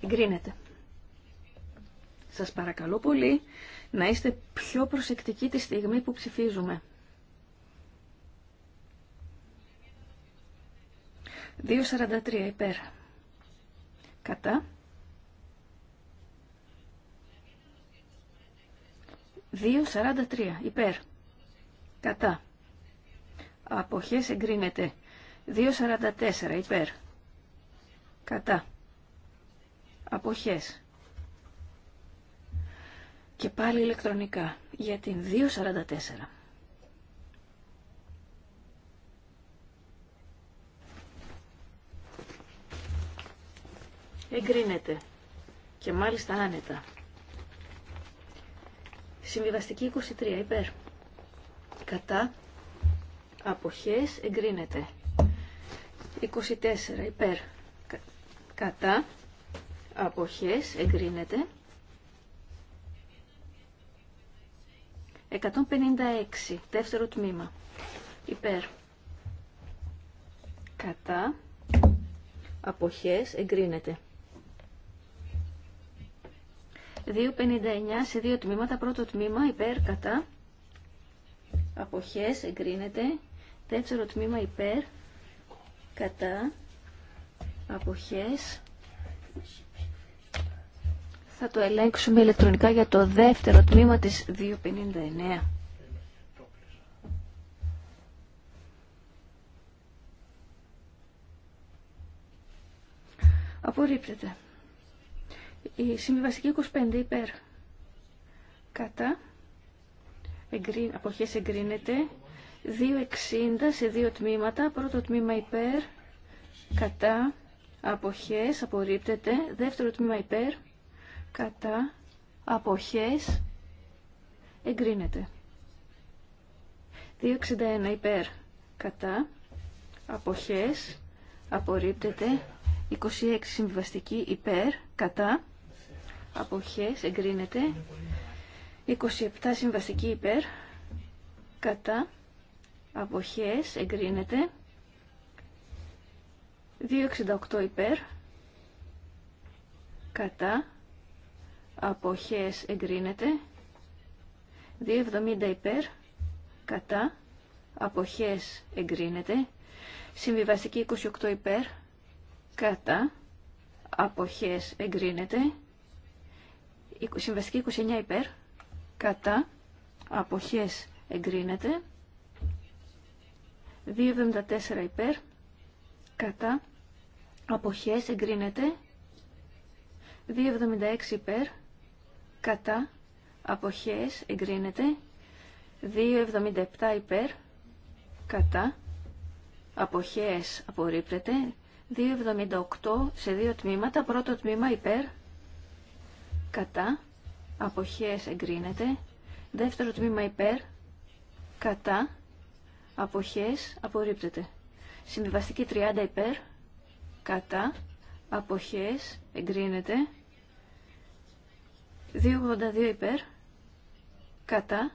Εγκρίνεται. Σας παρακαλώ πολύ να είστε πιο προσεκτικοί τη στιγμή που ψηφίζουμε. 2.43 υπέρ. Κατά. 2.43 υπέρ. Κατά. Αποχές εγκρίνεται. 2.44 υπέρ. Κατά αποχές. Και πάλι ηλεκτρονικά για την 2.44. Εγκρίνεται και μάλιστα άνετα. Συμβιβαστική 23 υπέρ. Κατά αποχές εγκρίνεται. 24 υπέρ. Κατά αποχές εγκρίνεται. 156, δεύτερο τμήμα, υπέρ. Κατά, αποχές εγκρίνεται. 2.59 σε δύο τμήματα, πρώτο τμήμα υπέρ, κατά, αποχές εγκρίνεται. Δεύτερο τμήμα υπέρ, κατά, αποχές θα το ελέγξουμε ηλεκτρονικά για το δεύτερο τμήμα της 259. Απορρίπτεται. Η συμβιβαστική 25 υπέρ. Κατά. Εγκρίν, αποχές εγκρίνεται. 2.60 σε δύο τμήματα. Πρώτο τμήμα υπέρ. Κατά. Αποχές απορρίπτεται. Δεύτερο τμήμα υπέρ κατά αποχές εγκρίνεται. 261 υπέρ κατά αποχές απορρίπτεται. 26 συμβαστική υπέρ κατά αποχές εγκρίνεται. 27 συμβαστική υπέρ κατά αποχές εγκρίνεται. 268 υπέρ κατά αποχές εγκρίνεται 2.70 υπέρ κατά αποχές εγκρίνεται συμβιβαστική 28 υπέρ κατά αποχές εγκρίνεται συμβιβαστική 29 υπέρ κατά αποχές εγκρίνεται 2.74 υπέρ κατά αποχές εγκρίνεται 2.76 υπέρ κατά αποχές εγκρίνεται 2,77 υπέρ κατά αποχές απορρίπτεται 2,78 σε δύο τμήματα πρώτο τμήμα υπέρ κατά αποχές εγκρίνεται δεύτερο τμήμα υπέρ κατά αποχές απορρίπτεται συμβιβαστική 30 υπέρ κατά αποχές εγκρίνεται 282 υπέρ, κατά,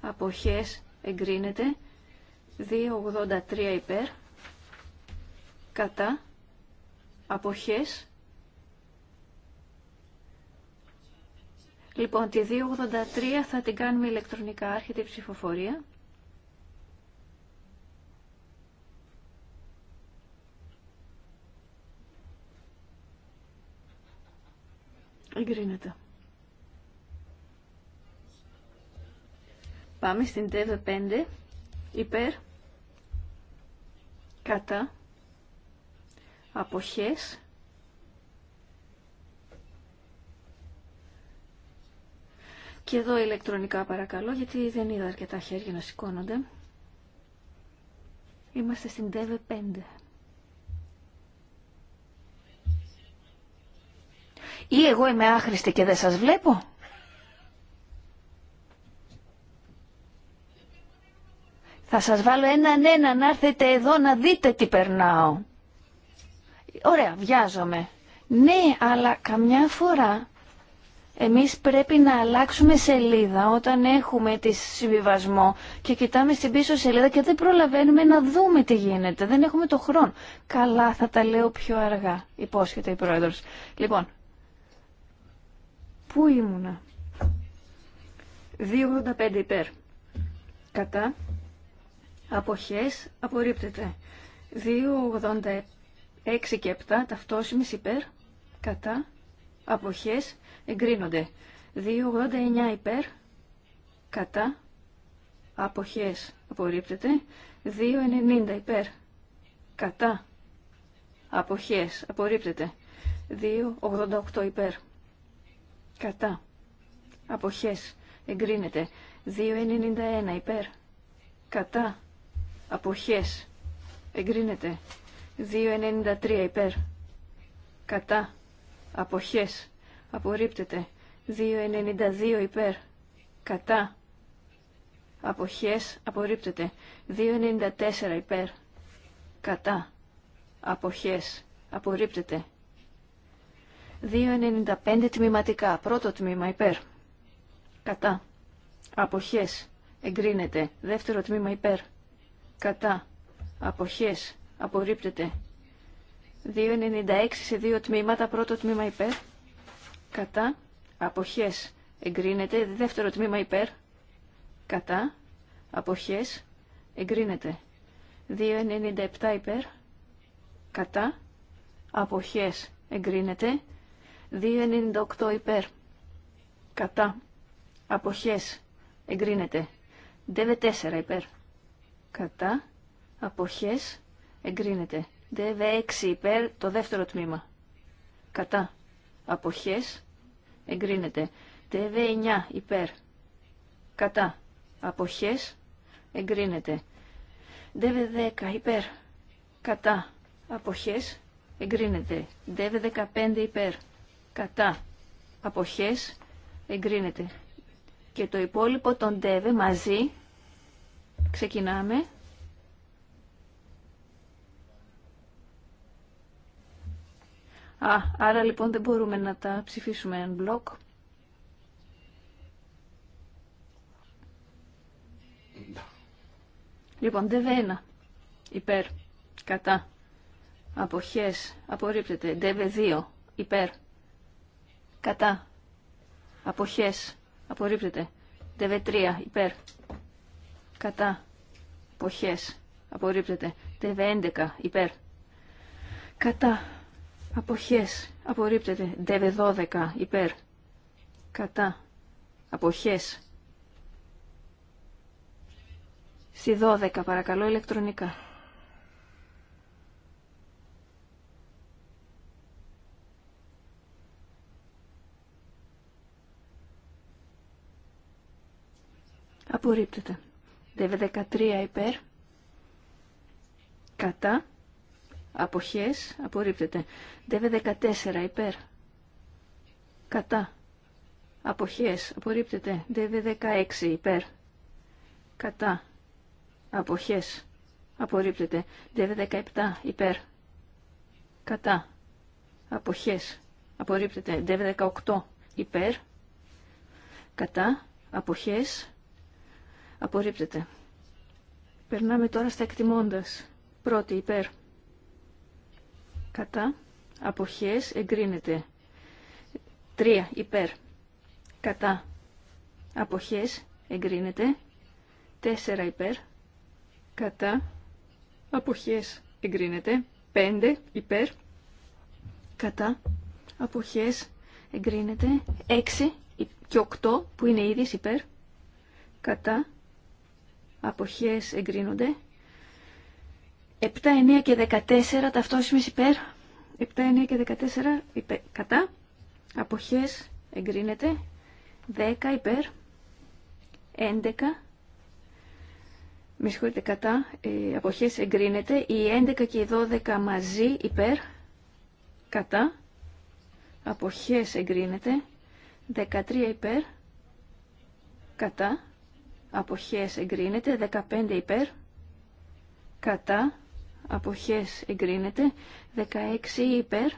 αποχές εγκρίνεται, 283 υπέρ, κατά, αποχές. Λοιπόν, τη 283 θα την κάνουμε ηλεκτρονικά, άρχεται η ψηφοφορία. Εγκρίνεται. Πάμε στην ΤΕΒΕ 5 υπέρ κατά αποχές και εδώ ηλεκτρονικά παρακαλώ γιατί δεν είδα αρκετά χέρια να σηκώνονται είμαστε στην ΤΕΒΕ 5 ή εγώ είμαι άχρηστη και δεν σας βλέπω Θα σας βάλω έναν ένα ναι να έρθετε εδώ να δείτε τι περνάω. Ωραία, βιάζομαι. Ναι, αλλά καμιά φορά εμείς πρέπει να αλλάξουμε σελίδα όταν έχουμε τη συμβιβασμό και κοιτάμε στην πίσω σελίδα και δεν προλαβαίνουμε να δούμε τι γίνεται. Δεν έχουμε το χρόνο. Καλά, θα τα λέω πιο αργά, υπόσχεται η πρόεδρος. Λοιπόν, πού ήμουνα. 2,85 υπέρ. Κατά αποχές απορρίπτεται. 2.86 και 7 ταυτόσιμες υπέρ, κατά, αποχές εγκρίνονται. 2.89 υπέρ, κατά, αποχές απορρίπτεται. 2.90 υπέρ, κατά, αποχές απορρίπτεται. 2.88 υπέρ, κατά, αποχές εγκρίνεται. 2.91 υπέρ, κατά, αποχές εγκρίνεται 2.93 υπέρ κατά αποχές απορρίπτεται 2.92 υπέρ κατά αποχές απορρίπτεται 2.94 υπέρ κατά αποχές απορρίπτεται 2.95 τμήματικά πρώτο τμήμα υπέρ κατά αποχές εγκρίνεται δεύτερο τμήμα υπέρ κατά αποχές απορρίπτεται 2.96 σε δύο τμήματα πρώτο τμήμα υπέρ κατά αποχές εγκρίνεται δεύτερο τμήμα υπέρ κατά αποχές εγκρίνεται 2.97 υπέρ κατά αποχές εγκρίνεται 2.98 υπέρ κατά αποχές εγκρίνεται 9.4 υπέρ κατά, αποχές, εγκρίνεται. ΔΕΒΕ 6 υπέρ, το δεύτερο τμήμα, κατά, αποχές, εγκρίνεται. ΔΕΒΕ 9 υπέρ, κατά, αποχές, εγκρίνεται. ΔΕΒΕ 10 υπέρ, κατά, αποχές, εγκρίνεται. ΔΕΒΕ 15 υπέρ, κατά, αποχές, εγκρίνεται. Και το υπόλοιπο των ΔΕΒΕ μαζί Ξεκινάμε. Α, άρα λοιπόν δεν μπορούμε να τα ψηφίσουμε εν μπλοκ. Λοιπόν, δεβένα. Υπέρ. Κατά. Αποχές. Απορρίπτεται. Δεβε 2. Υπέρ. Κατά. Αποχές. Απορρίπτεται. Δεβε 3. Υπέρ κατά αποχές ΤΕΒΕ DV11 υπέρ κατά αποχές ΤΕΒΕ DV12 υπέρ κατά αποχές στη 12 παρακαλώ ηλεκτρονικά απορρίπτεται ΔΕΒΕ 13 υπέρ. Κατά. Αποχές. Απορρίπτεται. ΔΕΒΕ 14 υπέρ. Κατά. Αποχές. Απορρίπτεται. ΔΕΒΕ 16 υπέρ. Κατά. Αποχές. Απορρίπτεται. ΔΕΒΕ 17 υπέρ. Κατά. Αποχές. Απορρίπτεται. ΔΕΒΕ 18 υπέρ. Κατά. Αποχές Απορρίπτεται. Περνάμε τώρα στα εκτιμώντας. Πρώτη υπέρ. Κατά. Αποχές εγκρίνεται. Τρία υπέρ. Κατά. Αποχές εγκρίνεται. Τέσσερα υπέρ. Κατά. Αποχές εγκρίνεται. Πέντε υπέρ. Κατά. Αποχές εγκρίνεται. Έξι και οκτώ που είναι ήδη υπέρ. Κατά αποχές εγκρίνονται. 7, 9 και 14 ταυτόσιμες υπέρ. 7, 9 και 14 κατά. Αποχές εγκρίνεται. 10 υπέρ. 11 με συγχωρείτε κατά, ε, αποχές εγκρίνεται, οι 11 και οι 12 μαζί υπέρ, κατά, αποχές εγκρίνεται, 13 υπέρ, κατά, αποχές εγκρίνεται 15 υπέρ κατά αποχές εγκρίνεται 16 υπέρ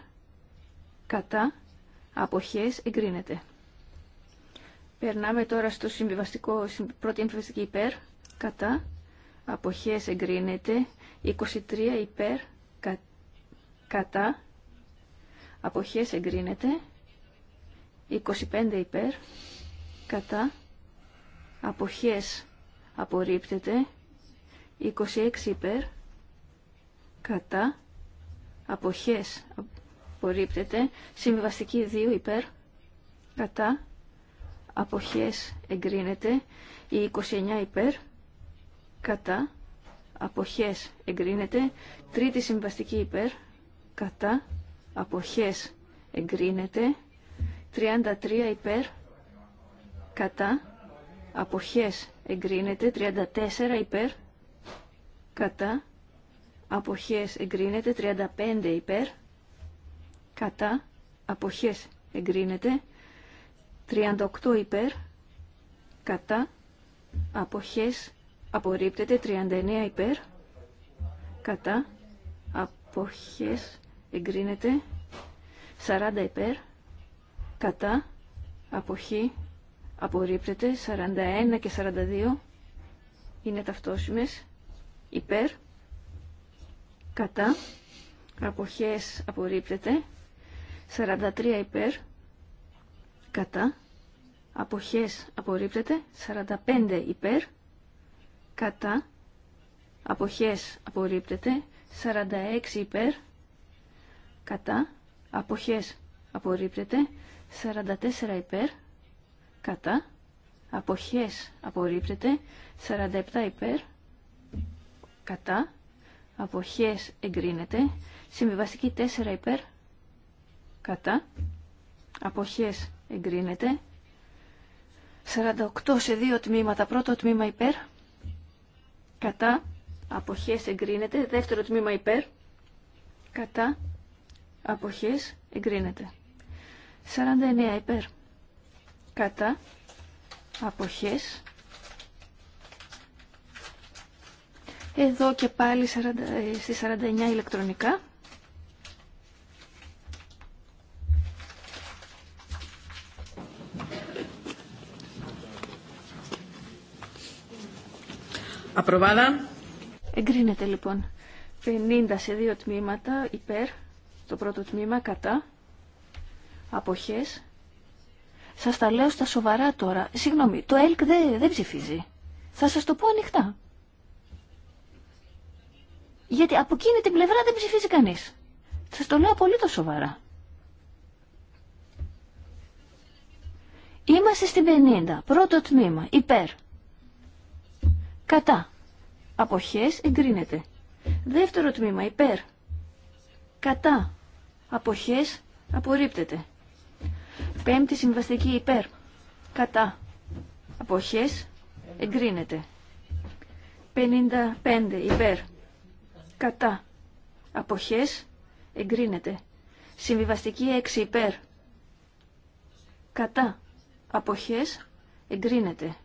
κατά αποχές εγκρίνεται Περνάμε τώρα στο συμβιβαστικό, πρώτη υπέρ, κατά, αποχές εγκρίνεται, 23 υπέρ, κατά, αποχές εγκρίνεται, 25 υπέρ, κατά, αποχές απορρίπτεται 26 υπέρ κατά αποχές απορρίπτεται συμβιβαστική 2 υπέρ κατά αποχές εγκρίνεται η 29 υπέρ κατά αποχές εγκρίνεται τρίτη συμβαστική υπέρ κατά αποχές εγκρίνεται 33 υπέρ κατά αποχές εγκρίνεται 34 υπέρ κατά αποχές εγκρίνεται 35 υπέρ κατά αποχές εγκρίνεται 38 υπέρ κατά αποχές απορρίπτεται 39 υπέρ κατά αποχές εγκρίνεται 40 υπέρ κατά αποχή απορρίπτεται 41 και 42 είναι ταυτόσιμες υπέρ κατά αποχές απορρίπτεται 43 υπέρ κατά αποχές απορρίπτεται 45 υπέρ κατά αποχές απορρίπτεται 46 υπέρ κατά αποχές απορρίπτεται 44 υπέρ κατά, αποχές απορρίπτεται, 47 υπέρ, κατά, αποχές εγκρίνεται, συμβιβαστική 4 υπέρ, κατά, αποχές εγκρίνεται, 48 σε δύο τμήματα, πρώτο τμήμα υπέρ, κατά, αποχές εγκρίνεται, δεύτερο τμήμα υπέρ, κατά, αποχές εγκρίνεται. 49 υπέρ κατά αποχές εδώ και πάλι 40, 49 ε, ηλεκτρονικά Απροβάδα. Εγκρίνεται λοιπόν 50 σε δύο τμήματα υπέρ, το πρώτο τμήμα κατά, αποχές, σας τα λέω στα σοβαρά τώρα. Συγγνώμη, το ΕΛΚ δεν, ψηφίζει. Θα σας το πω ανοιχτά. Γιατί από εκείνη την πλευρά δεν ψηφίζει κανείς. σα το λέω απολύτως σοβαρά. Είμαστε στην 50. Πρώτο τμήμα. Υπέρ. Κατά. Αποχές εγκρίνεται. Δεύτερο τμήμα. Υπέρ. Κατά. Αποχές απορρίπτεται. Πέμπτη συμβαστική υπέρ. Κατά. Αποχές. Εγκρίνεται. 55 υπέρ. Κατά. Αποχές. Εγκρίνεται. Συμβιβαστική 6 υπέρ. Κατά. Αποχές. Εγκρίνεται.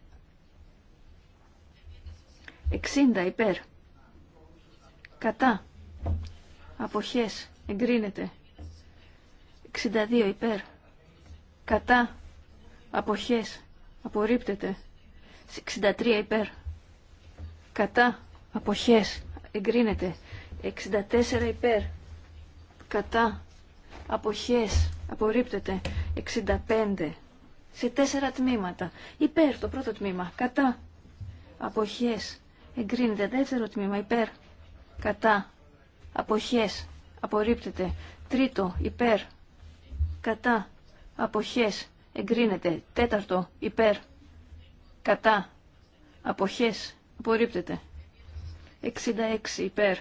60 υπέρ. Κατά. Αποχές. Εγκρίνεται. 62 υπέρ κατά αποχές απορρίπτεται 63 υπέρ κατά αποχές εγκρίνεται 64 υπέρ κατά αποχές απορρίπτεται 65 σε τέσσερα τμήματα υπέρ το πρώτο τμήμα κατά αποχές εγκρίνεται δεύτερο τμήμα υπέρ κατά αποχές απορρίπτεται τρίτο υπέρ κατά αποχές εγκρίνεται. Τέταρτο υπέρ κατά αποχές απορρίπτεται. 66 υπέρ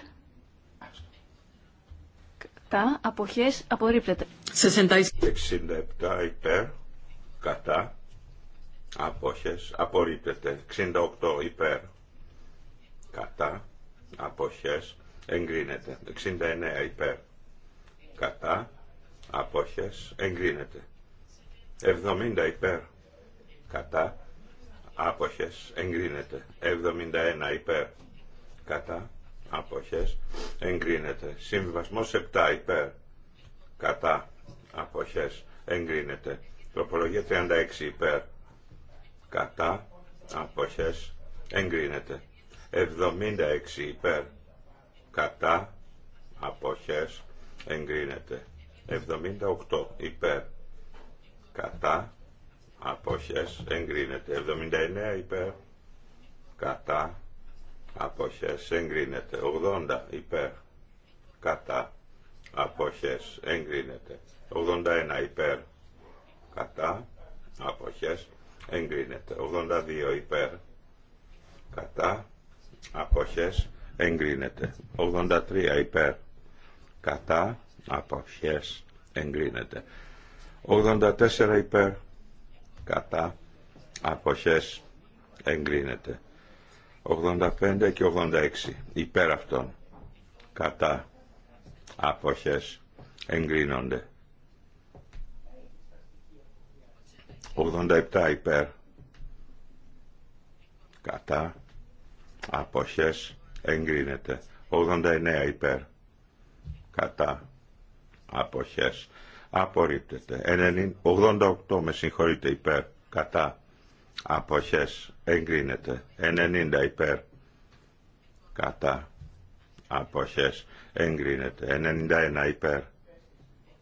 κατά αποχές απορρίπτεται. 67 υπέρ κατά αποχές απορρίπτεται. 68 υπέρ κατά αποχές εγκρίνεται. 69 υπέρ κατά αποχές εγκρίνεται. 70 υπέρ κατά άποχες εγκρίνεται 71 υπέρ κατά άποχες εγκρίνεται συμβιβασμός 7 υπέρ κατά άποχες εγκρίνεται τροπολογία 36 υπέρ κατά άποχες εγκρίνεται 76 υπέρ κατά αποχές εγκρίνεται 78 υπέρ κατά αποχές εγκρίνεται 79 υπέρ κατά αποχές εγκρίνεται 80 υπέρ κατά αποχές εγκρίνεται 81 υπέρ κατά αποχές εγκρίνεται 82 υπέρ κατά αποχές εγκρίνεται 83 υπέρ κατά αποχές εγκρίνεται 84 υπέρ κατά αποχές εγκρίνεται 85 και 86 υπέρ αυτών κατά αποχές εγκρίνονται 87 υπέρ κατά αποχές εγκρίνεται 89 υπέρ κατά αποχές απορρίπτεται. 88 με συγχωρείτε υπέρ, κατά, αποχές, εγκρίνεται. 90 υπέρ, κατά, αποχές, εγκρίνεται. 91 υπέρ,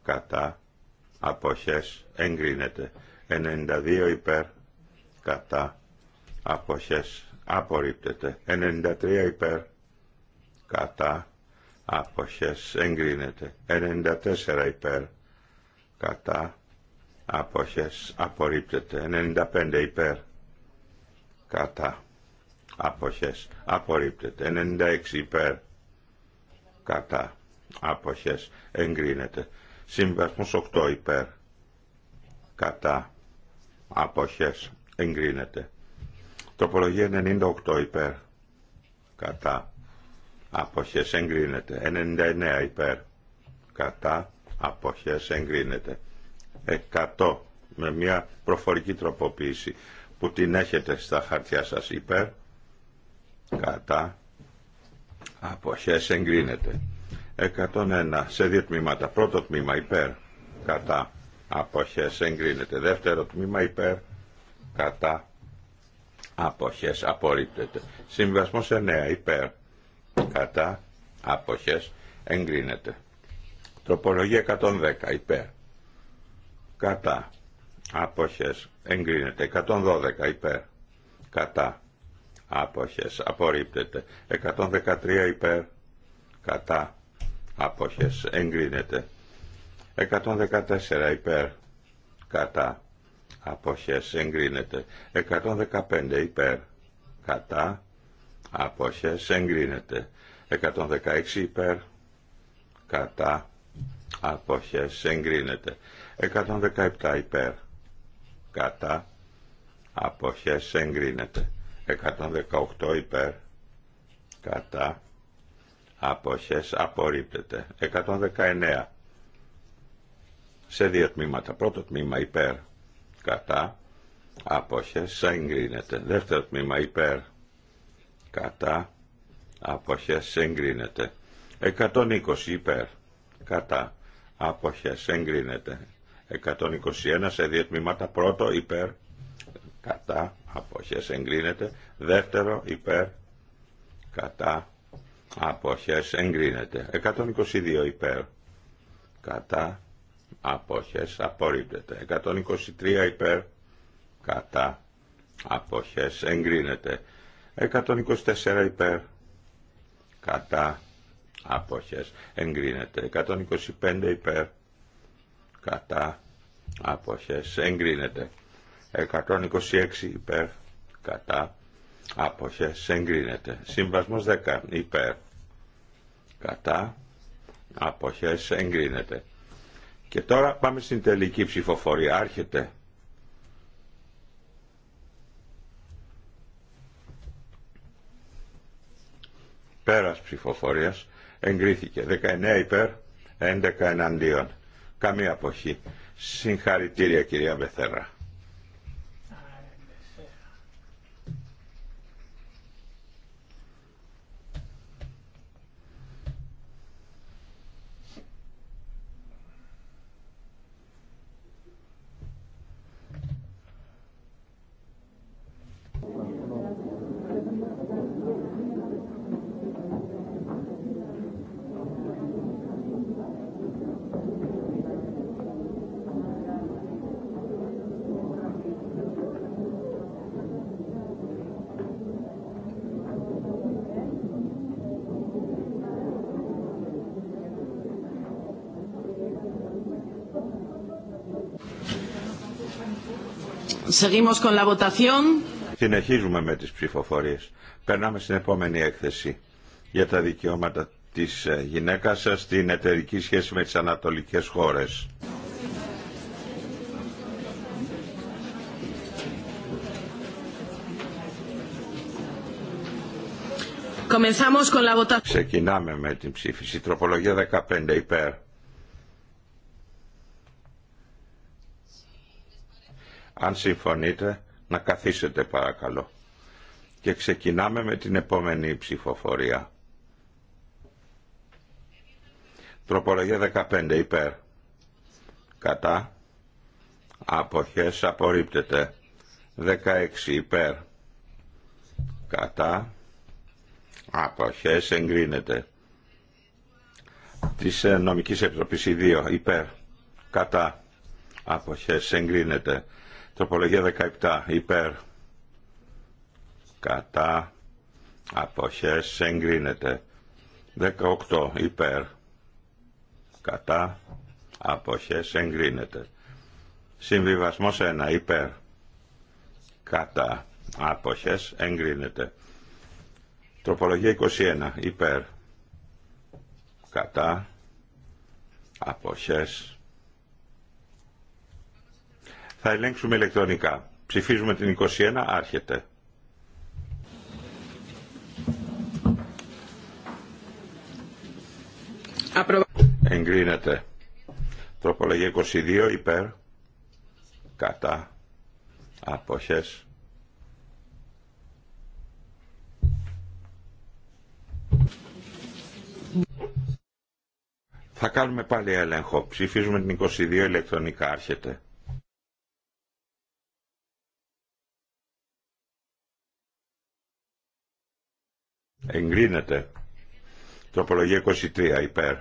κατά, αποχές, εγκρίνεται. 92 υπέρ, κατά, αποχές, απορρίπτεται. 93 υπέρ, κατά, αποχές, εγκρίνεται. 94 υπέρ, κατά αποχές απορρίπτεται 95 υπέρ κατά αποχές απορρίπτεται 96 υπέρ κατά αποχές εγκρίνεται Σύμβασμος 8 υπέρ κατά αποχές εγκρίνεται Τροπολογία 98 υπέρ κατά αποχές εγκρίνεται 99 υπέρ κατά αποχές εγκρίνεται 100 με μια προφορική τροποποίηση που την έχετε στα χαρτιά σας υπέρ κατά αποχές εγκρίνεται 101 σε δύο τμήματα πρώτο τμήμα υπέρ κατά αποχές εγκρίνεται δεύτερο τμήμα υπέρ κατά αποχές απορρίπτεται συμβασμός 9 υπέρ κατά αποχές εγκρίνεται Τροπολογία 110 υπέρ. Κατά. Άποχες. Εγκρίνεται. 112 υπέρ. Κατά. Άποχες. Απορρίπτεται. 113 υπέρ. Κατά. Άποχες. Εγκρίνεται. 114 υπέρ. Κατά. Άποχες. Εγκρίνεται. 115 υπέρ. Κατά. Άποχες. Εγκρίνεται. 116 υπέρ. Κατά αποχές εγκρίνεται 117 υπέρ κατά αποχές εγκρίνεται 118 υπέρ κατά αποχές απορρίπτεται 119 σε δύο τμήματα πρώτο τμήμα υπέρ κατά αποχές εγκρίνεται δεύτερο τμήμα υπέρ κατά αποχές εγκρίνεται 120 υπέρ κατά άποχες εγκρίνεται 121 σε δύο τμήματα πρώτο υπέρ κατά άποχες εγκρίνεται δεύτερο υπέρ κατά άποχες εγκρίνεται 122 υπέρ κατά άποχες απορρίπτεται 123 υπέρ κατά αποχές εγκρίνεται 124 υπέρ κατά αποχές εγκρίνεται 125 υπέρ κατά αποχές εγκρίνεται 126 υπέρ κατά αποχές εγκρίνεται συμβασμός 10 υπέρ κατά αποχές εγκρίνεται και τώρα πάμε στην τελική ψηφοφορία άρχεται πέρας ψηφοφορίας εγκρίθηκε 19 υπέρ 11 εναντίον καμία αποχή συγχαρητήρια κυρία Μπεθέρα Seguimos con la votación. Συνεχίζουμε με τις ψηφοφορίες. Περνάμε στην επόμενη έκθεση για τα δικαιώματα της ε, γυναίκας σας στην εταιρική σχέση με τις ανατολικές χώρες. Ξεκινάμε με την ψήφιση. Τροπολογία 15 υπέρ. αν συμφωνείτε, να καθίσετε παρακαλώ. Και ξεκινάμε με την επόμενη ψηφοφορία. Τροπολογία 15 υπέρ. Κατά. Αποχές απορρίπτεται. 16 υπέρ. Κατά. Αποχές εγκρίνεται. Της ε, νομικής επιτροπής 2 υπέρ. Κατά. Αποχές εγκρίνεται. Τροπολογία 17 υπέρ κατά αποχές εγκρίνεται. 18 υπέρ κατά αποχές εγκρίνεται. Συμβιβασμός 1 υπέρ κατά άποχες εγκρίνεται. Τροπολογία 21 υπέρ κατά αποχές θα ελέγξουμε ηλεκτρονικά. Ψηφίζουμε την 21, άρχεται. Εγκρίνεται. Τροπολογία 22 υπέρ. Κατά. Αποχές. Θα κάνουμε πάλι έλεγχο. Ψηφίζουμε την 22 ηλεκτρονικά. Άρχεται. Εγκρίνεται. Τροπολογία 23 υπέρ.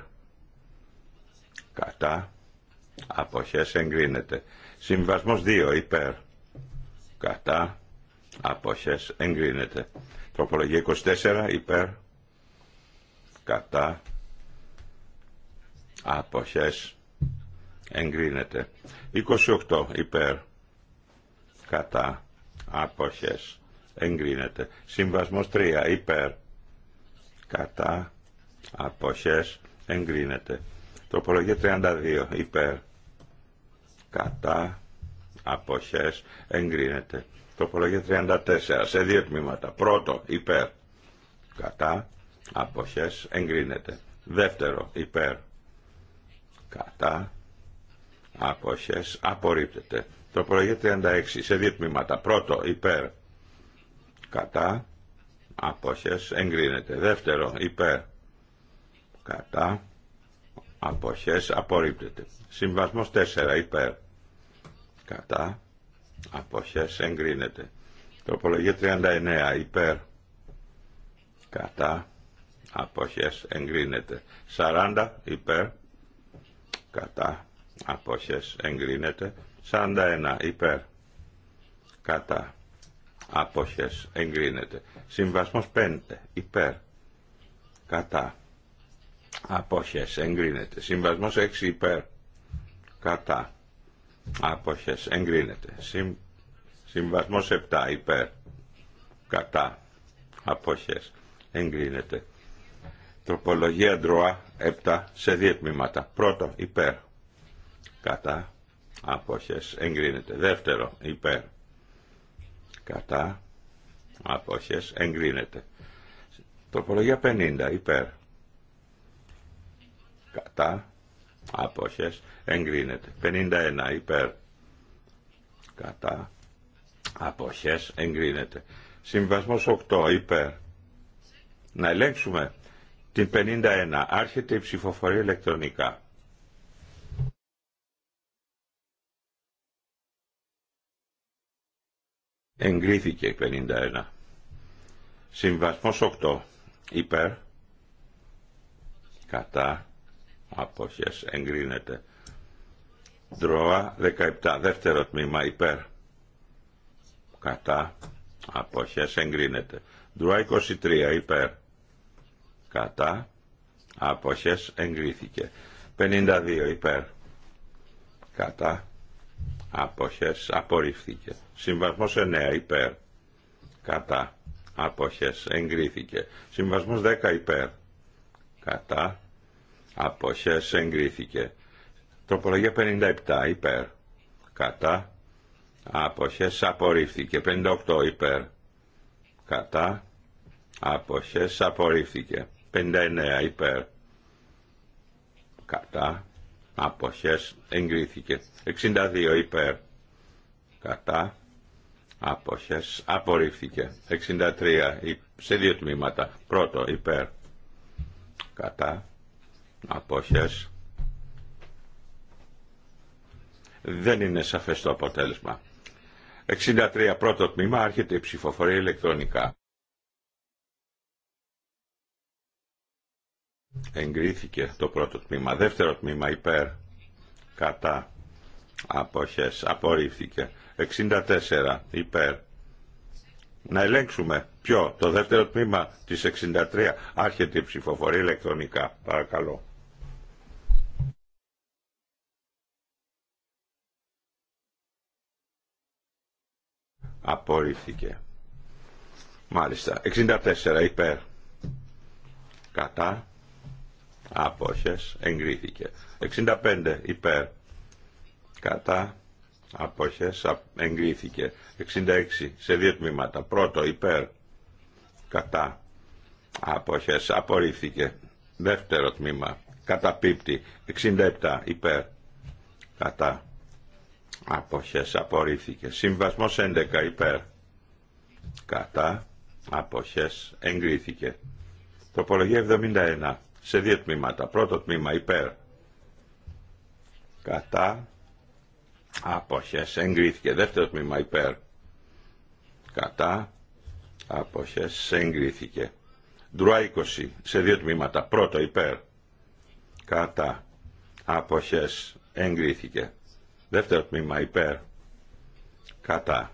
Κατά. Αποχές εγκρίνεται. Συμβασμός 2 υπέρ. Κατά. Αποχές εγκρίνεται. Τροπολογία 24 υπέρ. Κατά. Αποχές εγκρίνεται. 28 υπέρ. Κατά. Αποχές εγκρίνεται. Συμβασμός 3 υπέρ κατά αποχές εγκρίνεται τροπολογία 32 υπέρ κατά αποχές εγκρίνεται τροπολογία 34 σε δύο τμήματα πρώτο υπέρ κατά αποχές εγκρίνεται δεύτερο υπέρ κατά αποχές απορρίπτεται τροπολογία 36 σε δύο τμήματα πρώτο υπέρ κατά αποχές εγκρίνεται. Δεύτερο υπέρ κατά αποχές απορρίπτεται. Συμβασμός 4 υπέρ κατά αποχές εγκρίνεται. Τροπολογία 39 υπέρ κατά αποχές εγκρίνεται. 40 υπέρ κατά αποχές εγκρίνεται. 41 υπέρ κατά αποχές εγκρίνεται. Συμβασμός 5 υπέρ κατά αποχές εγκρίνεται. Συμβασμός 6 υπέρ κατά αποχές εγκρίνεται. Συμ... Συμβασμός 7 υπέρ κατά αποχές εγκρίνεται. Τροπολογία ντροά 7 σε δύο τμήματα. Πρώτο υπέρ κατά αποχές εγκρίνεται. Δεύτερο υπέρ κατά αποχές εγκρίνεται τροπολογία 50 υπέρ κατά αποχές εγκρίνεται 51 υπέρ κατά αποχές εγκρίνεται συμβασμός 8 υπέρ να ελέγξουμε την 51 άρχεται η ψηφοφορία ηλεκτρονικά Εγκρίθηκε 51. Συμβασμός 8. Υπέρ. Κατά. Αποχές. Εγκρίνεται. Δρόα 17. Δεύτερο τμήμα. Υπέρ. Κατά. Αποχές. Εγκρίνεται. Δρόα 23. Υπέρ. Κατά. Αποχές. Εγκρίθηκε. 52. Υπέρ. Κατά αποχές απορρίφθηκε. Συμβασμός 9 υπέρ κατά αποχές εγκρίθηκε. Συμβασμός 10 υπέρ κατά αποχές εγκρίθηκε. Τροπολογία 57 υπέρ κατά αποχές απορρίφθηκε. 58 υπέρ κατά αποχές απορρίφθηκε. 59 υπέρ κατά αποχές εγκρίθηκε 62 υπέρ κατά αποχές απορρίφθηκε 63 σε δύο τμήματα πρώτο υπέρ κατά αποχές δεν είναι σαφές το αποτέλεσμα 63 πρώτο τμήμα άρχεται η ψηφοφορία ηλεκτρονικά Εγκρίθηκε το πρώτο τμήμα. Δεύτερο τμήμα υπέρ κατά αποχές. Απορρίφθηκε. 64 υπέρ. Να ελέγξουμε ποιο. Το δεύτερο τμήμα της 63. Άρχεται η ψηφοφορία ηλεκτρονικά. Παρακαλώ. Απορρίφθηκε. Μάλιστα. 64 υπέρ. Κατά απόχες εγκρίθηκε 65 υπέρ κατά απόχες εγκρίθηκε 66 σε δύο τμήματα πρώτο υπέρ κατά απόχες απορρίφθηκε δεύτερο τμήμα καταπίπτει 67 υπέρ κατά απόχες απορρίφθηκε συμβασμός 11 υπέρ κατά απόχες εγκρίθηκε Τοπολογία 71 σε δύο τμήματα. Πρώτο τμήμα υπέρ κατά αποχές εγκρίθηκε. Δεύτερο τμήμα υπέρ κατά αποχές εγκρίθηκε. Ντρουά 20 σε δύο τμήματα. Πρώτο υπέρ κατά αποχές εγκρίθηκε. Δεύτερο τμήμα υπέρ κατά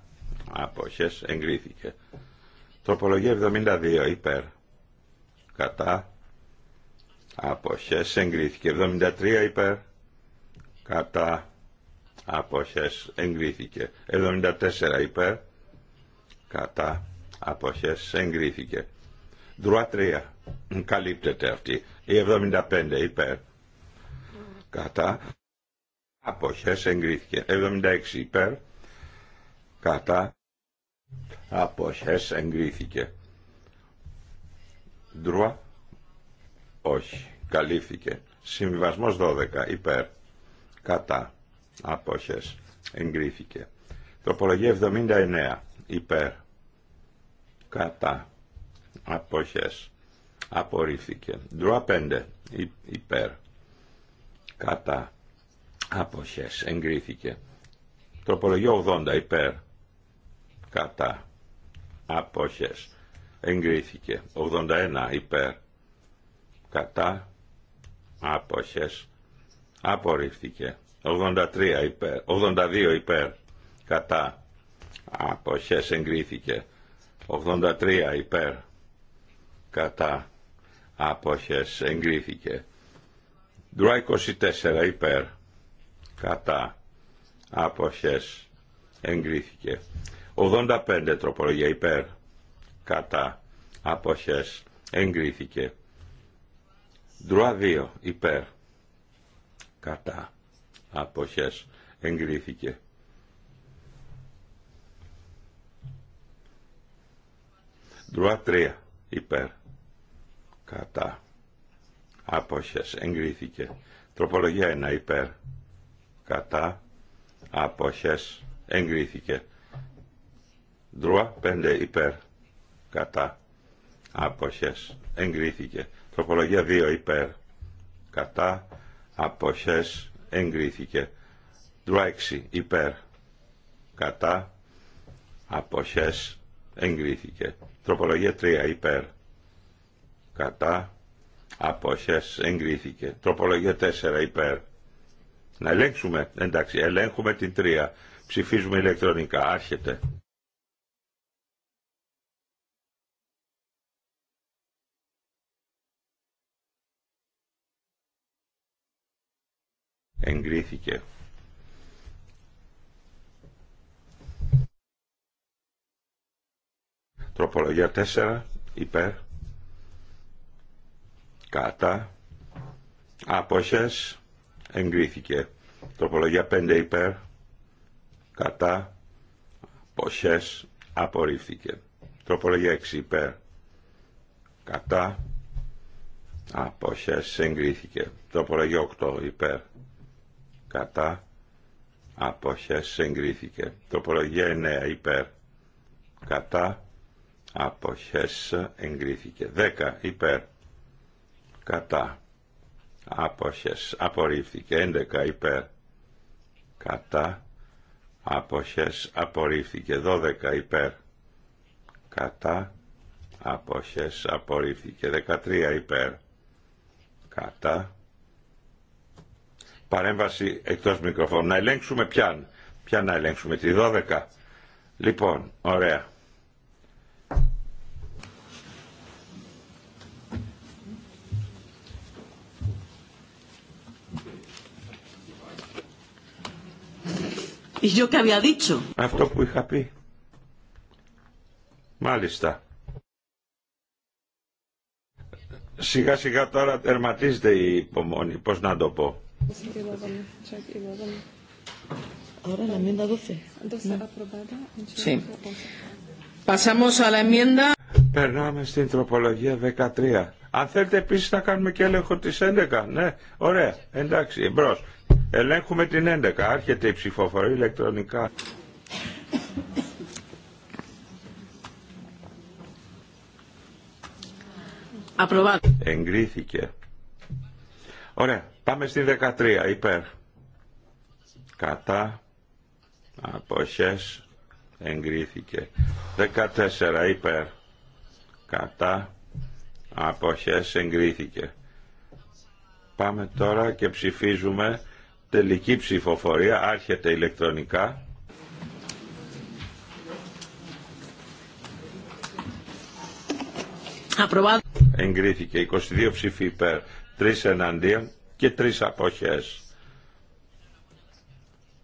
αποχές εγκρίθηκε. Τροπολογία 72 υπέρ κατά αποχές εγκρίθηκε 73 υπέρ κατά αποχές εγκρίθηκε 74 υπέρ κατά αποχές εγκρίθηκε Δρουά 3 καλύπτεται αυτή η 75 υπέρ κατά αποχές εγκρίθηκε 76 υπέρ κατά αποχές εγκρίθηκε Δρουά όχι καλύφθηκε. Συμβιβασμό 12 υπέρ κατά απόχέ. εγκρίθηκε. Τροπολογία 79 υπέρ κατά Αποχέ. απορρίφθηκε. Ντρουα 5 υπέρ κατά απόχέ. εγκρίθηκε. Τροπολογία 80 υπέρ κατά Απόχε. εγκρίθηκε. 81 υπέρ κατά άποχες απορρίφθηκε 83 υπέρ 82 υπέρ κατά αποχές εγκρίθηκε 83 υπέρ κατά αποχές εγκρίθηκε Δρά 24 υπέρ κατά αποχές εγκρίθηκε 85 τροπολογία υπέρ κατά αποχές εγκρίθηκε Δρουά 2 υπέρ κατά αποχές εγκρίθηκε. 3 υπέρ κατά άποχες εγκρίθηκε τροπολογία 1 υπέρ κατά άποχες εγκρίθηκε δρούα 5 υπέρ κατά άποχες εγκρίθηκε Τροπολογία 2 υπέρ. Κατά αποχές εγκρίθηκε. 6 υπέρ. Κατά αποχές εγκρίθηκε. Τροπολογία 3 υπέρ. Κατά αποχές εγκρίθηκε. Τροπολογία 4 υπέρ. Να ελέγξουμε, εντάξει, ελέγχουμε την 3. Ψηφίζουμε ηλεκτρονικά, άρχεται. εγκρίθηκε. Τροπολογία 4 υπέρ κατά άποχες εγκρίθηκε. Τροπολογία 5 υπέρ κατά ποσές απορρίφθηκε. Τροπολογία 6 υπέρ κατά αποχές εγκρίθηκε. Τροπολογία 8 υπέρ κατά αποχές εγκρίθηκε. Τροπολογία 9 υπέρ κατά αποχές εγκρίθηκε. 10 υπέρ κατά αποχές απορρίφθηκε. 11 υπέρ κατά αποχές απορρίφθηκε. 12 υπέρ κατά αποχές απορρίφθηκε. 13 υπέρ κατά Παρέμβαση εκτός μικροφώνου. Να ελέγξουμε ποιαν. πια να ελέγξουμε, τη 12. Λοιπόν, ωραία. Αυτό που είχα πει. Μάλιστα. Σιγά σιγά τώρα τερματίζεται η υπομονή, πώς να το πω. Ahora la enmienda 12. Mm. Sí. Pasamos a la enmienda. Περνάμε στην τροπολογία 13. Αν θέλετε επίση να κάνουμε και έλεγχο τη 11. Ναι, ωραία, εντάξει, εμπρό. Ελέγχουμε την 11. Άρχεται η ψηφοφορία ηλεκτρονικά. Εγκρίθηκε. Ωραία. Πάμε στην 13. Υπέρ. Κατά. Αποχές. Εγκρίθηκε. 14. Υπέρ. Κατά. Αποχές. Εγκρίθηκε. Πάμε τώρα και ψηφίζουμε τελική ψηφοφορία. Άρχεται ηλεκτρονικά. Εγκρίθηκε. 22 ψήφοι υπέρ. 3 εναντίον και τρεις αποχές.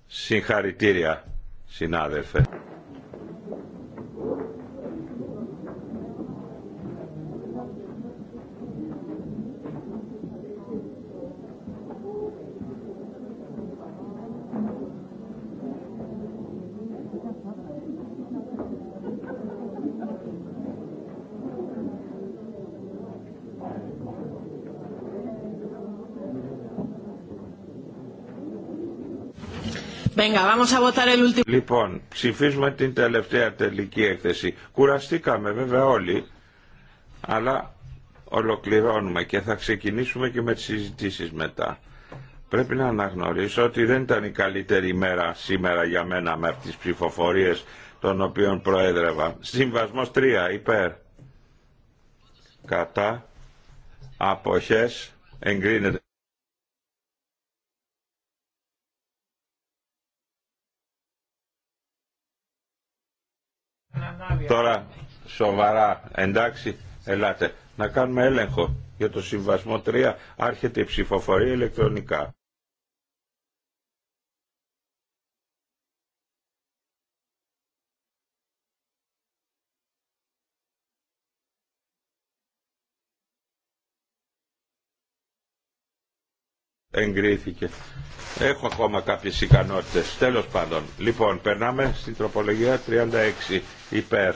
Συγχαρητήρια, συνάδελφε. vamos a votar el ultimo... Λοιπόν, ψηφίσουμε την τελευταία τελική έκθεση. Κουραστήκαμε βέβαια όλοι, αλλά ολοκληρώνουμε και θα ξεκινήσουμε και με τις συζητήσεις μετά. Πρέπει να αναγνωρίσω ότι δεν ήταν η καλύτερη ημέρα σήμερα για μένα με τις ψηφοφορίες των οποίων προέδρευα. Συμβασμός 3, υπέρ. Κατά. Αποχές. Εγκρίνεται. Τώρα σοβαρά, εντάξει, ελάτε. Να κάνουμε έλεγχο για το συμβασμό 3. Άρχεται η ψηφοφορία ηλεκτρονικά. εγκρίθηκε. Έχω ακόμα κάποιε ικανότητε. Τέλο πάντων. Λοιπόν, περνάμε στην τροπολογία 36. Υπέρ.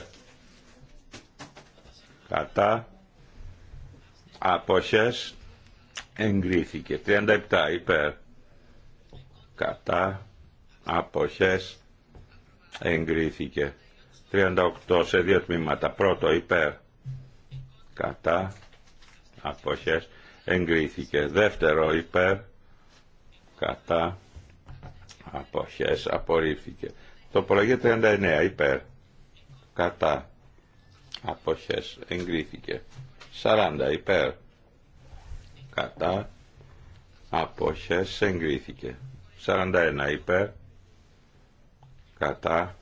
Κατά. Απόχε. Εγκρίθηκε. 37. Υπέρ. Κατά. Απόχε. Εγκρίθηκε. 38 σε δύο τμήματα. Πρώτο υπέρ. Κατά. Απόχε. Εγκρίθηκε. Δεύτερο υπέρ κατά αποχές απορρίφθηκε. Το Τροπολογία 39 υπέρ κατά αποχές εγκρίθηκε. 40 υπέρ κατά αποχές εγκρίθηκε. 41 υπέρ κατά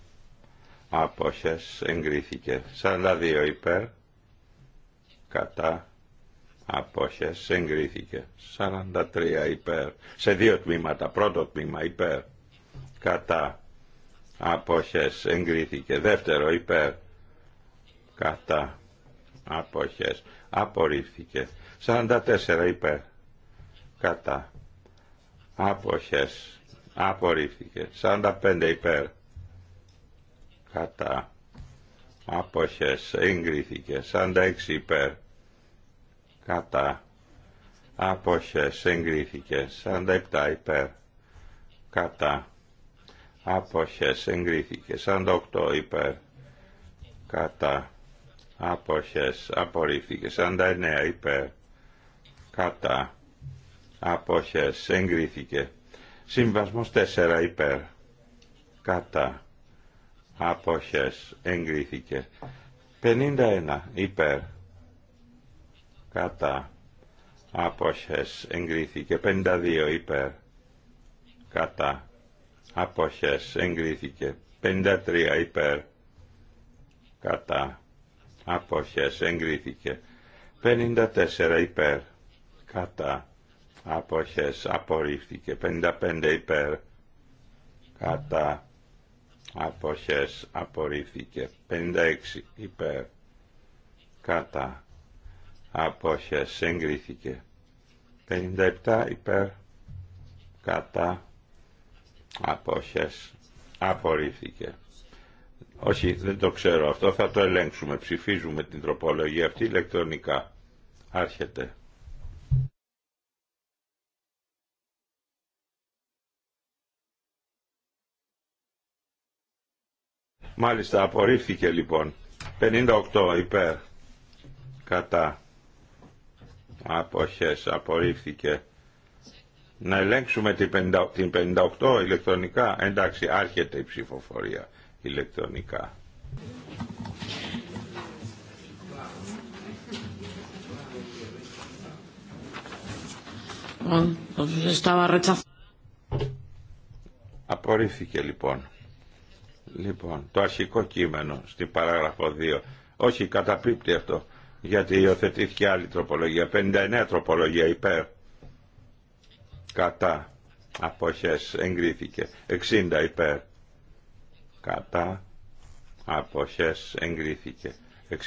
αποχές εγκρίθηκε. 42 υπέρ κατά απόχες εγκρίθηκε 43 υπέρ σε δύο τμήματα πρώτο τμήμα υπέρ κατά απόχες εγκρίθηκε δεύτερο υπέρ κατά απόχες απορρίφθηκε 44 υπέρ κατά απόχες απορρίφθηκε 45 υπέρ κατά απόχες εγκρίθηκε 46 υπέρ κατά απόχε, εγκρίθηκε 47 υπέρ κατά απόχε, εγκρίθηκε 48 υπέρ κατά απόχε, απορρίφθηκε 49 υπέρ κατά άποχέ, εγκρίθηκε Συμβασμό 4 υπέρ κατά απόχε, εγκρίθηκε 51 υπέρ κατά απόχες εγκρίθηκε 52 υπέρ κατά απόχες εγκρίθηκε 53 υπέρ κατά απόχες εγκρίθηκε 54 υπέρ κατά απόχες απορρίφθηκε 55 υπέρ κατά απόχες απορρίφθηκε 56 υπέρ κατά απόχες εγκρίθηκε 57 υπέρ κατά απόχες απορρίφθηκε όχι δεν το ξέρω αυτό θα το ελέγξουμε ψηφίζουμε την τροπολογία αυτή ηλεκτρονικά άρχεται Μάλιστα απορρίφθηκε λοιπόν 58 υπέρ κατά αποχές απορρίφθηκε να ελέγξουμε την 58 ηλεκτρονικά εντάξει άρχεται η ψηφοφορία ηλεκτρονικά Απορρίφθηκε λοιπόν. Λοιπόν, το αρχικό κείμενο στην παράγραφο 2. Όχι, καταπίπτει αυτό γιατί υιοθετήθηκε άλλη τροπολογία. 59 τροπολογία υπέρ. Κατά. Αποχές εγκρίθηκε. 60 υπέρ. Κατά. Αποχές εγκρίθηκε.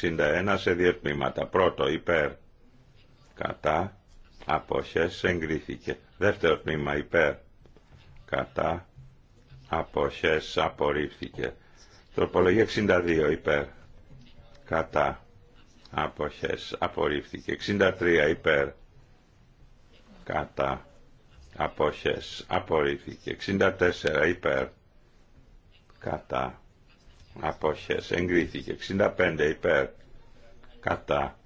61 σε δύο τμήματα. Πρώτο υπέρ. Κατά. Αποχές εγκρίθηκε. Δεύτερο τμήμα υπέρ. Κατά. Αποχές απορρίφθηκε. Τροπολογία 62 υπέρ. Κατά αποχές απορρίφθηκε 63 υπέρ κατά αποχές απορρίφθηκε 64 υπέρ κατά αποχές εγκρίθηκε 65 υπέρ κατά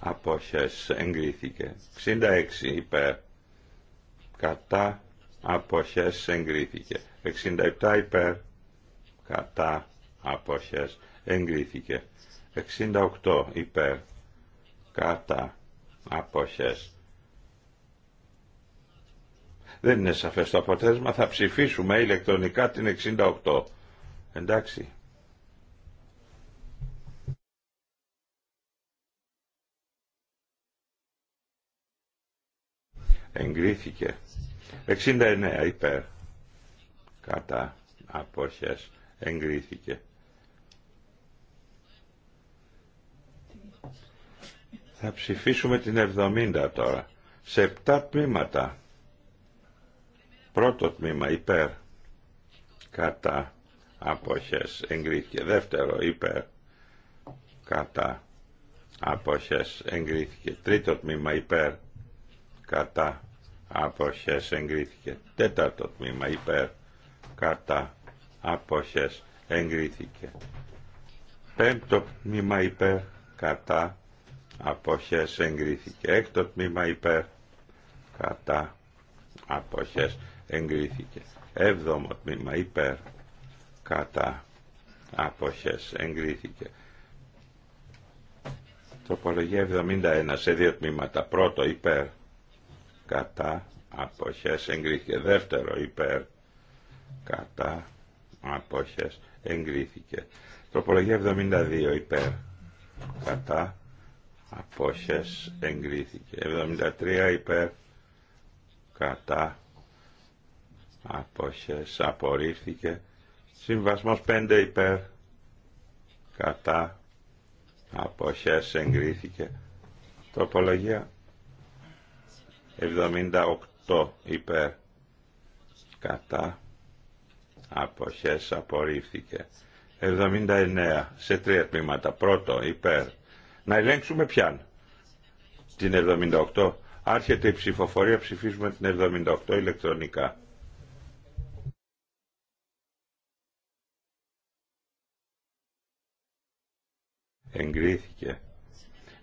αποχές εγκρίθηκε 66 υπέρ κατά αποχές εγκρίθηκε 67 υπέρ κατά αποχές εγκρίθηκε 68 υπέρ κατά αποχές. Δεν είναι σαφές το αποτέλεσμα, θα ψηφίσουμε ηλεκτρονικά την 68. Εντάξει. Εγκρίθηκε. 69 υπέρ. Κατά αποχές. Εγκρίθηκε. Θα ψηφίσουμε την 70 τώρα. Σε 7 τμήματα. Πρώτο τμήμα υπέρ. Κατά. Αποχές. Εγκρίθηκε. Δεύτερο υπέρ. Κατά. Αποχές. Εγκρίθηκε. Τρίτο τμήμα υπέρ. Κατά. Αποχές. Εγκρίθηκε. Τέταρτο τμήμα υπέρ. Κατά. Αποχές. Εγκρίθηκε. Πέμπτο τμήμα υπέρ. Κατά αποχές εγκρίθηκε. Έκτο τμήμα υπέρ κατά αποχές εγκρίθηκε. Έβδομο τμήμα υπέρ κατά αποχές εγκρίθηκε. Τροπολογία 71 σε δύο τμήματα. Πρώτο υπέρ κατά αποχές εγκρίθηκε. Δεύτερο υπέρ κατά αποχές εγκρίθηκε. Τροπολογία 72 υπέρ κατά απόχες εγκρίθηκε 73 υπέρ κατά απόχες απορρίφθηκε συμβασμός 5 υπέρ κατά απόχες εγκρίθηκε τροπολογία 78 υπέρ κατά αποχές απορρίφθηκε 79 σε τρία τμήματα πρώτο υπέρ να ελέγξουμε ποιαν. Την 78. Άρχεται η ψηφοφορία, ψηφίζουμε την 78 ηλεκτρονικά. Εγκρίθηκε.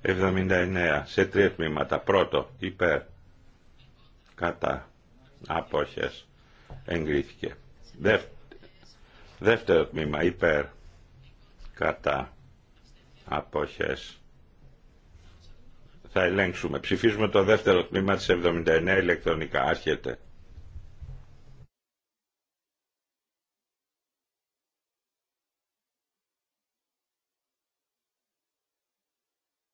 79. Σε τρία τμήματα. Πρώτο. Υπέρ. Κατά. Απόχες. Εγκρίθηκε. Δεύτερο τμήμα. Υπέρ. Κατά. Απόχες. Θα ελέγξουμε. Ψηφίζουμε το δεύτερο τμήμα της 79 ηλεκτρονικά. Άρχεται.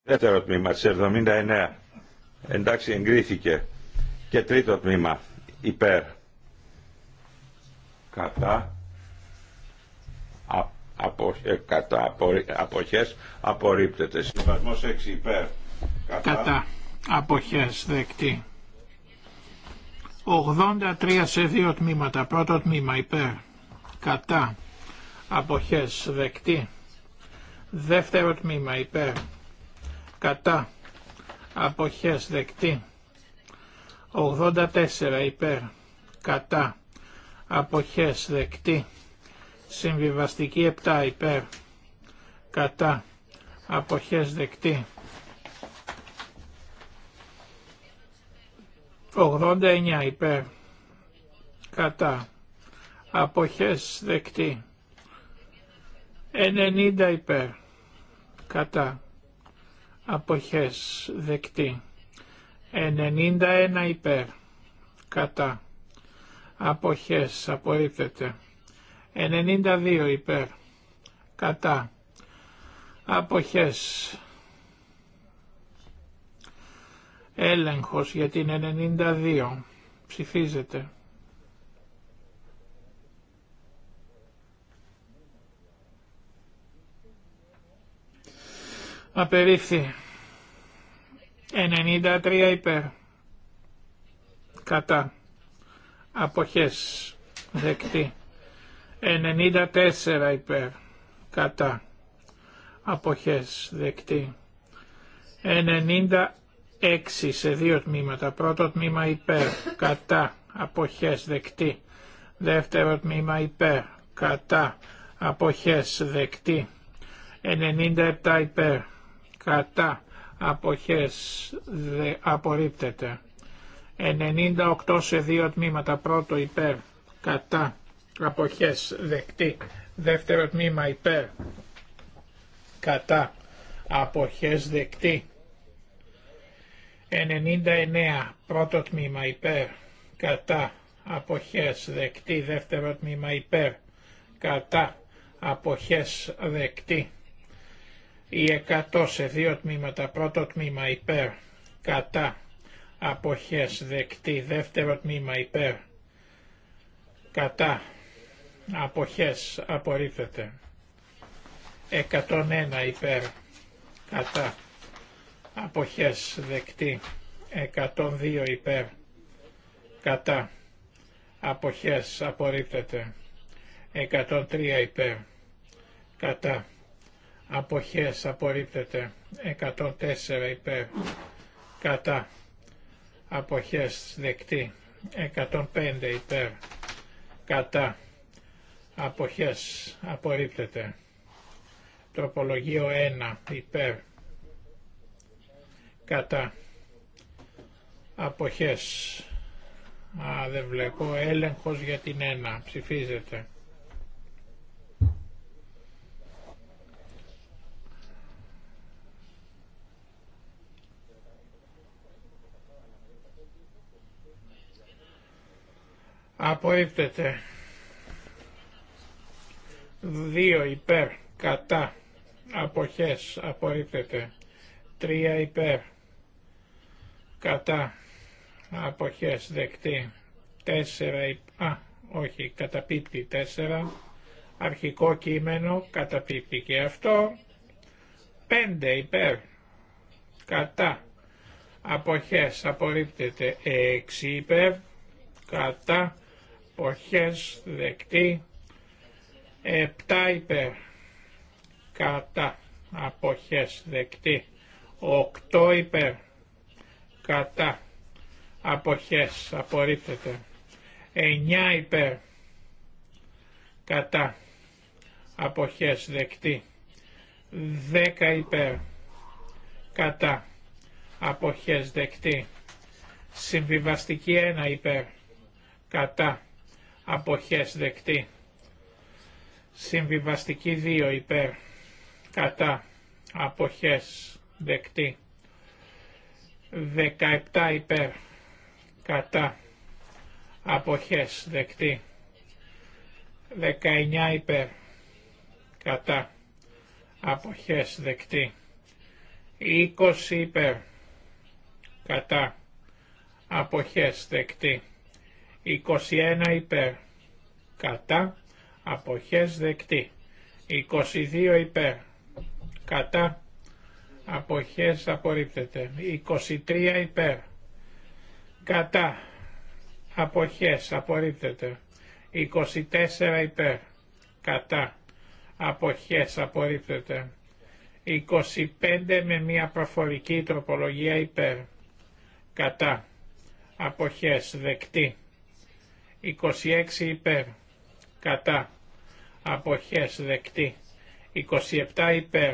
Δεύτερο τμήμα της 79. Εντάξει εγκρίθηκε. Και τρίτο τμήμα. Υπέρ. Κατά. Α, απο, ε, κατά απο, αποχές απορρίπτεται. Συμβασμός 6 υπέρ κατά αποχές δεκτή. 83 σε δύο τμήματα. Πρώτο τμήμα υπέρ κατά αποχές δεκτή. Δεύτερο τμήμα υπέρ κατά αποχές δεκτή. 84 υπέρ κατά αποχές δεκτή. Συμβιβαστική 7 υπέρ κατά αποχές δεκτή. 89 υπέρ κατά αποχές δεκτή 90 υπέρ κατά αποχές δεκτή 91 υπέρ κατά αποχές απορρίπτεται 92 υπέρ κατά αποχές Έλεγχος για την 92. Ψηφίζεται. Απερίφθη. 93 υπέρ. Κατά. Αποχές. Δεκτή. 94 υπέρ. Κατά. Αποχές. Δεκτή. 6 σε δύο τμήματα. Πρώτο τμήμα υπέρ, κατά, αποχές, δεκτή. Δεύτερο τμήμα υπέρ, κατά, αποχές, δεκτή. 97 υπέρ, κατά, αποχές, δε, απορρίπτεται. 98 σε δύο τμήματα. Πρώτο υπέρ, κατά, αποχές, δεκτή. Δεύτερο τμήμα υπέρ, κατά, αποχές, δεκτή. 99 πρώτο τμήμα υπέρ κατά αποχές δεκτή δεύτερο τμήμα υπέρ κατά αποχές δεκτή η 100 σε δύο τμήματα πρώτο τμήμα υπέρ κατά αποχές δεκτή δεύτερο τμήμα υπέρ κατά αποχές απορρίφεται 101 υπέρ κατά αποχές δεκτή 102 υπέρ κατά αποχές απορρίπτεται 103 υπέρ κατά αποχές απορρίπτεται 104 υπέρ κατά αποχές δεκτή 105 υπέρ κατά αποχές απορρίπτεται τροπολογίο 1 υπέρ κατά αποχές α δεν βλέπω έλεγχος για την 1 ψηφίζεται απορρίπτεται 2 υπέρ κατά αποχές απορρίπτεται Τρία υπέρ κατά αποχές δεκτή 4 α όχι καταπίπτει 4 αρχικό κείμενο πίπτη και αυτό 5 υπέρ κατά αποχές απορρίπτεται 6 υπέρ κατά αποχές δεκτή 7 υπέρ κατά αποχές δεκτή 8 υπέρ κατά αποχές απορρίπτεται 9 υπέρ κατά αποχές δεκτή 10 υπέρ κατά αποχές δεκτή συμβιβαστική 1 υπέρ κατά αποχές δεκτή συμβιβαστική 2 υπέρ κατά αποχές δεκτή 17 υπέρ κατά αποχές δεκτή 19 υπέρ κατά αποχές δεκτή 20 υπέρ κατά αποχές δεκτή 21 υπέρ κατά αποχές δεκτή 22 υπέρ κατά αποχές απορρίπτεται. 23 υπέρ. Κατά. Αποχές απορρίπτεται. 24 υπέρ. Κατά. Αποχές απορρίπτεται. 25 με μια προφορική τροπολογία υπέρ. Κατά. Αποχές δεκτή. 26 υπέρ. Κατά. Αποχές δεκτή. 27 υπέρ.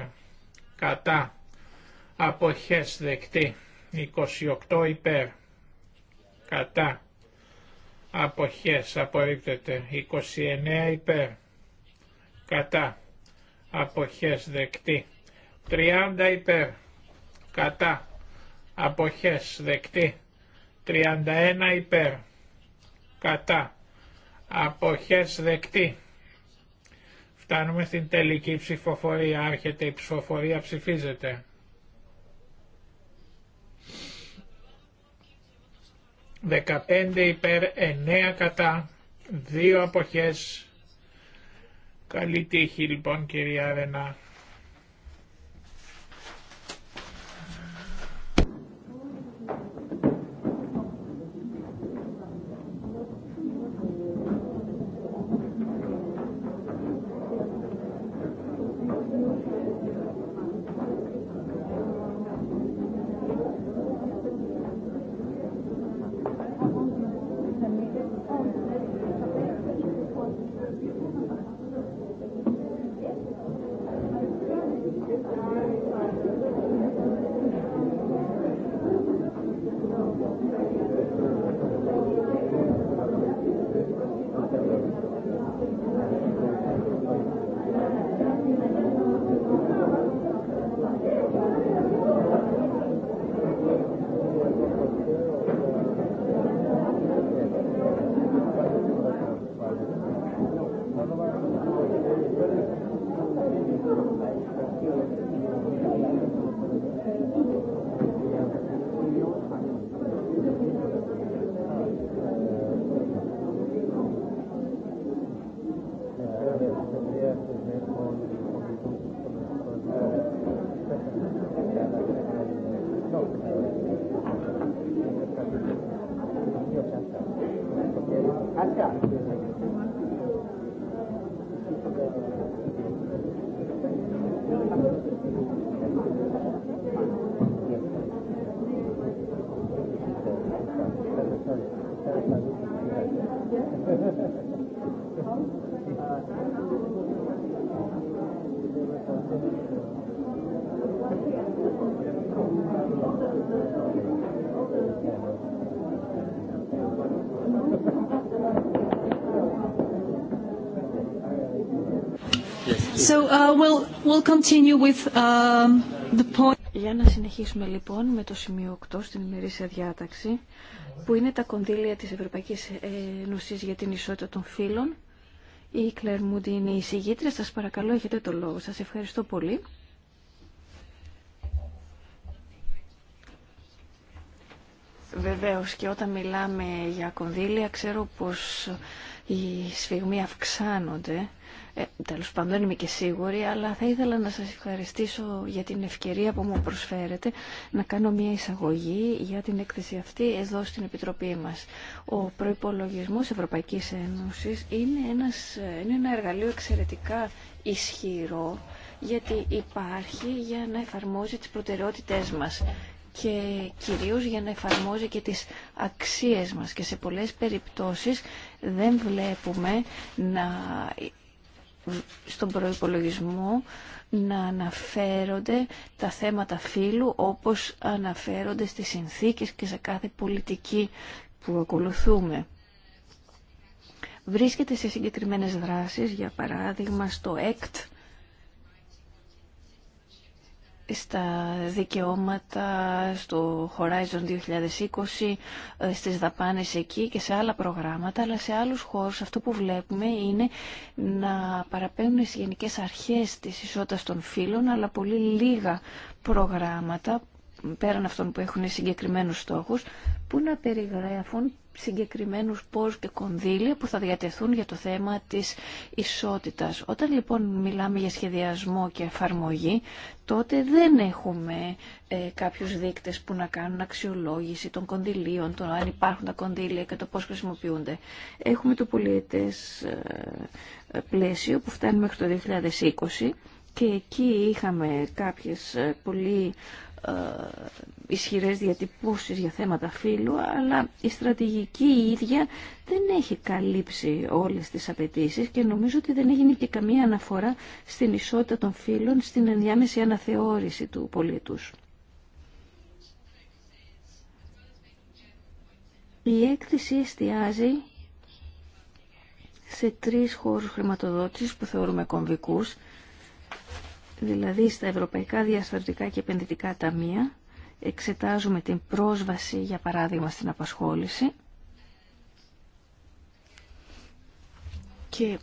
Κατά αποχές δεκτή 28 υπέρ κατά αποχές απορρίπτεται 29 υπέρ κατά αποχές δεκτή 30 υπέρ κατά αποχές δεκτή 31 υπέρ κατά αποχές δεκτή Φτάνουμε στην τελική ψηφοφορία. Άρχεται η ψηφοφορία, ψηφίζεται. 15 υπέρ 9 κατά 2 αποχές. Καλή τύχη λοιπόν κυρία Ρενά. Uh, um, Για να συνεχίσουμε λοιπόν με το σημείο 8 στην ημερήσια διάταξη που είναι τα κονδύλια της Ευρωπαϊκής Ένωση για την Ισότητα των Φύλων. Η Κλέρ Μούντι είναι η συγγήτρια. Σας παρακαλώ, έχετε το λόγο. Σας ευχαριστώ πολύ. Βεβαίως και όταν μιλάμε για κονδύλια ξέρω πως οι σφιγμοί αυξάνονται ε, Τέλο πάντων δεν είμαι και σίγουρη, αλλά θα ήθελα να σας ευχαριστήσω για την ευκαιρία που μου προσφέρετε να κάνω μια εισαγωγή για την έκθεση αυτή εδώ στην Επιτροπή μας. Ο προϋπολογισμός Ευρωπαϊκής Ένωσης είναι, ένας, είναι ένα εργαλείο εξαιρετικά ισχυρό γιατί υπάρχει για να εφαρμόζει τις προτεραιότητές μας και κυρίως για να εφαρμόζει και τις αξίες μας και σε πολλές περιπτώσεις δεν βλέπουμε να στον προϋπολογισμό να αναφέρονται τα θέματα φύλου όπως αναφέρονται στις συνθήκες και σε κάθε πολιτική που ακολουθούμε. Βρίσκεται σε συγκεκριμένες δράσεις, για παράδειγμα στο ΕΚΤ, στα δικαιώματα, στο Horizon 2020, ε, στις δαπάνες εκεί και σε άλλα προγράμματα, αλλά σε άλλους χώρους αυτό που βλέπουμε είναι να παραπέμπουν στις γενικές αρχές της ισότητας των φύλων, αλλά πολύ λίγα προγράμματα πέραν αυτών που έχουν συγκεκριμένους στόχους, που να περιγραφούν συγκεκριμένους πόρους και κονδύλια που θα διατεθούν για το θέμα της ισότητας. Όταν λοιπόν μιλάμε για σχεδιασμό και εφαρμογή, τότε δεν έχουμε ε, κάποιους δείκτες που να κάνουν αξιολόγηση των κονδυλίων, το αν υπάρχουν τα κονδύλια και το πώς χρησιμοποιούνται. Έχουμε το πολιετές ε, πλαίσιο που φτάνει μέχρι το 2020 και εκεί είχαμε κάποιες ε, πολύ ε, ισχυρές διατυπώσεις για θέματα φύλου, αλλά η στρατηγική η ίδια δεν έχει καλύψει όλες τις απαιτήσεις και νομίζω ότι δεν έγινε και καμία αναφορά στην ισότητα των φύλων στην ενδιάμεση αναθεώρηση του πολίτους. Η έκθεση εστιάζει σε τρεις χώρους χρηματοδότησης που θεωρούμε κομβικούς δηλαδή στα Ευρωπαϊκά Διαστατικά και Επενδυτικά Ταμεία, εξετάζουμε την πρόσβαση, για παράδειγμα, στην απασχόληση και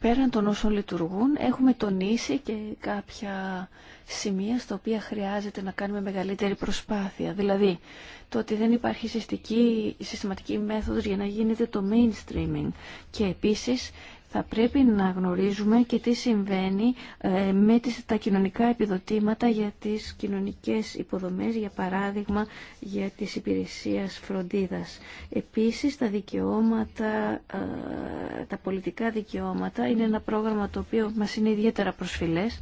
πέραν των όσων λειτουργούν, έχουμε τονίσει και κάποια σημεία στα οποία χρειάζεται να κάνουμε μεγαλύτερη προσπάθεια. Δηλαδή, το ότι δεν υπάρχει συστική, συστηματική μέθοδος για να γίνεται το mainstreaming και επίσης θα πρέπει να γνωρίζουμε και τι συμβαίνει ε, με τα κοινωνικά επιδοτήματα για τις κοινωνικές υποδομές, για παράδειγμα για τις υπηρεσίες φροντίδας. Επίσης τα δικαιώματα, ε, τα πολιτικά δικαιώματα είναι ένα πρόγραμμα το οποίο μας είναι ιδιαίτερα προσφυλές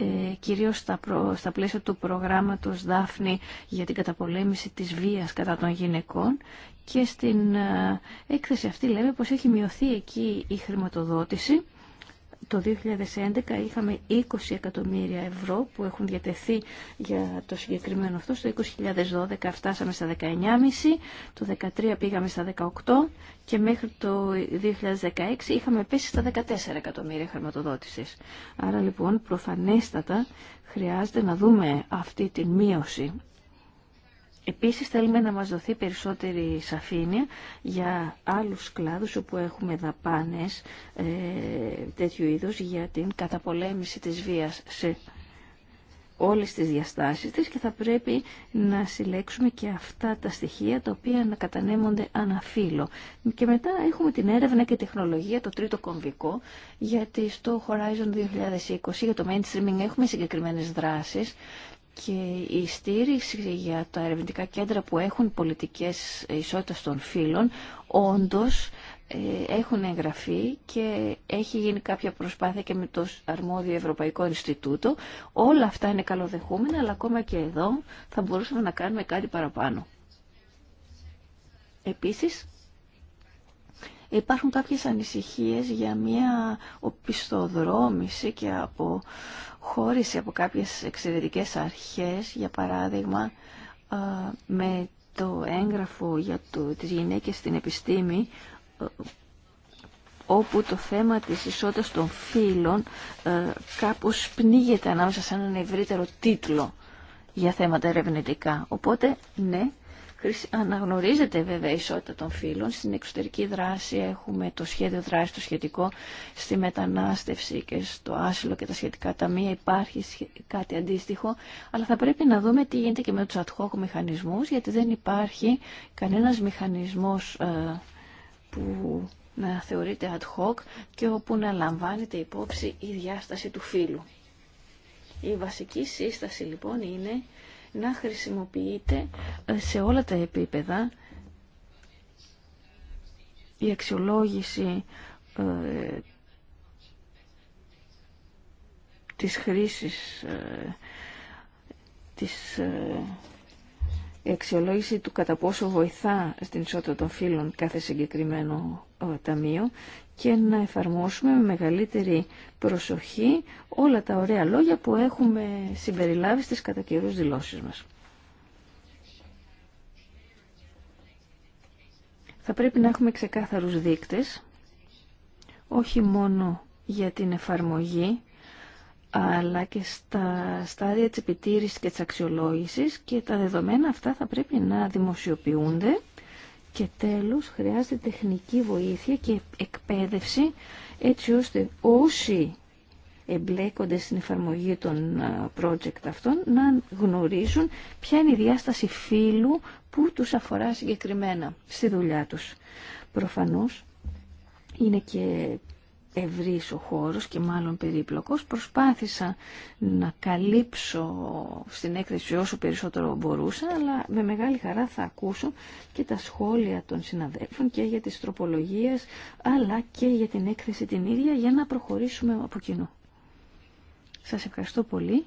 ε, κυρίως στα, στα πλαίσια του προγράμματος Δάφνη για την καταπολέμηση της βίας κατά των γυναικών και στην ε, έκθεση αυτή λέμε πως έχει μειωθεί εκεί η χρηματοδότηση το 2011 είχαμε 20 εκατομμύρια ευρώ που έχουν διατεθεί για το συγκεκριμένο αυτό. Στο 2012 φτάσαμε στα 19,5, το 2013 πήγαμε στα 18 και μέχρι το 2016 είχαμε πέσει στα 14 εκατομμύρια χρηματοδότησης. Άρα λοιπόν προφανέστατα χρειάζεται να δούμε αυτή τη μείωση Επίσης θέλουμε να μας δοθεί περισσότερη σαφήνεια για άλλους κλάδους όπου έχουμε δαπάνες ε, τέτοιου είδους για την καταπολέμηση της βίας σε όλες τις διαστάσεις της και θα πρέπει να συλλέξουμε και αυτά τα στοιχεία τα οποία ανακατανέμονται κατανέμονται αναφύλο. Και μετά έχουμε την έρευνα και τεχνολογία, το τρίτο κομβικό, γιατί στο Horizon 2020 για το mainstreaming έχουμε συγκεκριμένες δράσεις και η στήριξη για τα ερευνητικά κέντρα που έχουν πολιτικές ισότητας των φύλων όντως ε, έχουν εγγραφεί και έχει γίνει κάποια προσπάθεια και με το αρμόδιο Ευρωπαϊκό Ινστιτούτο. Όλα αυτά είναι καλοδεχούμενα, αλλά ακόμα και εδώ θα μπορούσαμε να κάνουμε κάτι παραπάνω. Επίσης, υπάρχουν κάποιες ανησυχίες για μια οπισθοδρόμηση και από χώρισε από κάποιες εξαιρετικές αρχές, για παράδειγμα με το έγγραφο για το, τις γυναίκες στην επιστήμη, ε, όπου το θέμα της ισότητας των φύλων ε, κάπως πνίγεται ανάμεσα σε έναν ευρύτερο τίτλο για θέματα ερευνητικά. Οπότε, ναι, Αναγνωρίζεται βέβαια η ισότητα των φύλων. Στην εξωτερική δράση έχουμε το σχέδιο δράση το σχετικό στη μετανάστευση και στο άσυλο και τα σχετικά ταμεία. Υπάρχει κάτι αντίστοιχο. Αλλά θα πρέπει να δούμε τι γίνεται και με τους ad hoc μηχανισμούς γιατί δεν υπάρχει κανένας μηχανισμός ε, που να θεωρείται ad hoc και όπου να λαμβάνεται υπόψη η διάσταση του φύλου. Η βασική σύσταση λοιπόν είναι να χρησιμοποιείται ε, σε όλα τα επίπεδα η αξιολόγηση ε, της χρήσης ε, της ε, η αξιολόγηση του κατά πόσο βοηθά στην ισότητα των φύλων κάθε συγκεκριμένο ταμείο και να εφαρμόσουμε με μεγαλύτερη προσοχή όλα τα ωραία λόγια που έχουμε συμπεριλάβει στις κατά καιρούς δηλώσεις μας. Θα πρέπει να έχουμε ξεκάθαρους δείκτες, όχι μόνο για την εφαρμογή, αλλά και στα στάδια της επιτήρησης και της αξιολόγησης και τα δεδομένα αυτά θα πρέπει να δημοσιοποιούνται και τέλος χρειάζεται τεχνική βοήθεια και εκπαίδευση έτσι ώστε όσοι εμπλέκονται στην εφαρμογή των project αυτών να γνωρίζουν ποια είναι η διάσταση φύλου που τους αφορά συγκεκριμένα στη δουλειά τους. Προφανώς είναι και ευρύς ο χώρος και μάλλον περίπλοκος. Προσπάθησα να καλύψω στην έκθεση όσο περισσότερο μπορούσα, αλλά με μεγάλη χαρά θα ακούσω και τα σχόλια των συναδέλφων και για τις τροπολογίες, αλλά και για την έκθεση την ίδια για να προχωρήσουμε από κοινού. Σας ευχαριστώ πολύ.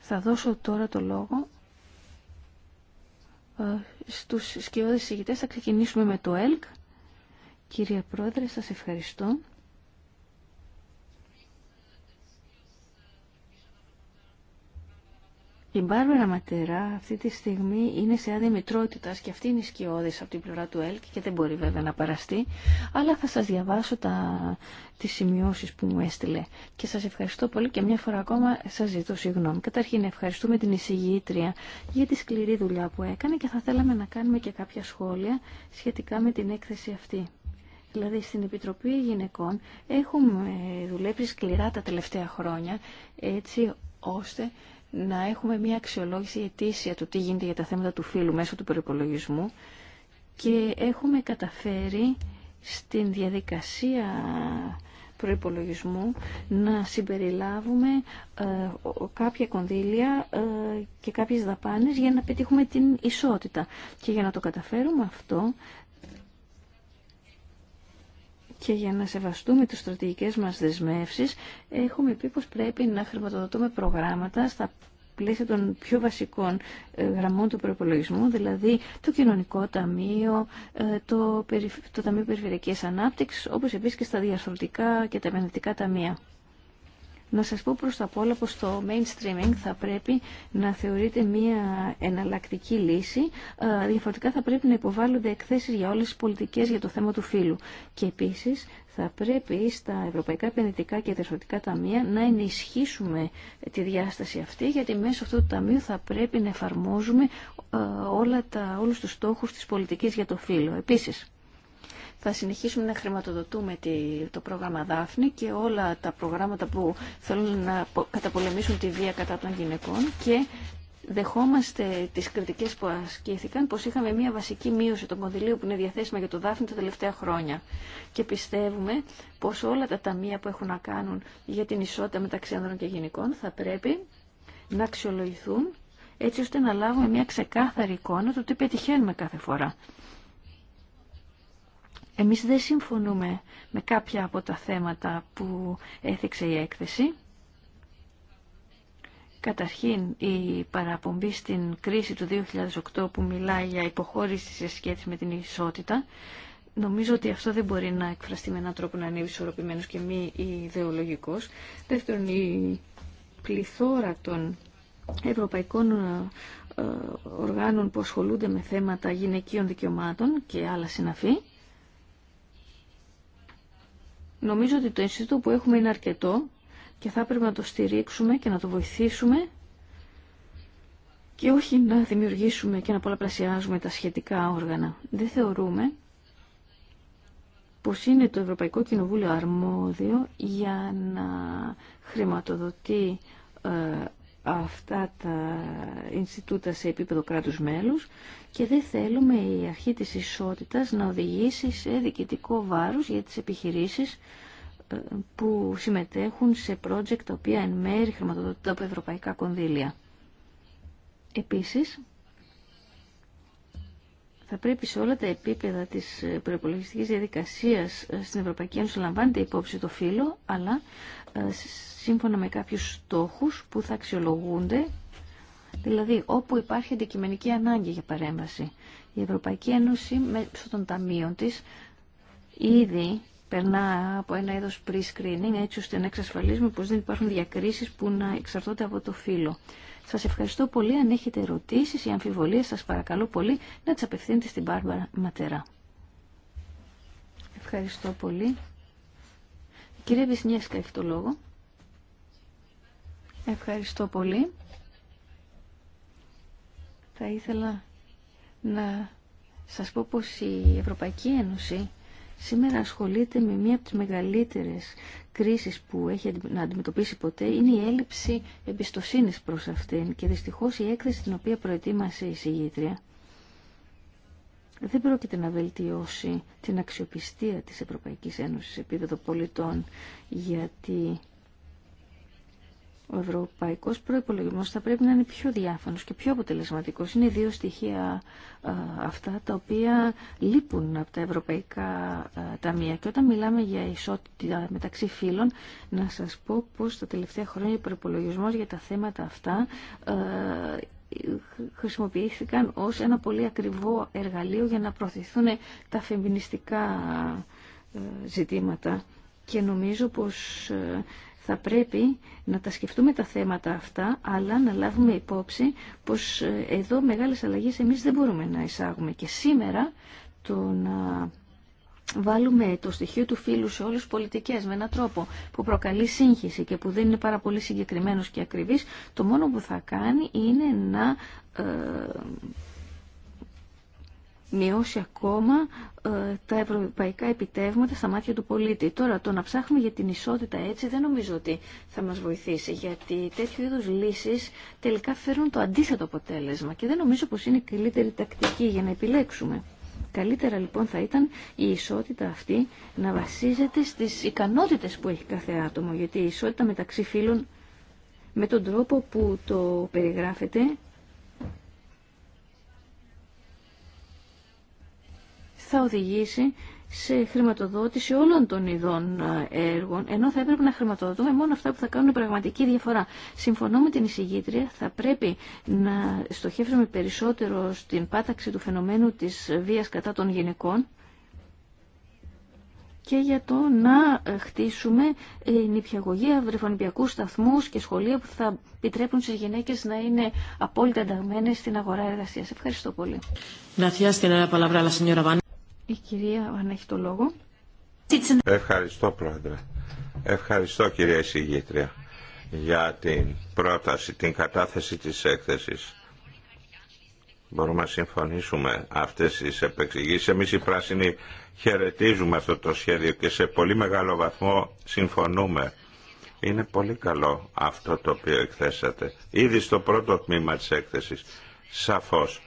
Θα δώσω τώρα το λόγο ε, στους σκιώδες ηγητές. Θα ξεκινήσουμε με το ΕΛΚ. Κύριε Πρόεδρε, σας ευχαριστώ. Η μπάρμερα Ματέρα αυτή τη στιγμή είναι σε άδεια μητρότητα και αυτή είναι η σκιώδη από την πλευρά του ΕΛΚ και δεν μπορεί βέβαια να παραστεί, αλλά θα σα διαβάσω τα, τις σημειώσεις που μου έστειλε. Και σα ευχαριστώ πολύ και μια φορά ακόμα σα ζητώ συγγνώμη. Καταρχήν ευχαριστούμε την εισηγήτρια για τη σκληρή δουλειά που έκανε και θα θέλαμε να κάνουμε και κάποια σχόλια σχετικά με την έκθεση αυτή. Δηλαδή στην Επιτροπή Γυναικών έχουμε δουλέψει σκληρά τα τελευταία χρόνια έτσι ώστε να έχουμε μια αξιολόγηση ετήσια του τι γίνεται για τα θέματα του φύλου μέσω του προπολογισμού και έχουμε καταφέρει στην διαδικασία προϋπολογισμού να συμπεριλάβουμε ε, κάποια κονδύλια ε, και κάποιες δαπάνες για να πετύχουμε την ισότητα. Και για να το καταφέρουμε αυτό και για να σεβαστούμε τις στρατηγικές μας δεσμεύσεις έχουμε πει πως πρέπει να χρηματοδοτούμε προγράμματα στα πλαίσια των πιο βασικών ε, γραμμών του προπολογισμού, δηλαδή το κοινωνικό ταμείο, ε, το, το Ταμείο Περιφερειακής Ανάπτυξης, όπως επίσης και στα διαρθρωτικά και τα επενδυτικά ταμεία. Να σας πω προς τα πόλα πως το mainstreaming θα πρέπει να θεωρείται μια εναλλακτική λύση, ε, διαφορετικά θα πρέπει να υποβάλλονται εκθέσεις για όλες τις πολιτικές για το θέμα του φύλου. Και επίσης θα πρέπει στα Ευρωπαϊκά Επενδυτικά και Διαφορετικά Ταμεία να ενισχύσουμε τη διάσταση αυτή, γιατί μέσω αυτού του ταμείου θα πρέπει να εφαρμόζουμε ε, όλα τα, όλους τους στόχους της πολιτικής για το φύλο. Επίσης, θα συνεχίσουμε να χρηματοδοτούμε το πρόγραμμα Δάφνη και όλα τα προγράμματα που θέλουν να καταπολεμήσουν τη βία κατά των γυναικών και δεχόμαστε τις κριτικές που ασκήθηκαν πως είχαμε μια βασική μείωση των κονδυλίων που είναι διαθέσιμα για το Δάφνη τα τελευταία χρόνια. Και πιστεύουμε πως όλα τα ταμεία που έχουν να κάνουν για την ισότητα μεταξύ άνδρων και γυναικών θα πρέπει να αξιολογηθούν έτσι ώστε να λάβουμε μια ξεκάθαρη εικόνα του τι πετυχαίνουμε κάθε φορά. Εμείς δεν συμφωνούμε με κάποια από τα θέματα που έθιξε η έκθεση. Καταρχήν, η παραπομπή στην κρίση του 2008 που μιλάει για υποχώρηση σε σχέση με την ισότητα, νομίζω ότι αυτό δεν μπορεί να εκφραστεί με έναν τρόπο να είναι ισορροπημένος και μη ιδεολογικός. Δεύτερον, η πληθώρα των ευρωπαϊκών ε, οργάνων που ασχολούνται με θέματα γυναικείων δικαιωμάτων και άλλα συναφή. Νομίζω ότι το Ινστιτούτο που έχουμε είναι αρκετό και θα πρέπει να το στηρίξουμε και να το βοηθήσουμε και όχι να δημιουργήσουμε και να πολλαπλασιάζουμε τα σχετικά όργανα. Δεν θεωρούμε πως είναι το Ευρωπαϊκό Κοινοβούλιο αρμόδιο για να χρηματοδοτεί ε, αυτά τα Ινστιτούτα σε επίπεδο κράτους μέλους και δεν θέλουμε η αρχή της ισότητας να οδηγήσει σε διοικητικό βάρος για τις επιχειρήσεις ε, που συμμετέχουν σε project τα οποία εν μέρη χρηματοδοτούνται από ευρωπαϊκά κονδύλια. Επίσης, θα πρέπει σε όλα τα επίπεδα της ε, προϋπολογιστικής διαδικασίας ε, στην Ευρωπαϊκή Ένωση να λαμβάνεται υπόψη το φύλλο, αλλά ε, σύμφωνα με κάποιους στόχους που θα αξιολογούνται, δηλαδή όπου υπάρχει αντικειμενική ανάγκη για παρέμβαση. Η Ευρωπαϊκή Ένωση μέσω των ταμείων της ήδη περνά από ένα είδος pre-screening έτσι ώστε να εξασφαλίζουμε πως δεν υπάρχουν διακρίσεις που να εξαρτώνται από το φύλλο. Σας ευχαριστώ πολύ. Αν έχετε ερωτήσεις ή αμφιβολίες σας παρακαλώ πολύ να τις απευθύνετε στην Μπάρμπαρα Ματερά. Ευχαριστώ πολύ. Κύριε Βυσνιέσκα, έχει το λόγο. Ευχαριστώ πολύ. Θα ήθελα να σας πω πως η Ευρωπαϊκή Ένωση σήμερα ασχολείται με μία από τις μεγαλύτερες κρίσεις που έχει να αντιμετωπίσει ποτέ είναι η έλλειψη εμπιστοσύνης προς αυτήν και δυστυχώς η έκθεση την οποία προετοίμασε η συγγήτρια δεν πρόκειται να βελτιώσει την αξιοπιστία της Ευρωπαϊκής Ένωσης σε επίπεδο πολιτών, γιατί ο ευρωπαϊκός προϋπολογισμός θα πρέπει να είναι πιο διάφανος και πιο αποτελεσματικός. Είναι δύο στοιχεία αυτά τα οποία λείπουν από τα ευρωπαϊκά α, ταμεία. Και όταν μιλάμε για ισότητα μεταξύ φύλων, να σας πω πως τα τελευταία χρόνια ο προϋπολογισμός για τα θέματα αυτά χρησιμοποιήθηκαν ως ένα πολύ ακριβό εργαλείο για να προωθηθούν τα φεμινιστικά ε, ζητήματα και νομίζω πως ε, θα πρέπει να τα σκεφτούμε τα θέματα αυτά, αλλά να λάβουμε υπόψη πως ε, εδώ μεγάλες αλλαγές εμείς δεν μπορούμε να εισάγουμε. Και σήμερα το να βάλουμε το στοιχείο του φίλου σε όλες τις πολιτικές με έναν τρόπο που προκαλεί σύγχυση και που δεν είναι πάρα πολύ συγκεκριμένος και ακριβής, το μόνο που θα κάνει είναι να ε, μειώσει ακόμα ε, τα ευρωπαϊκά επιτεύγματα στα μάτια του πολίτη. Τώρα το να ψάχνουμε για την ισότητα έτσι δεν νομίζω ότι θα μας βοηθήσει γιατί τέτοιου είδους λύσεις τελικά φέρουν το αντίθετο αποτέλεσμα και δεν νομίζω πως είναι η καλύτερη τακτική για να επιλέξουμε. Καλύτερα λοιπόν θα ήταν η ισότητα αυτή να βασίζεται στις ικανότητες που έχει κάθε άτομο, γιατί η ισότητα μεταξύ φίλων με τον τρόπο που το περιγράφεται θα οδηγήσει σε χρηματοδότηση όλων των ειδών ε, έργων, ενώ θα έπρεπε να χρηματοδοτούμε μόνο αυτά που θα κάνουν πραγματική διαφορά. Συμφωνώ με την εισηγήτρια, θα πρέπει να στοχεύσουμε περισσότερο στην πάταξη του φαινομένου της βίας κατά των γυναικών και για το να ε, χτίσουμε ε, νηπιαγωγεία, βρεφονηπιακούς σταθμούς και σχολεία που θα επιτρέπουν στις γυναίκες να είναι απόλυτα ενταγμένες στην αγορά εργασίας. Ευχαριστώ πολύ. Η κυρία αν έχει το λόγο. Ευχαριστώ πρόεδρε. Ευχαριστώ κυρία εισηγήτρια για την πρόταση, την κατάθεση της έκθεσης. Μπορούμε να συμφωνήσουμε αυτές τις επεξηγήσεις. Εμείς οι πράσινοι χαιρετίζουμε αυτό το σχέδιο και σε πολύ μεγάλο βαθμό συμφωνούμε. Είναι πολύ καλό αυτό το οποίο εκθέσατε. Ήδη στο πρώτο τμήμα της έκθεσης. Σαφώς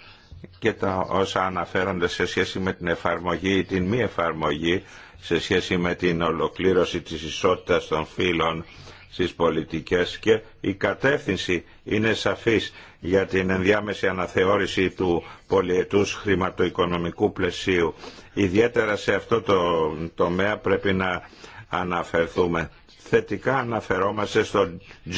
και τα όσα αναφέρονται σε σχέση με την εφαρμογή ή την μη εφαρμογή σε σχέση με την ολοκλήρωση της ισότητας των φύλων στις πολιτικές και η κατεύθυνση είναι σαφής για την ενδιάμεση αναθεώρηση του πολιετούς χρηματοοικονομικού πλαισίου. Ιδιαίτερα σε αυτό το τομέα πρέπει να αναφερθούμε θετικά αναφερόμαστε στο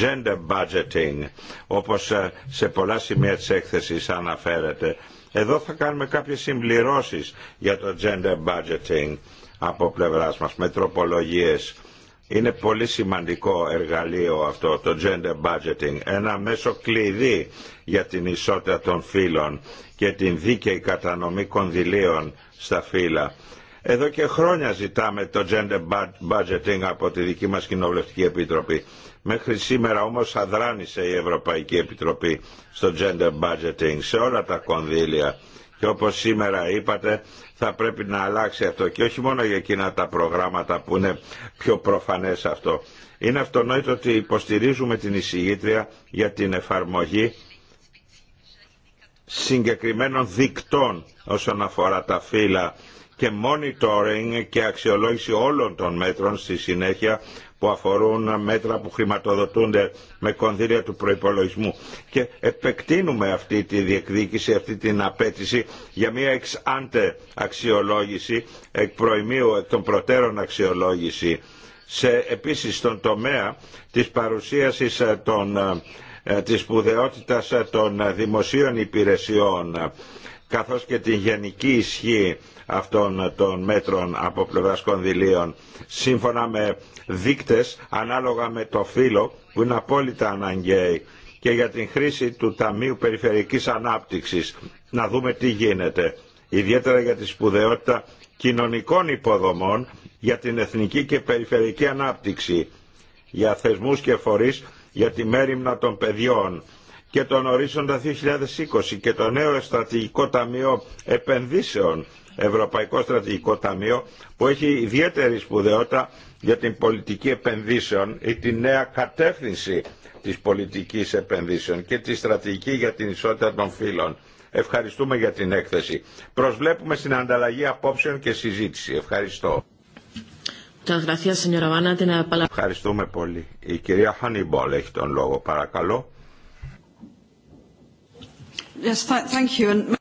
gender budgeting, όπως ε, σε πολλά σημεία της έκθεσης αναφέρεται. Εδώ θα κάνουμε κάποιες συμπληρώσεις για το gender budgeting από πλευράς μας, με τροπολογίες. Είναι πολύ σημαντικό εργαλείο αυτό, το gender budgeting, ένα μέσο κλειδί για την ισότητα των φύλων και την δίκαιη κατανομή κονδυλίων στα φύλλα. Εδώ και χρόνια ζητάμε το gender budgeting από τη δική μας Κοινοβουλευτική Επιτροπή. Μέχρι σήμερα όμως αδράνησε η Ευρωπαϊκή Επιτροπή στο gender budgeting σε όλα τα κονδύλια. Και όπως σήμερα είπατε θα πρέπει να αλλάξει αυτό και όχι μόνο για εκείνα τα προγράμματα που είναι πιο προφανές αυτό. Είναι αυτονόητο ότι υποστηρίζουμε την εισηγήτρια για την εφαρμογή συγκεκριμένων δικτών όσον αφορά τα φύλλα και monitoring και αξιολόγηση όλων των μέτρων στη συνέχεια που αφορούν μέτρα που χρηματοδοτούνται με κονδύλια του προϋπολογισμού. Και επεκτείνουμε αυτή τη διεκδίκηση, αυτή την απέτηση για μια εξ άντε αξιολόγηση, εκ προημίου, εκ των προτέρων αξιολόγηση. Σε, επίσης στον τομέα της παρουσίασης ε, των, ε, της σπουδαιότητας ε, των δημοσίων υπηρεσιών καθώς και την γενική ισχύ αυτών των μέτρων από πλευρά κονδυλίων σύμφωνα με δείκτες ανάλογα με το φύλλο που είναι απόλυτα αναγκαίοι και για την χρήση του Ταμείου περιφερική Ανάπτυξης να δούμε τι γίνεται ιδιαίτερα για τη σπουδαιότητα κοινωνικών υποδομών για την εθνική και περιφερειακή ανάπτυξη για θεσμούς και φορείς για τη μέρημνα των παιδιών και τον ορίζοντα 2020 και το νέο στρατηγικό ταμείο επενδύσεων Ευρωπαϊκό Στρατηγικό Ταμείο που έχει ιδιαίτερη σπουδαιότητα για την πολιτική επενδύσεων ή τη νέα κατεύθυνση της πολιτικής επενδύσεων και τη στρατηγική για την ισότητα των φύλων. Ευχαριστούμε για την έκθεση. Προσβλέπουμε στην ανταλλαγή απόψεων και συζήτηση. Ευχαριστώ. Ευχαριστούμε πολύ. Η κυρία Χανιμπόλ έχει τον λόγο. Παρακαλώ.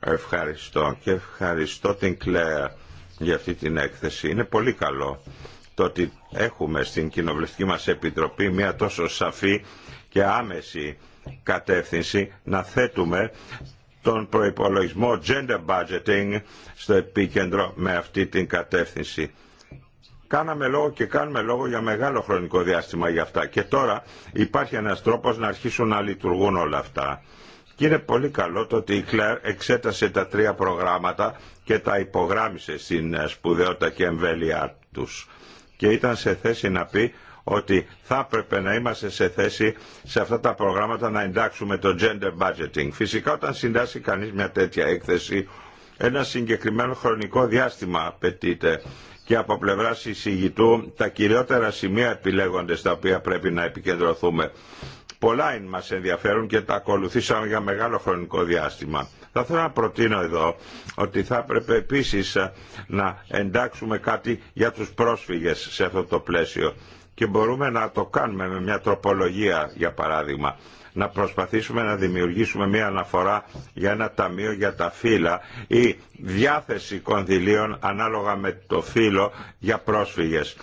Ευχαριστώ και ευχαριστώ την Κλέα για αυτή την έκθεση. Είναι πολύ καλό το ότι έχουμε στην Κοινοβουλευτική μας Επιτροπή μια τόσο σαφή και άμεση κατεύθυνση να θέτουμε τον προϋπολογισμό gender budgeting στο επίκεντρο με αυτή την κατεύθυνση. Κάναμε λόγο και κάνουμε λόγο για μεγάλο χρονικό διάστημα για αυτά και τώρα υπάρχει ένας τρόπος να αρχίσουν να λειτουργούν όλα αυτά. Και είναι πολύ καλό το ότι η Κλέρ εξέτασε τα τρία προγράμματα και τα υπογράμμισε στην ε, σπουδαιότητα και εμβέλειά τους. Και ήταν σε θέση να πει ότι θα έπρεπε να είμαστε σε θέση σε αυτά τα προγράμματα να εντάξουμε το gender budgeting. Φυσικά όταν συντάσσει κανείς μια τέτοια έκθεση, ένα συγκεκριμένο χρονικό διάστημα απαιτείται και από πλευρά συζητού τα κυριότερα σημεία επιλέγονται στα οποία πρέπει να επικεντρωθούμε. Πολλά μας ενδιαφέρουν και τα ακολουθήσαμε για μεγάλο χρονικό διάστημα. Θα θέλω να προτείνω εδώ ότι θα έπρεπε επίσης ε, να εντάξουμε κάτι για τους πρόσφυγες σε αυτό το πλαίσιο και μπορούμε να το κάνουμε με μια τροπολογία για παράδειγμα να προσπαθήσουμε να δημιουργήσουμε μια αναφορά για ένα ταμείο για τα φύλλα ή διάθεση κονδυλίων ανάλογα με το φύλλο για πρόσφυγες.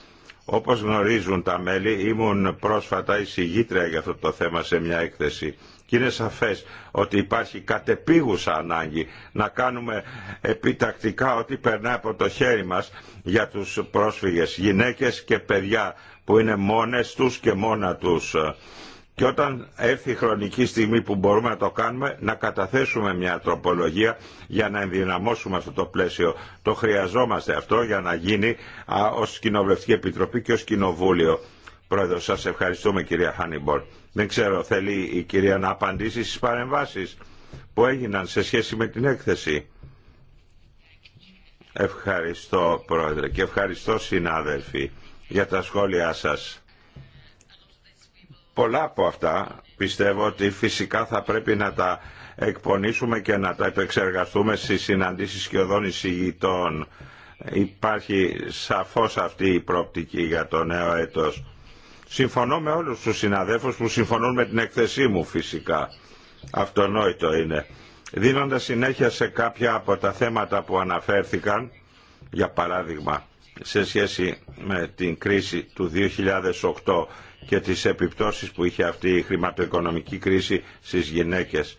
Όπως γνωρίζουν τα μέλη, ήμουν πρόσφατα εισηγήτρια για αυτό το θέμα σε μια έκθεση. Και είναι σαφές ότι υπάρχει κατεπίγουσα ανάγκη να κάνουμε επιτακτικά ό,τι περνά από το χέρι μας για τους πρόσφυγες, γυναίκες και παιδιά που είναι μόνες τους και μόνα τους και όταν έρθει η χρονική στιγμή που μπορούμε να το κάνουμε, να καταθέσουμε μια τροπολογία για να ενδυναμώσουμε αυτό το πλαίσιο. Το χρειαζόμαστε αυτό για να γίνει ως Κοινοβουλευτική Επιτροπή και ως Κοινοβούλιο. Πρόεδρο, σας ευχαριστούμε κυρία Χάνιμπορ. Δεν ξέρω, θέλει η κυρία να απαντήσει στις παρεμβάσεις που έγιναν σε σχέση με την έκθεση. Ευχαριστώ πρόεδρε και ευχαριστώ συνάδελφοι για τα σχόλιά σας. Πολλά από αυτά πιστεύω ότι φυσικά θα πρέπει να τα εκπονήσουμε και να τα επεξεργαστούμε στις συναντήσεις και οδών εισηγητών. Υπάρχει σαφώς αυτή η πρόπτικη για το νέο έτος. Συμφωνώ με όλους τους συναδέλφους που συμφωνούν με την εκθεσή μου φυσικά. Αυτονόητο είναι. Δίνοντας συνέχεια σε κάποια από τα θέματα που αναφέρθηκαν, για παράδειγμα σε σχέση με την κρίση του 2008 και τις επιπτώσεις που είχε αυτή η χρηματοοικονομική κρίση στις γυναίκες.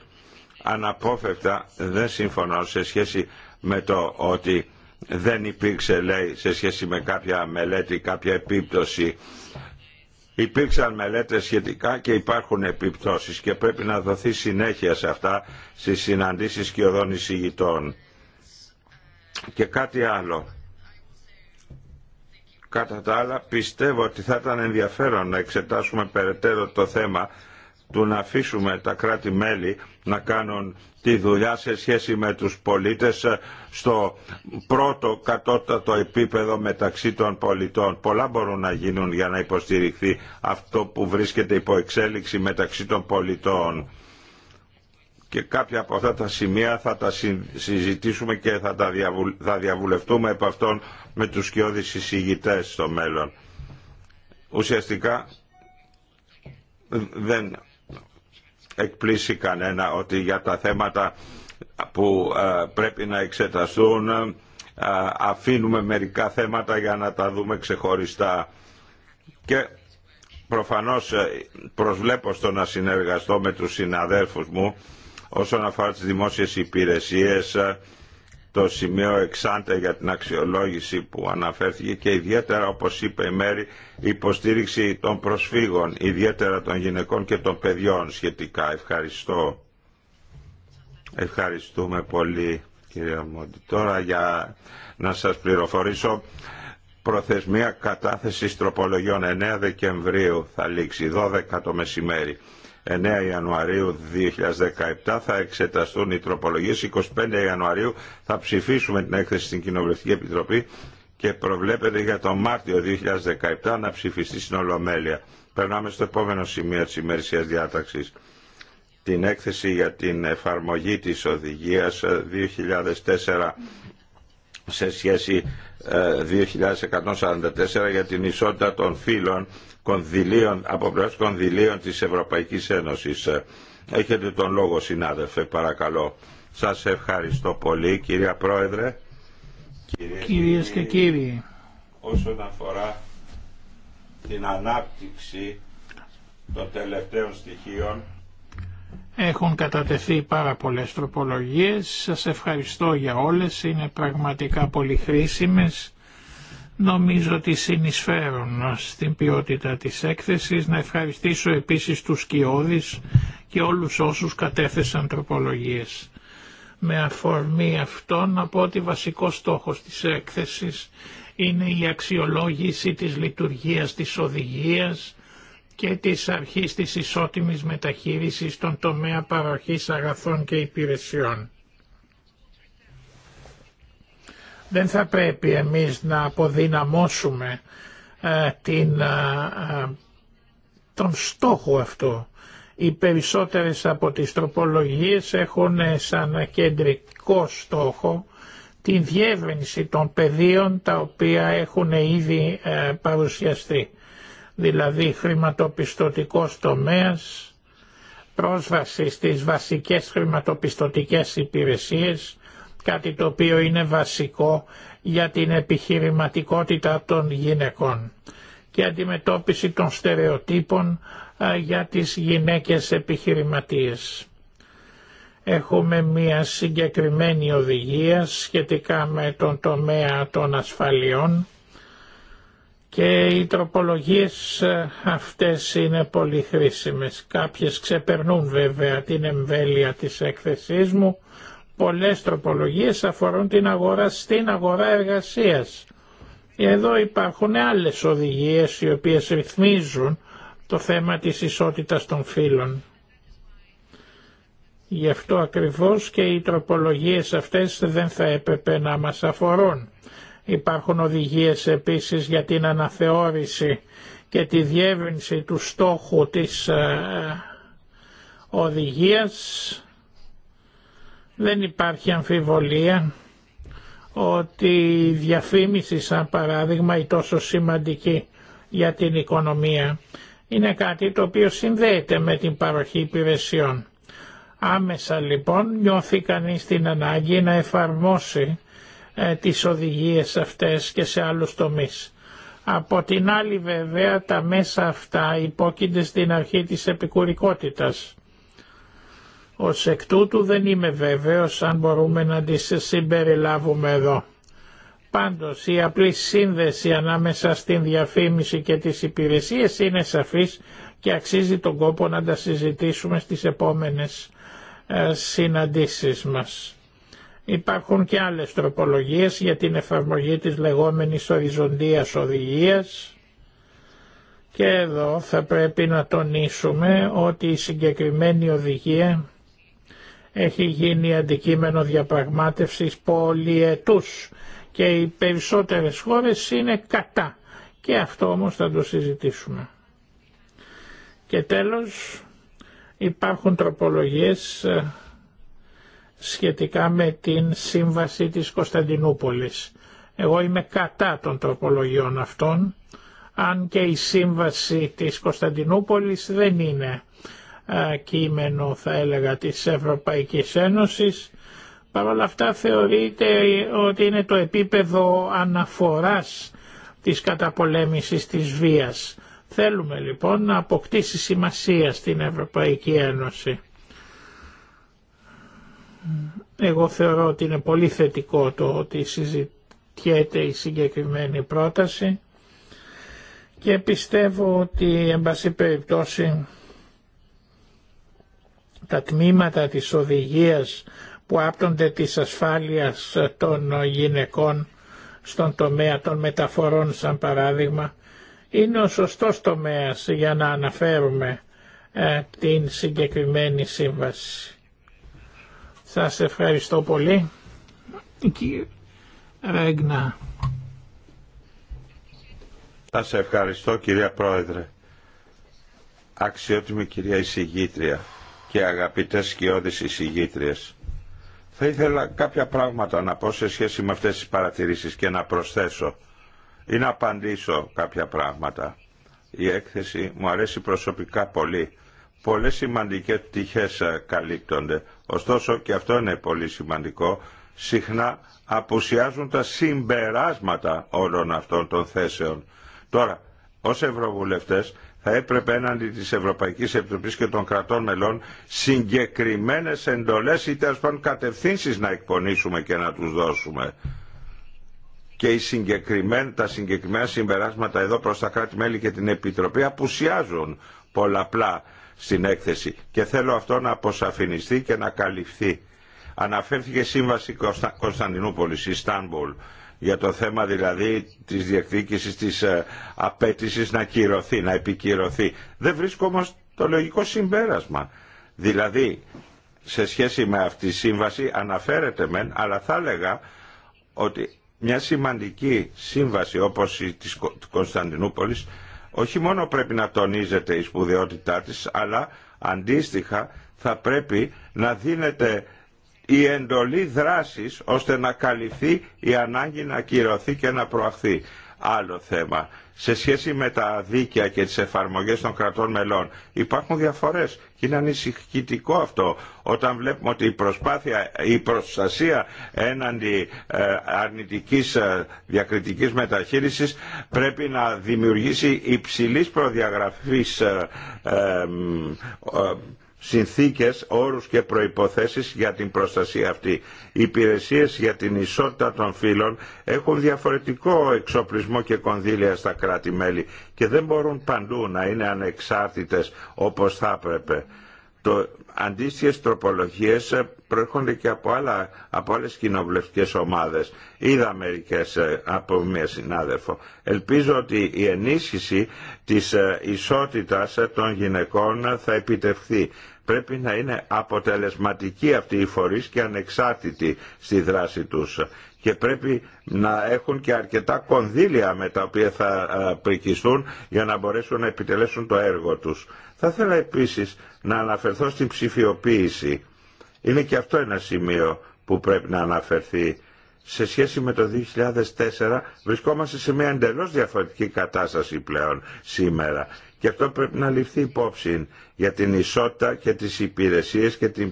Αναπόφευκτα δεν συμφωνώ σε σχέση με το ότι δεν υπήρξε λέει σε σχέση με κάποια μελέτη, κάποια επίπτωση. Υπήρξαν μελέτες σχετικά και υπάρχουν επιπτώσεις και πρέπει να δοθεί συνέχεια σε αυτά στις συναντήσεις και οδών εισηγητών. Και κάτι άλλο Κατά τα άλλα πιστεύω ότι θα ήταν ενδιαφέρον να εξετάσουμε περαιτέρω το θέμα του να αφήσουμε τα κράτη-μέλη να κάνουν τη δουλειά σε σχέση με τους πολίτες ε, στο πρώτο κατώτατο επίπεδο μεταξύ των πολιτών. Πολλά μπορούν να γίνουν για να υποστηριχθεί αυτό που βρίσκεται υπό εξέλιξη μεταξύ των πολιτών και κάποια από αυτά τα σημεία θα τα συζητήσουμε και θα τα διαβουλευτούμε επ' αυτόν με τους σκιώδεις εισηγητές στο μέλλον. Ουσιαστικά δεν εκπλήσει κανένα ότι για τα θέματα που ε, πρέπει να εξεταστούν ε, αφήνουμε μερικά θέματα για να τα δούμε ξεχωριστά. Και προφανώς ε, προσβλέπω στο να συνεργαστώ με τους συναδέλφους μου Όσον αφορά τις δημόσιες υπηρεσίες, το σημείο εξάντα για την αξιολόγηση που αναφέρθηκε και ιδιαίτερα όπως είπε η Μέρη υποστήριξη των προσφύγων, ιδιαίτερα των γυναικών και των παιδιών σχετικά. Ευχαριστώ. Ευχαριστούμε πολύ κύριε Μόντι. Τώρα για να σας πληροφορήσω προθεσμία κατάθεσης τροπολογιών 9 Δεκεμβρίου θα λήξει 12 το μεσημέρι. 9 Ιανουαρίου 2017 θα εξεταστούν οι τροπολογίες. 25 Ιανουαρίου θα ψηφίσουμε την έκθεση στην Κοινοβουλευτική Επιτροπή και προβλέπεται για τον Μάρτιο 2017 να ψηφιστεί στην Ολομέλεια. Περνάμε στο επόμενο σημείο της ημερησίας διάταξης. Την έκθεση για την εφαρμογή της οδηγίας 2004 ε, σε σχέση 2144 ε, για την ισότητα των φύλων κονδυλίων, από πλευρά κονδυλίων της Ευρωπαϊκής Ένωσης. Ε, έχετε τον λόγο συνάδελφε παρακαλώ. Σας ευχαριστώ πολύ κυρία Πρόεδρε. Κυρίες, Κυρίες και κύριοι, όσον αφορά την ανάπτυξη των τελευταίων στοιχείων έχουν κατατεθεί πάρα πολλές τροπολογίες. Σας ευχαριστώ για όλες. Είναι πραγματικά πολύ χρήσιμες νομίζω ότι συνεισφέρουν στην ποιότητα της έκθεσης. Να ευχαριστήσω επίσης τους Κιώδης και όλους όσους κατέθεσαν τροπολογίες. Με αφορμή αυτό να πω ότι βασικός στόχος της έκθεσης είναι η αξιολόγηση της λειτουργίας της οδηγίας και της αρχής της ισότιμης μεταχείρισης των τομέα παροχής αγαθών και υπηρεσιών. Δεν θα πρέπει εμείς να αποδυναμώσουμε ε, την, ε, ε, τον στόχο αυτό. Οι περισσότερες από τις τροπολογίες έχουν σαν κεντρικό στόχο την διεύρυνση των πεδίων τα οποία έχουν ήδη παρουσιαστεί. Δηλαδή χρηματοπιστωτικός τομέας, πρόσβαση στις βασικές χρηματοπιστωτικές υπηρεσίες, κάτι το οποίο είναι βασικό για την επιχειρηματικότητα των γυναικών και αντιμετώπιση των στερεοτύπων για τις γυναίκες επιχειρηματίες. Έχουμε μία συγκεκριμένη οδηγία σχετικά με τον τομέα των ασφαλιών και οι τροπολογίες αυτές είναι πολύ χρήσιμες. Κάποιες ξεπερνούν βέβαια την εμβέλεια της έκθεσής μου πολλές τροπολογίες αφορούν την αγορά στην αγορά εργασίας. Εδώ υπάρχουν άλλες οδηγίες οι οποίες ρυθμίζουν το θέμα της ισότητας των φύλων. Γι' αυτό ακριβώς και οι τροπολογίες αυτές δεν θα έπρεπε να μας αφορούν. Υπάρχουν οδηγίες επίσης για την αναθεώρηση και τη διεύρυνση του στόχου της ε, ε, οδηγίας δεν υπάρχει αμφιβολία ότι η διαφήμιση σαν παράδειγμα η τόσο σημαντική για την οικονομία είναι κάτι το οποίο συνδέεται με την παροχή υπηρεσιών. Άμεσα λοιπόν νιώθει κανείς την ανάγκη να εφαρμόσει ε, τις οδηγίες αυτές και σε άλλους τομείς. Από την άλλη βέβαια τα μέσα αυτά υπόκεινται στην αρχή της επικουρικότητας ως εκ τούτου δεν είμαι βέβαιος αν μπορούμε να τις συμπεριλάβουμε εδώ. Πάντως η απλή σύνδεση ανάμεσα στην διαφήμιση και τις υπηρεσίες είναι σαφής και αξίζει τον κόπο να τα συζητήσουμε στις επόμενες ε, συναντήσεις μας. Υπάρχουν και άλλες τροπολογίες για την εφαρμογή της λεγόμενης οριζοντίας οδηγίας και εδώ θα πρέπει να τονίσουμε ότι η συγκεκριμένη οδηγία έχει γίνει αντικείμενο διαπραγμάτευσης πολυετούς και οι περισσότερες χώρες είναι κατά. Και αυτό όμως θα το συζητήσουμε. Και τέλος υπάρχουν τροπολογίες ε, σχετικά με την σύμβαση της Κωνσταντινούπολης. Εγώ είμαι κατά των τροπολογιών αυτών, αν και η σύμβαση της Κωνσταντινούπολης δεν είναι κείμενο θα έλεγα της Ευρωπαϊκής Ένωσης Παρ' όλα αυτά θεωρείται ότι είναι το επίπεδο αναφοράς της καταπολέμησης της βίας. Θέλουμε λοιπόν να αποκτήσει σημασία στην Ευρωπαϊκή Ένωση. Εγώ θεωρώ ότι είναι πολύ θετικό το ότι συζητιέται η συγκεκριμένη πρόταση και πιστεύω ότι εν πάση περιπτώσει τα τμήματα της οδηγίας που άπτονται της ασφάλειας των γυναικών στον τομέα των μεταφορών σαν παράδειγμα είναι ο σωστός τομέας για να αναφέρουμε ε, την συγκεκριμένη σύμβαση. Σας ευχαριστώ πολύ. Κύριε Ρέγνα. Σας ευχαριστώ κυρία Πρόεδρε. Αξιότιμη κυρία Εισηγήτρια και αγαπητές σκιώδεις εισηγήτριες. Θα ήθελα κάποια πράγματα να πω σε σχέση με αυτές τις παρατηρήσεις και να προσθέσω ή να απαντήσω κάποια πράγματα. Η έκθεση μου αρέσει προσωπικά πολύ. Πολλές σημαντικές πτυχές ε, καλύπτονται. Ωστόσο και αυτό είναι πολύ σημαντικό. Συχνά απουσιάζουν τα συμπεράσματα όλων αυτών των θέσεων. Τώρα, ως Ευρωβουλευτές θα έπρεπε έναντι της Ευρωπαϊκής Επιτροπής και των κρατών μελών συγκεκριμένες εντολές ή τέλος πάντων κατευθύνσεις να εκπονήσουμε και να τους δώσουμε. Και οι συγκεκριμένα, τα συγκεκριμένα συμπεράσματα εδώ προς τα κράτη-μέλη και την Επιτροπή απουσιάζουν πολλαπλά στην έκθεση και θέλω αυτό να αποσαφινιστεί και να καλυφθεί. Αναφέρθηκε η Σύμβαση Κωνσταντινούπολης, Ιστάνμπουλ για το θέμα δηλαδή της διεκδίκησης της ε, απέτησης να κυρωθεί, να επικυρωθεί. Δεν βρίσκω όμως το λογικό συμπέρασμα. Δηλαδή, σε σχέση με αυτή τη σύμβαση αναφέρεται μεν, αλλά θα έλεγα ότι μια σημαντική σύμβαση όπως η της Κωνσταντινούπολης όχι μόνο πρέπει να τονίζεται η σπουδαιότητά της, αλλά αντίστοιχα θα πρέπει να δίνεται η εντολή δράσης ώστε να καλυφθεί η ανάγκη να ακυρωθεί και να προαχθεί. Άλλο θέμα σε σχέση με τα δίκαια και τις εφαρμογές των κρατών μελών. Υπάρχουν διαφορές και είναι ανησυχητικό αυτό όταν βλέπουμε ότι η προσπάθεια, η προστασία έναντι ε, αρνητικής ε, διακριτικής μεταχείρισης πρέπει να δημιουργήσει υψηλής προδιαγραφής ε, συνθήκες, όρους και προϋποθέσεις για την προστασία αυτή. Οι υπηρεσίες για την ισότητα των φύλων έχουν διαφορετικό εξοπλισμό και κονδύλια στα κράτη και δεν μπορούν παντού να είναι ανεξάρτητες όπως θα έπρεπε. Το, αντίστοιχες τροπολογίες προέρχονται και από, άλλα, από άλλες κοινοβουλευτικές ομάδες. Είδα μερικές ε, από μια συνάδελφο. Ελπίζω ότι η ενίσχυση της ε, ισότητας ε, των γυναικών θα επιτευχθεί. Πρέπει να είναι αποτελεσματική αυτή η φορείς και ανεξάρτητη στη δράση τους και πρέπει να έχουν και αρκετά κονδύλια με τα οποία θα πρικιστούν για να μπορέσουν να επιτελέσουν το έργο τους. Θα ήθελα επίσης να αναφερθώ στην ψηφιοποίηση. Είναι και αυτό ένα σημείο που πρέπει να αναφερθεί. Σε σχέση με το 2004 βρισκόμαστε σε μια εντελώς διαφορετική κατάσταση πλέον σήμερα. Και αυτό πρέπει να ληφθεί υπόψη για την ισότητα και τις υπηρεσίες και την,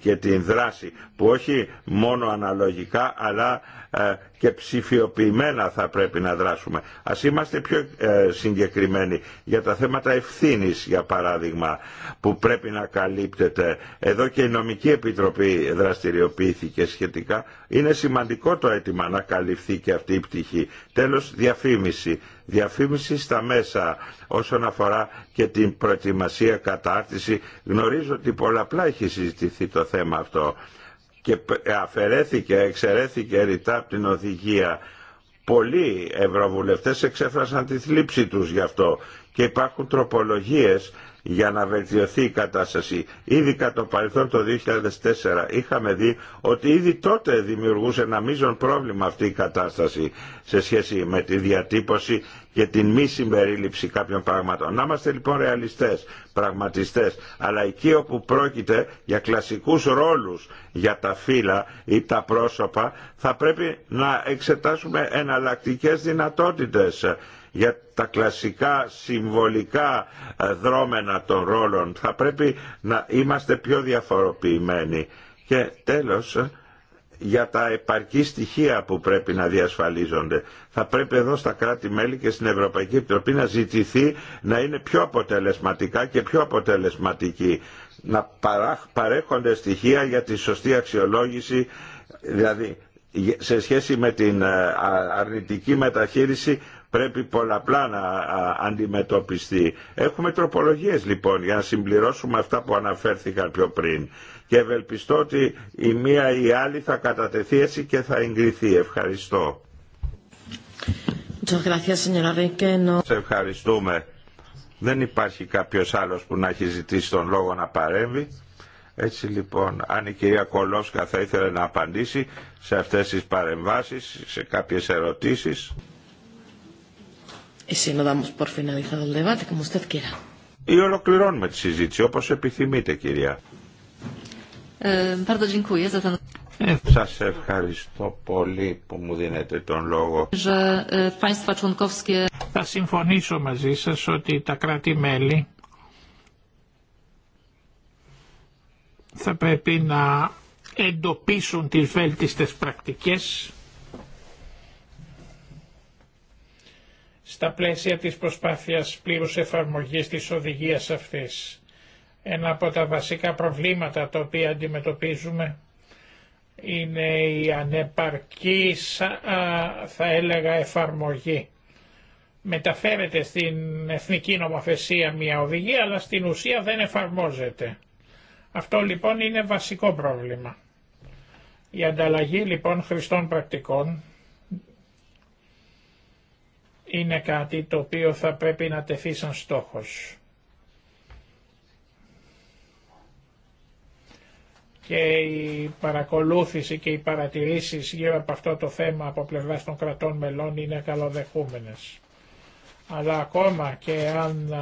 και την δράση που όχι μόνο αναλογικά αλλά ε, και ψηφιοποιημένα θα πρέπει να δράσουμε. Ας είμαστε πιο ε, συγκεκριμένοι για τα θέματα ευθύνης για παράδειγμα που πρέπει να καλύπτεται. Εδώ και η νομική επιτροπή δραστηριοποιήθηκε σχετικά. Είναι σημαντικό το αίτημα να καλυφθεί και αυτή η πτυχή. Τέλος διαφήμιση. Διαφήμιση στα μέσα όσον αφορά και την προετοιμασία προετοιμασία, κατάρτιση. Γνωρίζω ότι πολλαπλά έχει συζητηθεί το θέμα αυτό και ε, αφαιρέθηκε, εξαιρέθηκε ρητά από την οδηγία. Πολλοί ευρωβουλευτές εξέφρασαν τη θλίψη τους γι' αυτό και υπάρχουν τροπολογίες για να βελτιωθεί η κατάσταση. Ήδη κατά το παρελθόν το 2004 είχαμε δει ότι ήδη τότε δημιουργούσε ένα μείζον πρόβλημα αυτή η κατάσταση σε σχέση με τη διατύπωση και την μη συμπερίληψη κάποιων πραγμάτων. Να είμαστε λοιπόν ρεαλιστές, πραγματιστές, αλλά εκεί όπου πρόκειται για κλασικούς ρόλους για τα φύλλα ή τα πρόσωπα, θα πρέπει να εξετάσουμε εναλλακτικές δυνατότητες για τα κλασικά συμβολικά ε, δρόμενα των ρόλων. Θα πρέπει να είμαστε πιο διαφοροποιημένοι. Και τέλος, ε, για τα επαρκή στοιχεία που πρέπει να διασφαλίζονται. Θα πρέπει εδώ στα κράτη-μέλη και στην Ευρωπαϊκή Επιτροπή να ζητηθεί να είναι πιο αποτελεσματικά και πιο αποτελεσματικοί. Να παρέχονται στοιχεία για τη σωστή αξιολόγηση, δηλαδή σε σχέση με την ε, αρνητική μεταχείριση πρέπει πολλαπλά να αντιμετωπιστεί. Έχουμε τροπολογίες λοιπόν για να συμπληρώσουμε αυτά που αναφέρθηκαν πιο πριν. Και ευελπιστώ ότι η μία ή η άλλη θα κατατεθεί έτσι και θα εγκριθεί. Ευχαριστώ. Σε ευχαριστούμε. Δεν υπάρχει κάποιος άλλος που να έχει ζητήσει τον λόγο να παρέμβει. Έτσι λοιπόν, αν η κυρία Κολόσκα θα ήθελε να απαντήσει σε αυτές τις παρεμβάσεις, σε κάποιες ερωτήσεις. Η ολοκληρώνουμε τη συζήτηση όπως επιθυμείτε κυρία. Ε, ε, Σας ευχαριστώ πολύ που μου δίνετε τον λόγο. Ε, θα συμφωνήσω μαζί σας ότι τα κράτη-μέλη θα πρέπει να εντοπίσουν τις βέλτιστες πρακτικές στα πλαίσια της προσπάθειας πλήρους εφαρμογής της οδηγίας αυτής. Ένα από τα βασικά προβλήματα τα οποία αντιμετωπίζουμε είναι η ανεπαρκής, θα έλεγα, εφαρμογή. Μεταφέρεται στην εθνική νομοθεσία μια οδηγία, αλλά στην ουσία δεν εφαρμόζεται. Αυτό λοιπόν είναι βασικό πρόβλημα. Η ανταλλαγή λοιπόν χρηστών πρακτικών είναι κάτι το οποίο θα πρέπει να τεθεί σαν στόχος. Και η παρακολούθηση και οι παρατηρήσεις γύρω από αυτό το θέμα από πλευράς των κρατών μελών είναι καλοδεχούμενες. Αλλά ακόμα και αν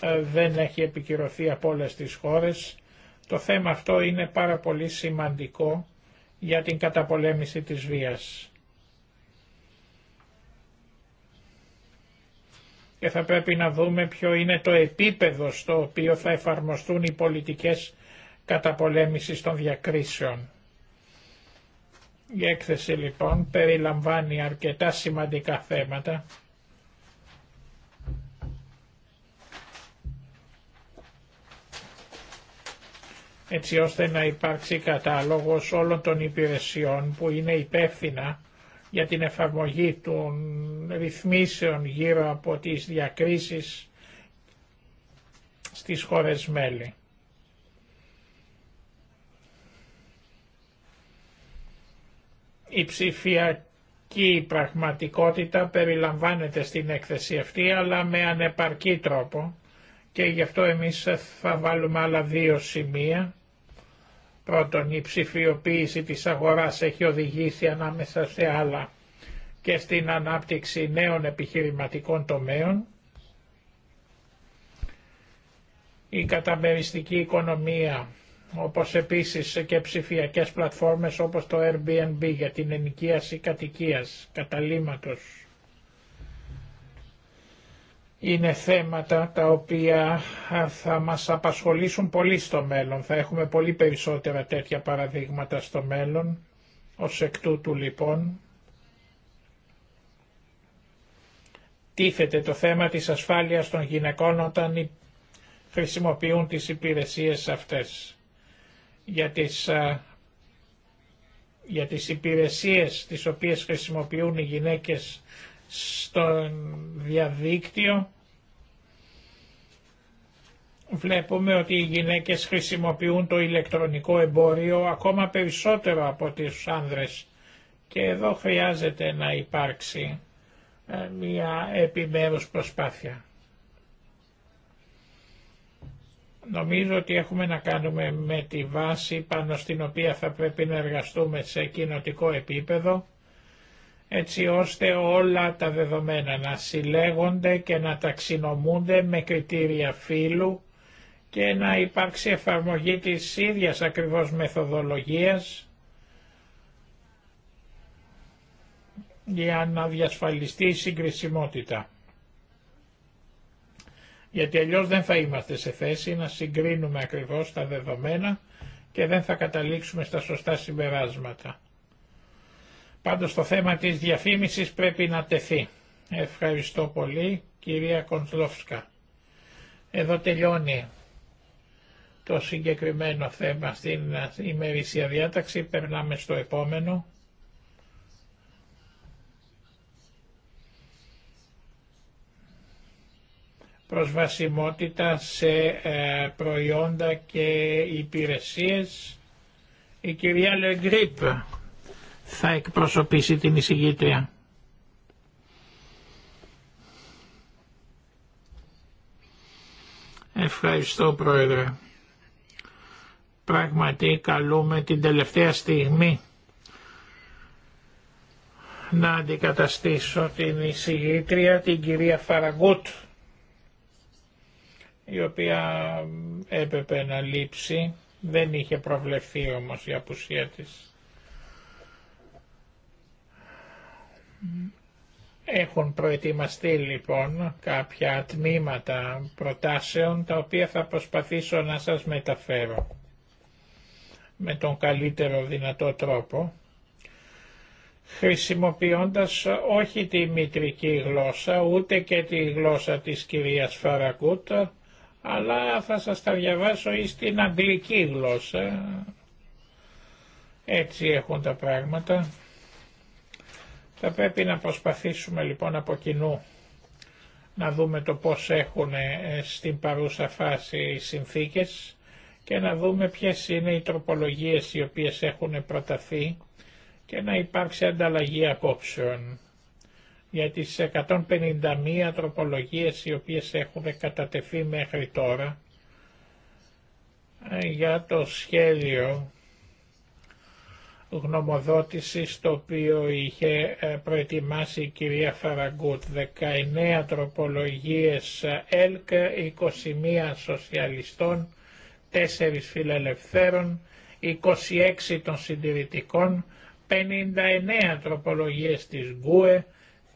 ε, δεν έχει επικυρωθεί από όλες τις χώρες, το θέμα αυτό είναι πάρα πολύ σημαντικό για την καταπολέμηση της βίας. και θα πρέπει να δούμε ποιο είναι το επίπεδο στο οποίο θα εφαρμοστούν οι πολιτικές καταπολέμησης των διακρίσεων. Η έκθεση λοιπόν περιλαμβάνει αρκετά σημαντικά θέματα. έτσι ώστε να υπάρξει κατάλογος όλων των υπηρεσιών που είναι υπεύθυνα για την εφαρμογή των ρυθμίσεων γύρω από τις διακρίσεις στις χώρες μέλη. Η ψηφιακή πραγματικότητα περιλαμβάνεται στην έκθεση αυτή αλλά με ανεπαρκή τρόπο και γι' αυτό εμείς θα βάλουμε άλλα δύο σημεία Πρώτον, η ψηφιοποίηση της αγοράς έχει οδηγήσει ανάμεσα σε άλλα και στην ανάπτυξη νέων επιχειρηματικών τομέων. Η καταμεριστική οικονομία, όπως επίσης και ψηφιακές πλατφόρμες όπως το Airbnb για την ενοικίαση κατοικίας, καταλήμματος, είναι θέματα τα οποία θα μας απασχολήσουν πολύ στο μέλλον. Θα έχουμε πολύ περισσότερα τέτοια παραδείγματα στο μέλλον. Ως εκ τούτου λοιπόν τίθεται το θέμα της ασφάλειας των γυναικών όταν χρησιμοποιούν τις υπηρεσίες αυτές. Για τις, για τις υπηρεσίες τις οποίες χρησιμοποιούν οι γυναίκες στο διαδίκτυο Βλέπουμε ότι οι γυναίκες χρησιμοποιούν το ηλεκτρονικό εμπόριο ακόμα περισσότερο από τις άνδρες και εδώ χρειάζεται να υπάρξει ε, μια επιμέρους προσπάθεια. Νομίζω ότι έχουμε να κάνουμε με τη βάση πάνω στην οποία θα πρέπει να εργαστούμε σε κοινοτικό επίπεδο έτσι ώστε όλα τα δεδομένα να συλλέγονται και να ταξινομούνται με κριτήρια φύλου και να υπάρξει εφαρμογή της ίδιας ακριβώς μεθοδολογίας για να διασφαλιστεί η συγκρισιμότητα. Γιατί αλλιώς δεν θα είμαστε σε θέση να συγκρίνουμε ακριβώς τα δεδομένα και δεν θα καταλήξουμε στα σωστά συμπεράσματα. Πάντως το θέμα της διαφήμισης πρέπει να τεθεί. Ευχαριστώ πολύ κυρία Κοντλόφσκα. Εδώ τελειώνει το συγκεκριμένο θέμα στην ημερήσια διάταξη. Περνάμε στο επόμενο. Προσβασιμότητα σε ε, προϊόντα και υπηρεσίες. Η κυρία Λεγκρίπ θα εκπροσωπήσει την εισηγήτρια. Ευχαριστώ Πρόεδρε. Πραγματικά καλούμε την τελευταία στιγμή να αντικαταστήσω την εισηγήτρια, την κυρία Φαραγκούτ, η οποία έπρεπε να λείψει, δεν είχε προβλεφθεί όμως η απουσία της. Έχουν προετοιμαστεί λοιπόν κάποια τμήματα προτάσεων τα οποία θα προσπαθήσω να σας μεταφέρω με τον καλύτερο δυνατό τρόπο, χρησιμοποιώντας όχι τη μητρική γλώσσα, ούτε και τη γλώσσα της κυρίας Φαρακούτ, αλλά θα σας τα διαβάσω ή στην αγγλική γλώσσα. Έτσι έχουν τα πράγματα. Θα πρέπει να προσπαθήσουμε λοιπόν από κοινού να δούμε το πώς έχουν ε, στην παρούσα φάση οι συνθήκες και να δούμε ποιες είναι οι τροπολογίες οι οποίες έχουν προταθεί και να υπάρξει ανταλλαγή απόψεων για τις 151 τροπολογίες οι οποίες έχουν κατατεθεί μέχρι τώρα ε, για το σχέδιο γνωμοδότησης το οποίο είχε ε, προετοιμάσει η κυρία Φαραγκούτ 19 τροπολογίες ε, ΕΛΚ, 21 σοσιαλιστών 4 φιλελευθέρων, 26 των συντηρητικών, 59 τροπολογίες της Γκουε,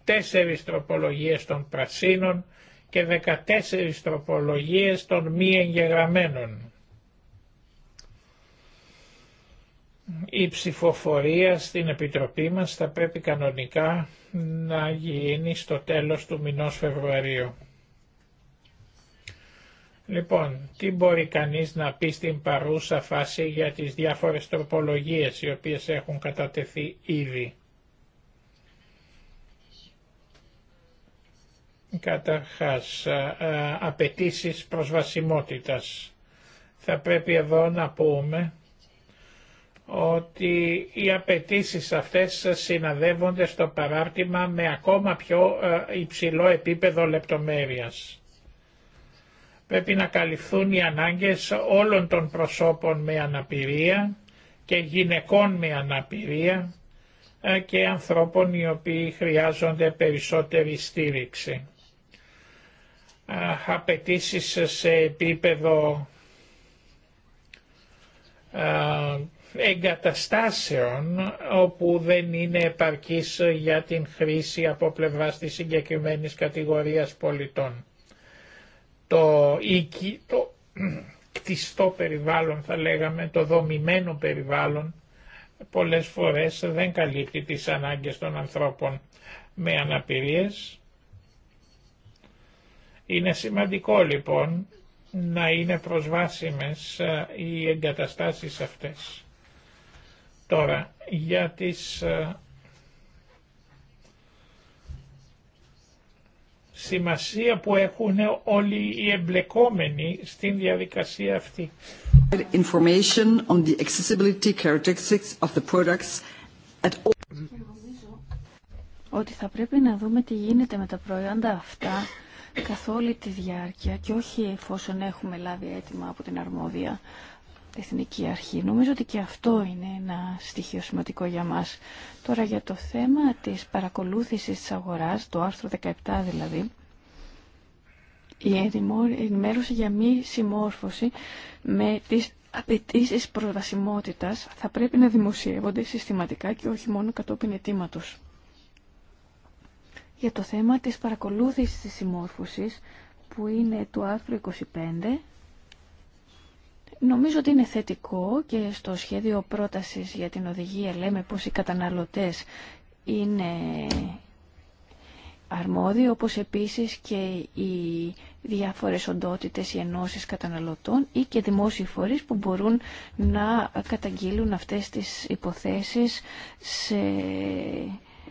4 τροπολογίες των Πρασίνων και 14 τροπολογίες των μη εγγεγραμμένων. Η ψηφοφορία στην Επιτροπή μας θα πρέπει κανονικά να γίνει στο τέλος του μηνός Φεβρουαρίου. Λοιπόν, τι μπορεί κανείς να πει στην παρούσα φάση για τις διάφορες τροπολογίες οι οποίες έχουν κατατεθεί ήδη. Καταρχάς, απαιτήσει προσβασιμότητας. Θα πρέπει εδώ να πούμε ότι οι απαιτήσει αυτές συναδεύονται στο παράρτημα με ακόμα πιο υψηλό επίπεδο λεπτομέρειας. Πρέπει να καλυφθούν οι ανάγκες όλων των προσώπων με αναπηρία και γυναικών με αναπηρία ε, και ανθρώπων οι οποίοι χρειάζονται περισσότερη στήριξη. Ε, Απαιτήσει σε επίπεδο ε, εγκαταστάσεων όπου δεν είναι επαρκής για την χρήση από πλευράς της συγκεκριμένης κατηγορίας πολιτών το, οίκη, το κτιστό περιβάλλον θα λέγαμε, το δομημένο περιβάλλον πολλές φορές δεν καλύπτει τις ανάγκες των ανθρώπων με αναπηρίες. Είναι σημαντικό λοιπόν να είναι προσβάσιμες ε, οι εγκαταστάσεις αυτές. Τώρα, για τις ε, σημασία που έχουν όλοι οι εμπλεκόμενοι στην διαδικασία αυτή. Information on the accessibility characteristics of the products Ότι θα πρέπει να δούμε τι γίνεται με τα προϊόντα αυτά καθ' όλη τη διάρκεια και όχι εφόσον έχουμε λάβει έτοιμα από την αρμόδια Εθνική Αρχή. Νομίζω ότι και αυτό είναι ένα στοιχείο σημαντικό για μας. Τώρα για το θέμα της παρακολούθησης της αγοράς, το άρθρο 17 δηλαδή, η ενημέρωση για μη συμμόρφωση με τις απαιτήσει προσβασιμότητας θα πρέπει να δημοσιεύονται συστηματικά και όχι μόνο κατόπιν ετήματος. Για το θέμα της παρακολούθησης της συμμόρφωσης, που είναι το άρθρο 25, Νομίζω ότι είναι θετικό και στο σχέδιο πρότασης για την οδηγία λέμε πως οι καταναλωτές είναι αρμόδιοι, όπως επίσης και οι διάφορες οντότητες, οι ενώσεις καταναλωτών ή και δημόσιοι φορείς που μπορούν να καταγγείλουν αυτές τις υποθέσεις σε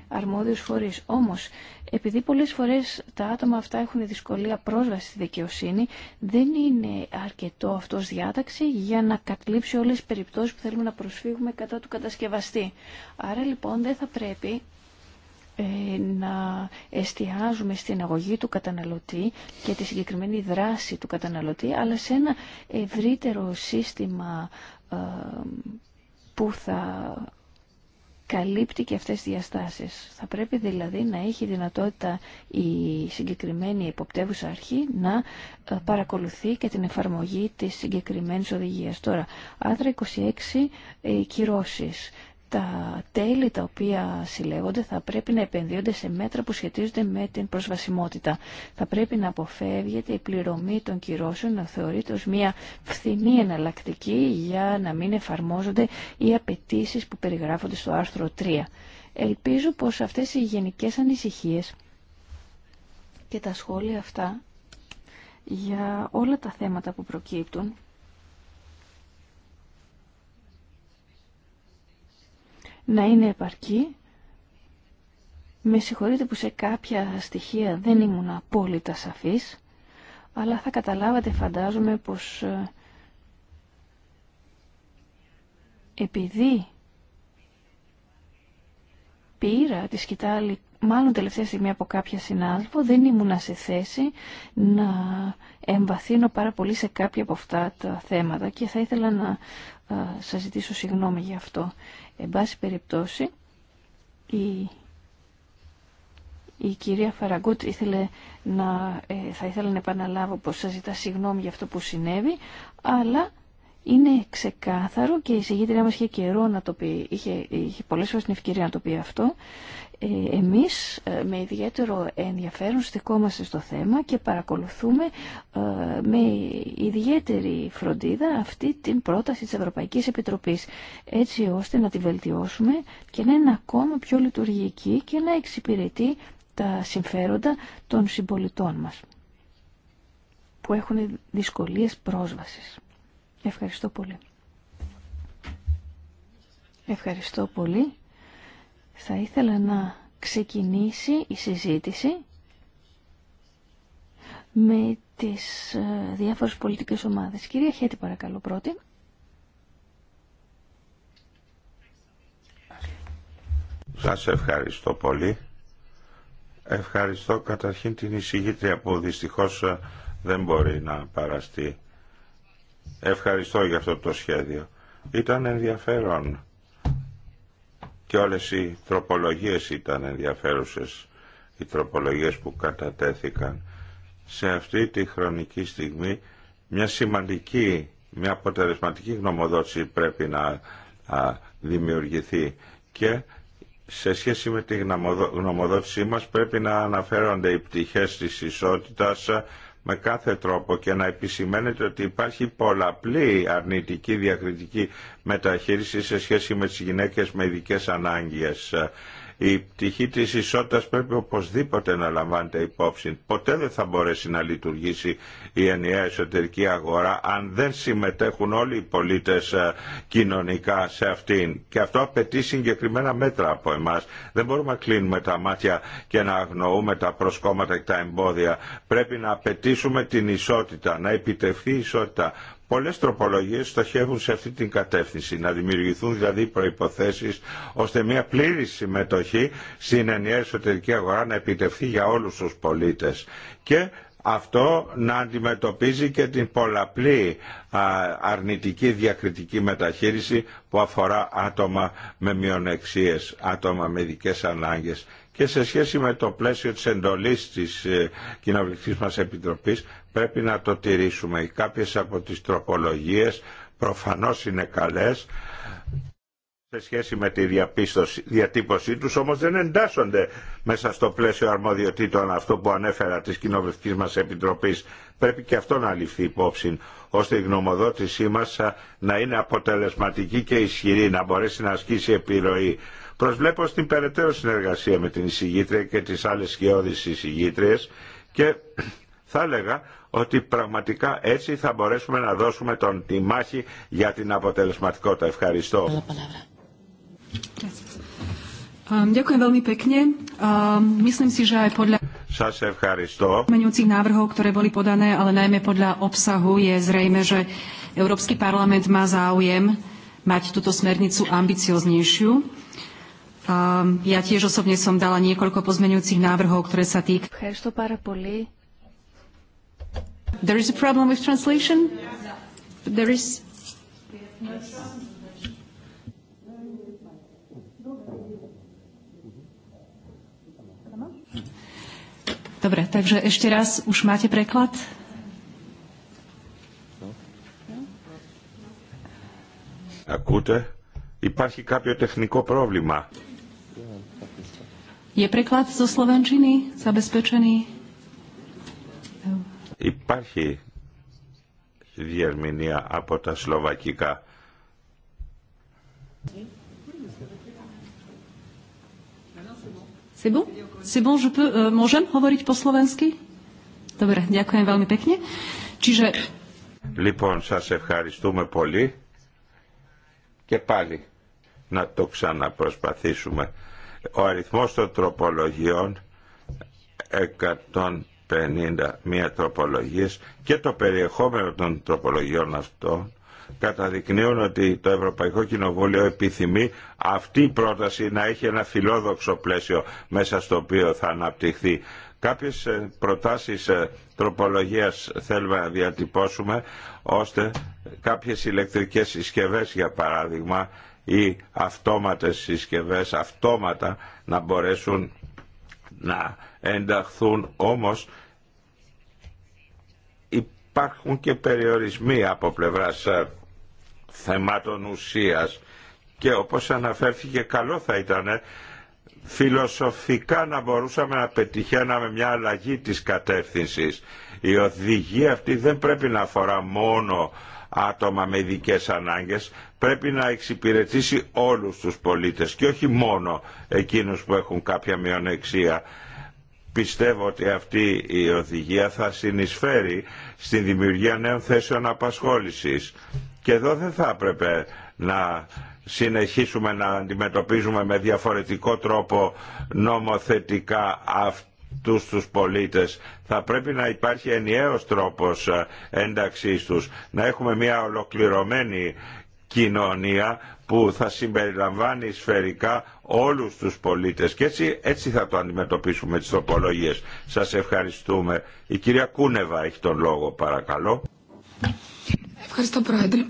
αρμόδιους φορείς. Όμως, επειδή πολλές φορές τα άτομα αυτά έχουν δυσκολία πρόσβαση στη δικαιοσύνη, δεν είναι αρκετό αυτός διάταξη για να κατλήψει όλες τις περιπτώσεις που θέλουμε να προσφύγουμε κατά του κατασκευαστή. Άρα λοιπόν δεν θα πρέπει ε, να εστιάζουμε στην αγωγή του καταναλωτή και τη συγκεκριμένη δράση του καταναλωτή, αλλά σε ένα ευρύτερο σύστημα ε, που θα καλύπτει και αυτές τις διαστάσεις. Θα πρέπει δηλαδή να έχει δυνατότητα η συγκεκριμένη υποπτεύουσα αρχή να ε, παρακολουθεί και την εφαρμογή της συγκεκριμένης οδηγίας. Τώρα, άρθρα 26 ε, κυρώσεις τα τέλη τα οποία συλλέγονται θα πρέπει να επενδύονται σε μέτρα που σχετίζονται με την προσβασιμότητα. Θα πρέπει να αποφεύγεται η πληρωμή των κυρώσεων να θεωρείται ως μια φθηνή εναλλακτική για να μην εφαρμόζονται οι απαιτήσει που περιγράφονται στο άρθρο 3. Ελπίζω πως αυτές οι γενικές ανησυχίες και τα σχόλια αυτά για όλα τα θέματα που προκύπτουν να είναι επαρκή. Με συγχωρείτε που σε κάποια στοιχεία δεν ήμουν απόλυτα σαφής, αλλά θα καταλάβατε φαντάζομαι πως ε, επειδή πήρα τη σκητάλη μάλλον τελευταία στιγμή από κάποια συνάδελφο, δεν ήμουν σε θέση να εμβαθύνω πάρα πολύ σε κάποια από αυτά τα θέματα και θα ήθελα να ε, σας ζητήσω συγγνώμη γι' αυτό. Εν πάση περιπτώσει, η, η κυρία Φαραγκούτ ήθελε να, ε, θα ήθελε να επαναλάβω πως σας ζητά συγγνώμη για αυτό που συνέβη, αλλά είναι ξεκάθαρο και η συγγήτρια μας είχε καιρό να το πει, είχε, είχε πολλές φορές την ευκαιρία να το πει αυτό. Ε, εμείς ε, με ιδιαίτερο ενδιαφέρον στεκόμαστε στο θέμα και παρακολουθούμε ε, με ιδιαίτερη φροντίδα αυτή την πρόταση της Ευρωπαϊκής Επιτροπής έτσι ώστε να τη βελτιώσουμε και να είναι ακόμα πιο λειτουργική και να εξυπηρετεί τα συμφέροντα των συμπολιτών μας που έχουν δυσκολίες πρόσβασης. Ευχαριστώ πολύ. Ευχαριστώ πολύ. Θα ήθελα να ξεκινήσει η συζήτηση με τις ε, διάφορες πολιτικές ομάδες. Κυρία Χέτη, παρακαλώ, πρώτη. Σας ευχαριστώ πολύ. Ευχαριστώ καταρχήν την εισηγήτρια που δυστυχώς ε, δεν μπορεί να παραστεί Ευχαριστώ για αυτό το σχέδιο. Ήταν ενδιαφέρον και όλες οι τροπολογίες ήταν ενδιαφέρουσες, οι τροπολογίες που κατατέθηκαν. Σε αυτή τη χρονική στιγμή μια σημαντική, μια αποτελεσματική γνωμοδότηση πρέπει να δημιουργηθεί και σε σχέση με τη γνωμοδότησή μας πρέπει να αναφέρονται οι πτυχές της ισότητας με κάθε τρόπο και να επισημαίνεται ότι υπάρχει πολλαπλή αρνητική διακριτική μεταχείριση σε σχέση με τις γυναίκες με ειδικέ ανάγκες. Η πτυχή της ισότητας πρέπει οπωσδήποτε να λαμβάνεται υπόψη. Ποτέ δεν θα μπορέσει να λειτουργήσει η ενιαία εσωτερική αγορά αν δεν συμμετέχουν όλοι οι πολίτες ε, κοινωνικά σε αυτήν. Και αυτό απαιτεί συγκεκριμένα μέτρα από εμάς. Δεν μπορούμε να κλείνουμε τα μάτια και να αγνοούμε τα προσκόμματα και τα εμπόδια. Πρέπει να απαιτήσουμε την ισότητα, να επιτευχθεί η ισότητα. Πολλές τροπολογίες στοχεύουν σε αυτή την κατεύθυνση, να δημιουργηθούν δηλαδή προϋποθέσεις ώστε μια πλήρη συμμετοχή στην ενιαία εσωτερική αγορά να επιτευχθεί για όλους τους πολίτες. Και αυτό να αντιμετωπίζει και την πολλαπλή αρνητική διακριτική μεταχείριση που αφορά άτομα με μειονεξίες, άτομα με ειδικέ ανάγκες και σε σχέση με το πλαίσιο της εντολής της ε, Κοινοβουλικής μας Επιτροπής πρέπει να το τηρήσουμε. Κάποιες από τις τροπολογίες προφανώς είναι καλές σε σχέση με τη διαπίστωση, διατύπωσή τους όμως δεν εντάσσονται μέσα στο πλαίσιο αρμοδιοτήτων αυτό που ανέφερα της Κοινοβουλευτικής μας Επιτροπής. Πρέπει και αυτό να ληφθεί υπόψη ώστε η γνωμοδότησή μας να είναι αποτελεσματική και ισχυρή, να μπορέσει να ασκήσει επιρροή. Προσβλέπω στην περαιτέρω συνεργασία με την εισηγήτρια και τις άλλες σχεώδεις εισηγήτριες και θα έλεγα ότι πραγματικά έτσι θα μπορέσουμε να δώσουμε τον, τη μάχη για την αποτελεσματικότητα. Ευχαριστώ. Ďakujem veľmi pekne. Myslím si, že aj podľa menujúcich návrhov, ktoré boli podané, ale najmä podľa obsahu, je zrejme, že Európsky parlament má záujem mať túto smernicu ambicioznejšiu. Ja tiež osobne som dala niekoľko pozmeňujúcich návrhov, ktoré sa týk... There is a problem with translation? There is... Dobre, takže ešte raz, už máte preklad? Ακούτε, υπάρχει κάποιο τεχνικό πρόβλημα. Je preklad zo Slovenčiny zabezpečený? Υπάρχει διερμηνία από τα Σλοβακικά. C'est bon Λοιπόν, σας ευχαριστούμε πολύ και πάλι να το ξαναπροσπαθήσουμε. Ο αριθμός των τροπολογιών 150 μία τροπολογίες και το περιεχόμενο των τροπολογιών αυτών καταδεικνύουν ότι το Ευρωπαϊκό Κοινοβούλιο επιθυμεί αυτή η πρόταση να έχει ένα φιλόδοξο πλαίσιο μέσα στο οποίο θα αναπτυχθεί. Κάποιες ε, προτάσεις ε, τροπολογίας θέλουμε να διατυπώσουμε ώστε κάποιες ηλεκτρικές συσκευές για παράδειγμα ή αυτόματες συσκευές, αυτόματα να μπορέσουν να ενταχθούν όμως υπάρχουν και περιορισμοί από πλευράς ε, θεμάτων ουσίας και όπως αναφέρθηκε καλό θα ήταν ε, φιλοσοφικά να μπορούσαμε να πετυχαίναμε μια αλλαγή της κατεύθυνσης. Η οδηγία αυτή δεν πρέπει να αφορά μόνο άτομα με ειδικέ ανάγκες, πρέπει να εξυπηρετήσει όλους τους πολίτες και όχι μόνο εκείνους που έχουν κάποια μειονεξία. Πιστεύω ότι αυτή η οδηγία θα συνεισφέρει στην δημιουργία νέων θέσεων απασχόλησης και εδώ δεν θα έπρεπε να συνεχίσουμε να αντιμετωπίζουμε με διαφορετικό τρόπο νομοθετικά αυτούς τους πολίτες. Θα πρέπει να υπάρχει ενιαίος τρόπος ε, ένταξής τους, να έχουμε μια ολοκληρωμένη κοινωνία που θα συμπεριλαμβάνει σφαιρικά όλους τους πολίτες και έτσι, έτσι θα το αντιμετωπίσουμε τις τοπολογίες. Σας ευχαριστούμε. Η κυρία Κούνεβα έχει τον λόγο παρακαλώ. Ευχαριστώ, Πρόεδρε.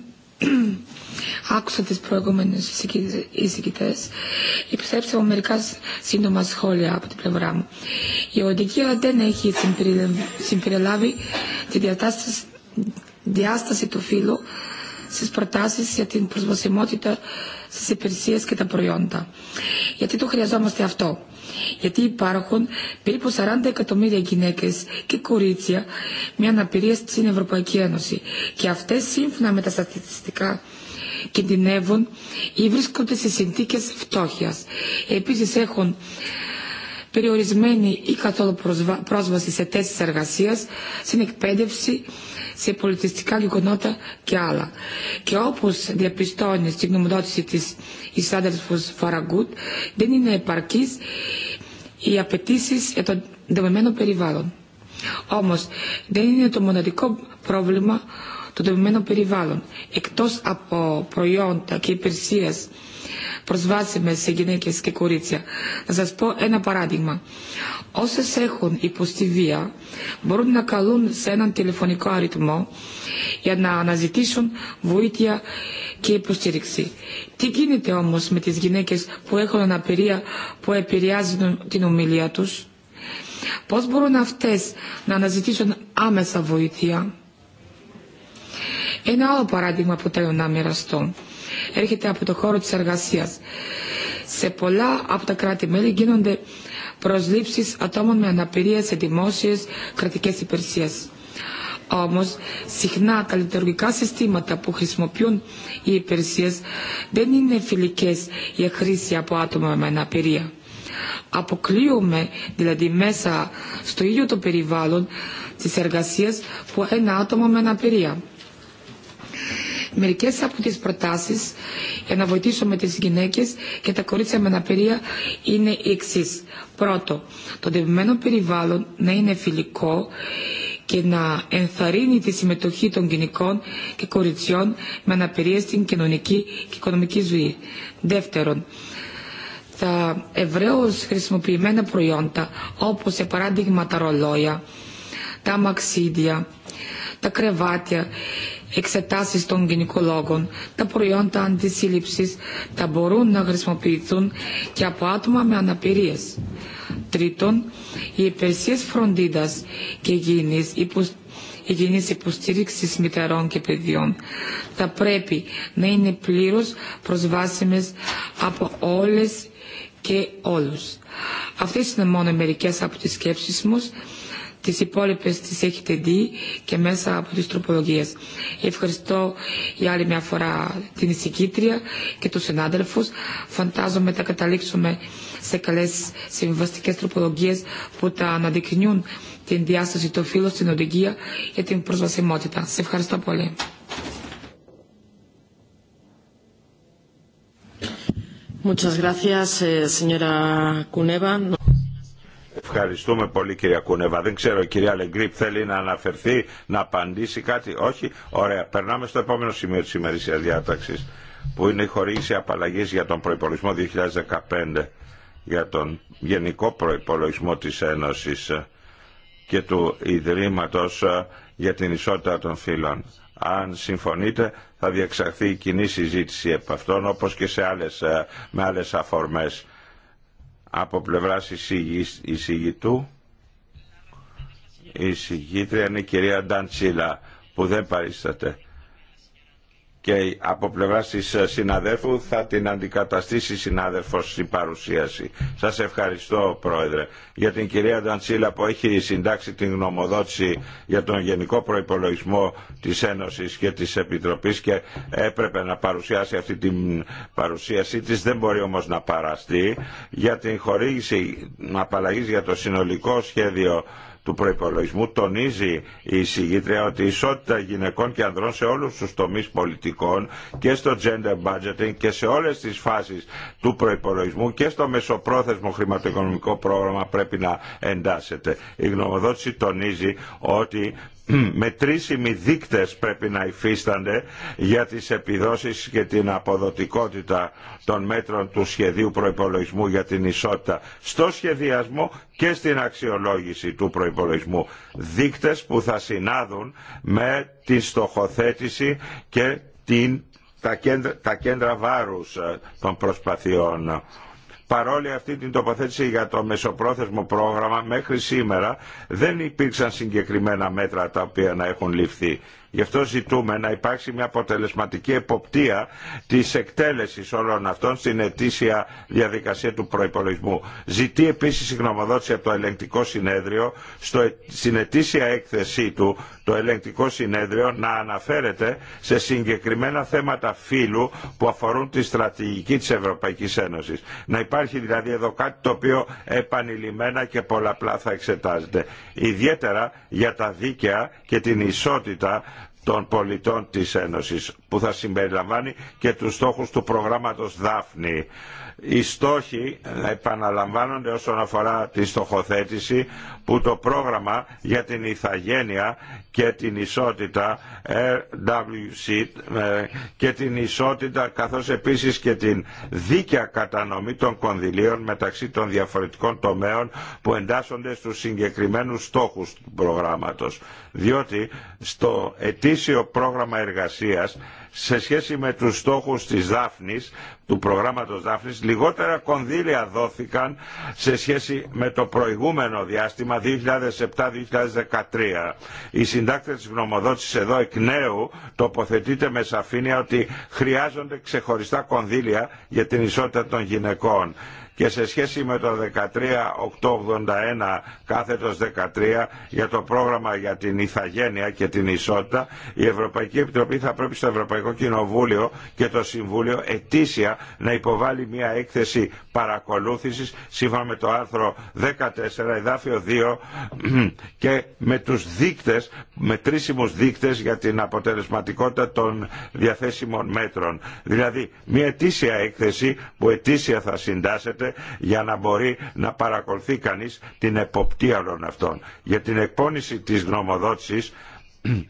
Άκουσα τις προηγούμενες εισηγητές. ο μερικά σύντομα σχόλια από την πλευρά μου. Η οδηγία δεν έχει συμπεριλάβει τη διάσταση του φύλου Στι προτάσει για την προσβασιμότητα στι υπηρεσίε και τα προϊόντα. Γιατί το χρειαζόμαστε αυτό. Γιατί υπάρχουν περίπου 40 εκατομμύρια γυναίκε και κορίτσια με αναπηρία στην Ευρωπαϊκή Ένωση. Και αυτέ σύμφωνα με τα στατιστικά κινδυνεύουν ή βρίσκονται σε συνθήκε φτώχεια. Επίση έχουν περιορισμένη ή καθόλου πρόσβαση σε τέσσερι εργασία, στην εκπαίδευση, σε πολιτιστικά γεγονότα και άλλα. Και όπω διαπιστώνει στην γνωμοδότηση τη η σάδελφο Φαραγκούτ, δεν είναι επαρκής οι απαιτήσει για το δεδομένο περιβάλλον. Όμω, δεν είναι το μοναδικό πρόβλημα το δεδομένο περιβάλλον. εκτό από προϊόντα και υπηρεσίε Προσβάσιμε σε γυναίκε και κορίτσια. Να σα πω ένα παράδειγμα. όσε έχουν υποστεί βία μπορούν να καλούν σε έναν τηλεφωνικό αριθμό για να αναζητήσουν βοήθεια και υποστήριξη. Τι γίνεται όμω με τι γυναίκε που έχουν αναπηρία που επηρεάζουν την ομιλία του, πώ μπορούν αυτέ να αναζητήσουν άμεσα βοήθεια. Ένα άλλο παράδειγμα που θέλω να μοιραστώ έρχεται από το χώρο της εργασίας. Σε πολλά από τα κράτη-μέλη γίνονται προσλήψεις ατόμων με αναπηρία σε δημόσιες κρατικές υπηρεσίες. Όμως, συχνά τα λειτουργικά συστήματα που χρησιμοποιούν οι υπηρεσίες δεν είναι φιλικές για χρήση από άτομα με αναπηρία. Αποκλείουμε δηλαδή μέσα στο ίδιο το περιβάλλον τις εργασίας που ένα άτομο με αναπηρία. Μερικές από τις προτάσεις για να βοηθήσουμε τις γυναίκες και τα κορίτσια με αναπηρία είναι οι εξή. Πρώτο, το δεδομένο περιβάλλον να είναι φιλικό και να ενθαρρύνει τη συμμετοχή των γυναικών και κοριτσιών με αναπηρία στην κοινωνική και οικονομική ζωή. Δεύτερον, τα ευρέως χρησιμοποιημένα προϊόντα όπως για παράδειγμα τα ρολόγια, τα μαξίδια, τα κρεβάτια, εξετάσεις των γυναικολόγων, τα προϊόντα αντισύλληψης θα μπορούν να χρησιμοποιηθούν και από άτομα με αναπηρίες. Τρίτον, οι υπηρεσίες φροντίδας και υγιεινής υγιεινής υποστήριξης μητερών και παιδιών θα πρέπει να είναι πλήρως προσβάσιμες από όλες και όλους. Αυτές είναι μόνο μερικές από τις σκέψεις μου Τις υπόλοιπες τις έχετε δει και μέσα από τις τροπολογίες. Ευχαριστώ για άλλη μια φορά την εισηγήτρια και τους συνάδελφους. Φαντάζομαι θα καταλήξουμε σε καλές συμβαστικές τροπολογίες που θα αναδεικνύουν την διάσταση του φύλου στην οδηγία και την προσβασιμότητα. Σε ευχαριστώ πολύ. Muchas gracias, eh, Ευχαριστούμε πολύ κυρία Κούνεβα. Δεν ξέρω η κυρία Λεγκρίπ θέλει να αναφερθεί, να απαντήσει κάτι. Όχι. Ωραία. Περνάμε στο επόμενο σημείο της ημερήσιας διάταξης που είναι η χορήγηση απαλλαγή για τον προϋπολογισμό 2015 για τον γενικό προϋπολογισμό της Ένωσης και του Ιδρύματος για την ισότητα των φύλων. Αν συμφωνείτε θα διεξαχθεί η κοινή συζήτηση επ' αυτών όπως και σε άλλες, με άλλες αφορμές από πλευράς εισηγητού η εισηγήτρια είναι η κυρία Νταντσίλα που δεν παρίσταται και από πλευρά τη ε, συναδέλφου θα την αντικαταστήσει συνάδελφο στην παρουσίαση. Σας ευχαριστώ Πρόεδρε για την κυρία Νταντσίλα που έχει συντάξει την γνωμοδότηση για τον Γενικό προπολογισμό της Ένωσης και της Επιτροπής και έπρεπε να παρουσιάσει αυτή την παρουσίασή της, δεν μπορεί όμως να παραστεί για την χορήγηση απαλλαγή για το συνολικό σχέδιο του προϋπολογισμού τονίζει η εισηγήτρια ότι η ισότητα γυναικών και ανδρών σε όλους τους τομείς πολιτικών και στο gender budgeting και σε όλες τις φάσεις του προϋπολογισμού και στο μεσοπρόθεσμο χρηματοοικονομικό πρόγραμμα πρέπει να εντάσσεται. Η γνωμοδότηση τονίζει ότι μετρήσιμοι δείκτες πρέπει να υφίστανται για τις επιδόσεις και την αποδοτικότητα των μέτρων του σχεδίου προϋπολογισμού για την ισότητα στο σχεδιασμό και στην αξιολόγηση του προϋπολογισμού. Δείκτες που θα συνάδουν με τη στοχοθέτηση και την, τα, κέντρα, τα κέντρα βάρους ε, των προσπαθειών. Παρόλη αυτή την τοποθέτηση για το μεσοπρόθεσμο πρόγραμμα μέχρι σήμερα δεν υπήρξαν συγκεκριμένα μέτρα τα οποία να έχουν ληφθεί. Γι' αυτό ζητούμε να υπάρξει μια αποτελεσματική εποπτεία της εκτέλεσης όλων αυτών στην ετήσια διαδικασία του προϋπολογισμού. Ζητεί επίσης η γνωμοδότηση από το ελεγκτικό συνέδριο στο, ε- στην ετήσια έκθεσή του το ελεγκτικό συνέδριο να αναφέρεται σε συγκεκριμένα θέματα φύλου που αφορούν τη στρατηγική της Ευρωπαϊκής Ένωσης. Να υπάρχει δηλαδή εδώ κάτι το οποίο επανειλημμένα και πολλαπλά θα εξετάζεται. Ιδιαίτερα για τα δίκαια και την ισότητα των πολιτών της Ένωσης που θα συμπεριλαμβάνει και τους στόχους του προγράμματος Δάφνη οι στόχοι επαναλαμβάνονται όσον αφορά τη στοχοθέτηση που το πρόγραμμα για την ηθαγένεια και την ισότητα RWC ε, ε, και την ισότητα καθώς επίσης και την δίκαια κατανομή των κονδυλίων μεταξύ των διαφορετικών τομέων που εντάσσονται στους συγκεκριμένους στόχους του προγράμματος. Διότι στο ετήσιο πρόγραμμα εργασίας σε σχέση με τους στόχους της Δάφνης, του προγράμματος Δάφνης, λιγότερα κονδύλια δόθηκαν σε σχέση με το προηγούμενο διάστημα 2007-2013. Η συντάκτη της γνωμοδότησης εδώ εκ νέου τοποθετείται με σαφήνεια ότι χρειάζονται ξεχωριστά κονδύλια για την ισότητα των γυναικών και σε σχέση με το 13881 κάθετος 13 για το πρόγραμμα για την ηθαγένεια και την ισότητα η Ευρωπαϊκή Επιτροπή θα πρέπει στο Ευρωπαϊκό Κοινοβούλιο και το Συμβούλιο ετήσια να υποβάλει μια έκθεση παρακολούθησης σύμφωνα με το άρθρο 14 εδάφιο 2 και με τους δείκτες, μετρήσιμους δείκτες για την αποτελεσματικότητα των διαθέσιμων μέτρων. Δηλαδή μια ετήσια έκθεση που ετήσια θα συντάσσεται για να μπορεί να παρακολουθεί κανείς την εποπτεία όλων αυτών. Για την εκπόνηση της γνωμοδότησης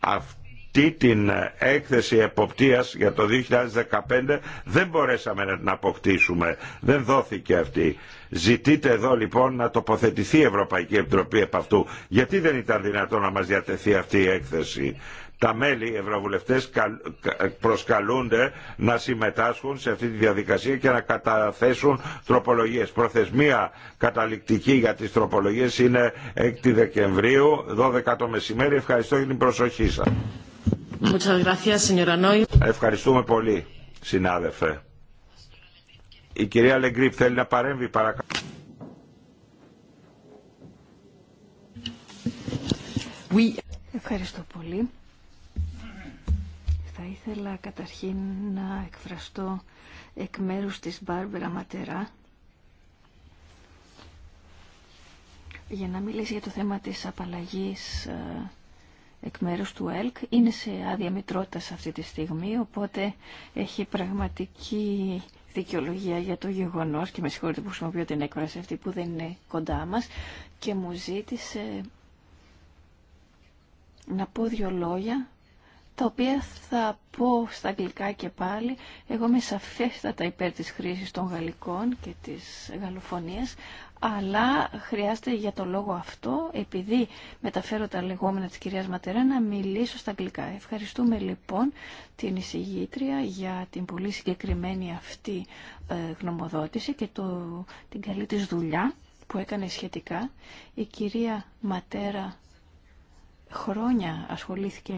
αυτή την έκθεση εποπτείας για το 2015 δεν μπορέσαμε να την αποκτήσουμε. Δεν δόθηκε αυτή. Ζητείτε εδώ λοιπόν να τοποθετηθεί η Ευρωπαϊκή Επιτροπή επ' αυτού. Γιατί δεν ήταν δυνατόν να μας διατεθεί αυτή η έκθεση τα μέλη ευρωβουλευτές προσκαλούνται να συμμετάσχουν σε αυτή τη διαδικασία και να καταθέσουν τροπολογίες. Προθεσμία καταληκτική για τις τροπολογίες είναι 6 Δεκεμβρίου, 12 το μεσημέρι. Ευχαριστώ για την προσοχή σας. Ευχαριστούμε πολύ, συνάδελφε. Η κυρία Λεγκρίπ θέλει να παρέμβει παρακαλώ. Ευχαριστώ πολύ ήθελα καταρχήν να εκφραστώ εκ μέρους της Μπάρμπερα Ματερά για να μιλήσει για το θέμα της απαλλαγής ε, εκ μέρους του ΕΛΚ. Είναι σε άδεια μητρότητας αυτή τη στιγμή, οπότε έχει πραγματική δικαιολογία για το γεγονός και με συγχωρείτε που χρησιμοποιώ την έκφραση αυτή που δεν είναι κοντά μας και μου ζήτησε να πω δύο λόγια τα οποία θα πω στα αγγλικά και πάλι. Εγώ είμαι σαφέστατα υπέρ της χρήσης των γαλλικών και της γαλλοφωνίας, αλλά χρειάζεται για το λόγο αυτό, επειδή μεταφέρω τα λεγόμενα της κυρίας Ματερά, να μιλήσω στα αγγλικά. Ευχαριστούμε λοιπόν την εισηγήτρια για την πολύ συγκεκριμένη αυτή ε, γνωμοδότηση και το, την καλή της δουλειά που έκανε σχετικά. Η κυρία Ματέρα χρόνια ασχολήθηκε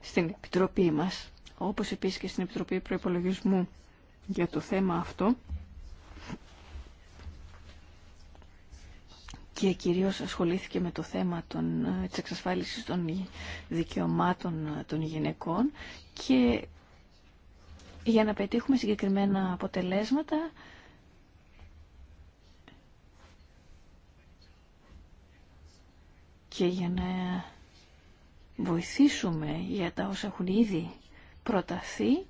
στην Επιτροπή μας, όπως επίσης και στην Επιτροπή Προϋπολογισμού για το θέμα αυτό και κυρίως ασχολήθηκε με το θέμα των, της εξασφάλισης των δικαιωμάτων των γυναικών και για να πετύχουμε συγκεκριμένα αποτελέσματα και για να βοηθήσουμε για τα όσα έχουν ήδη προταθεί,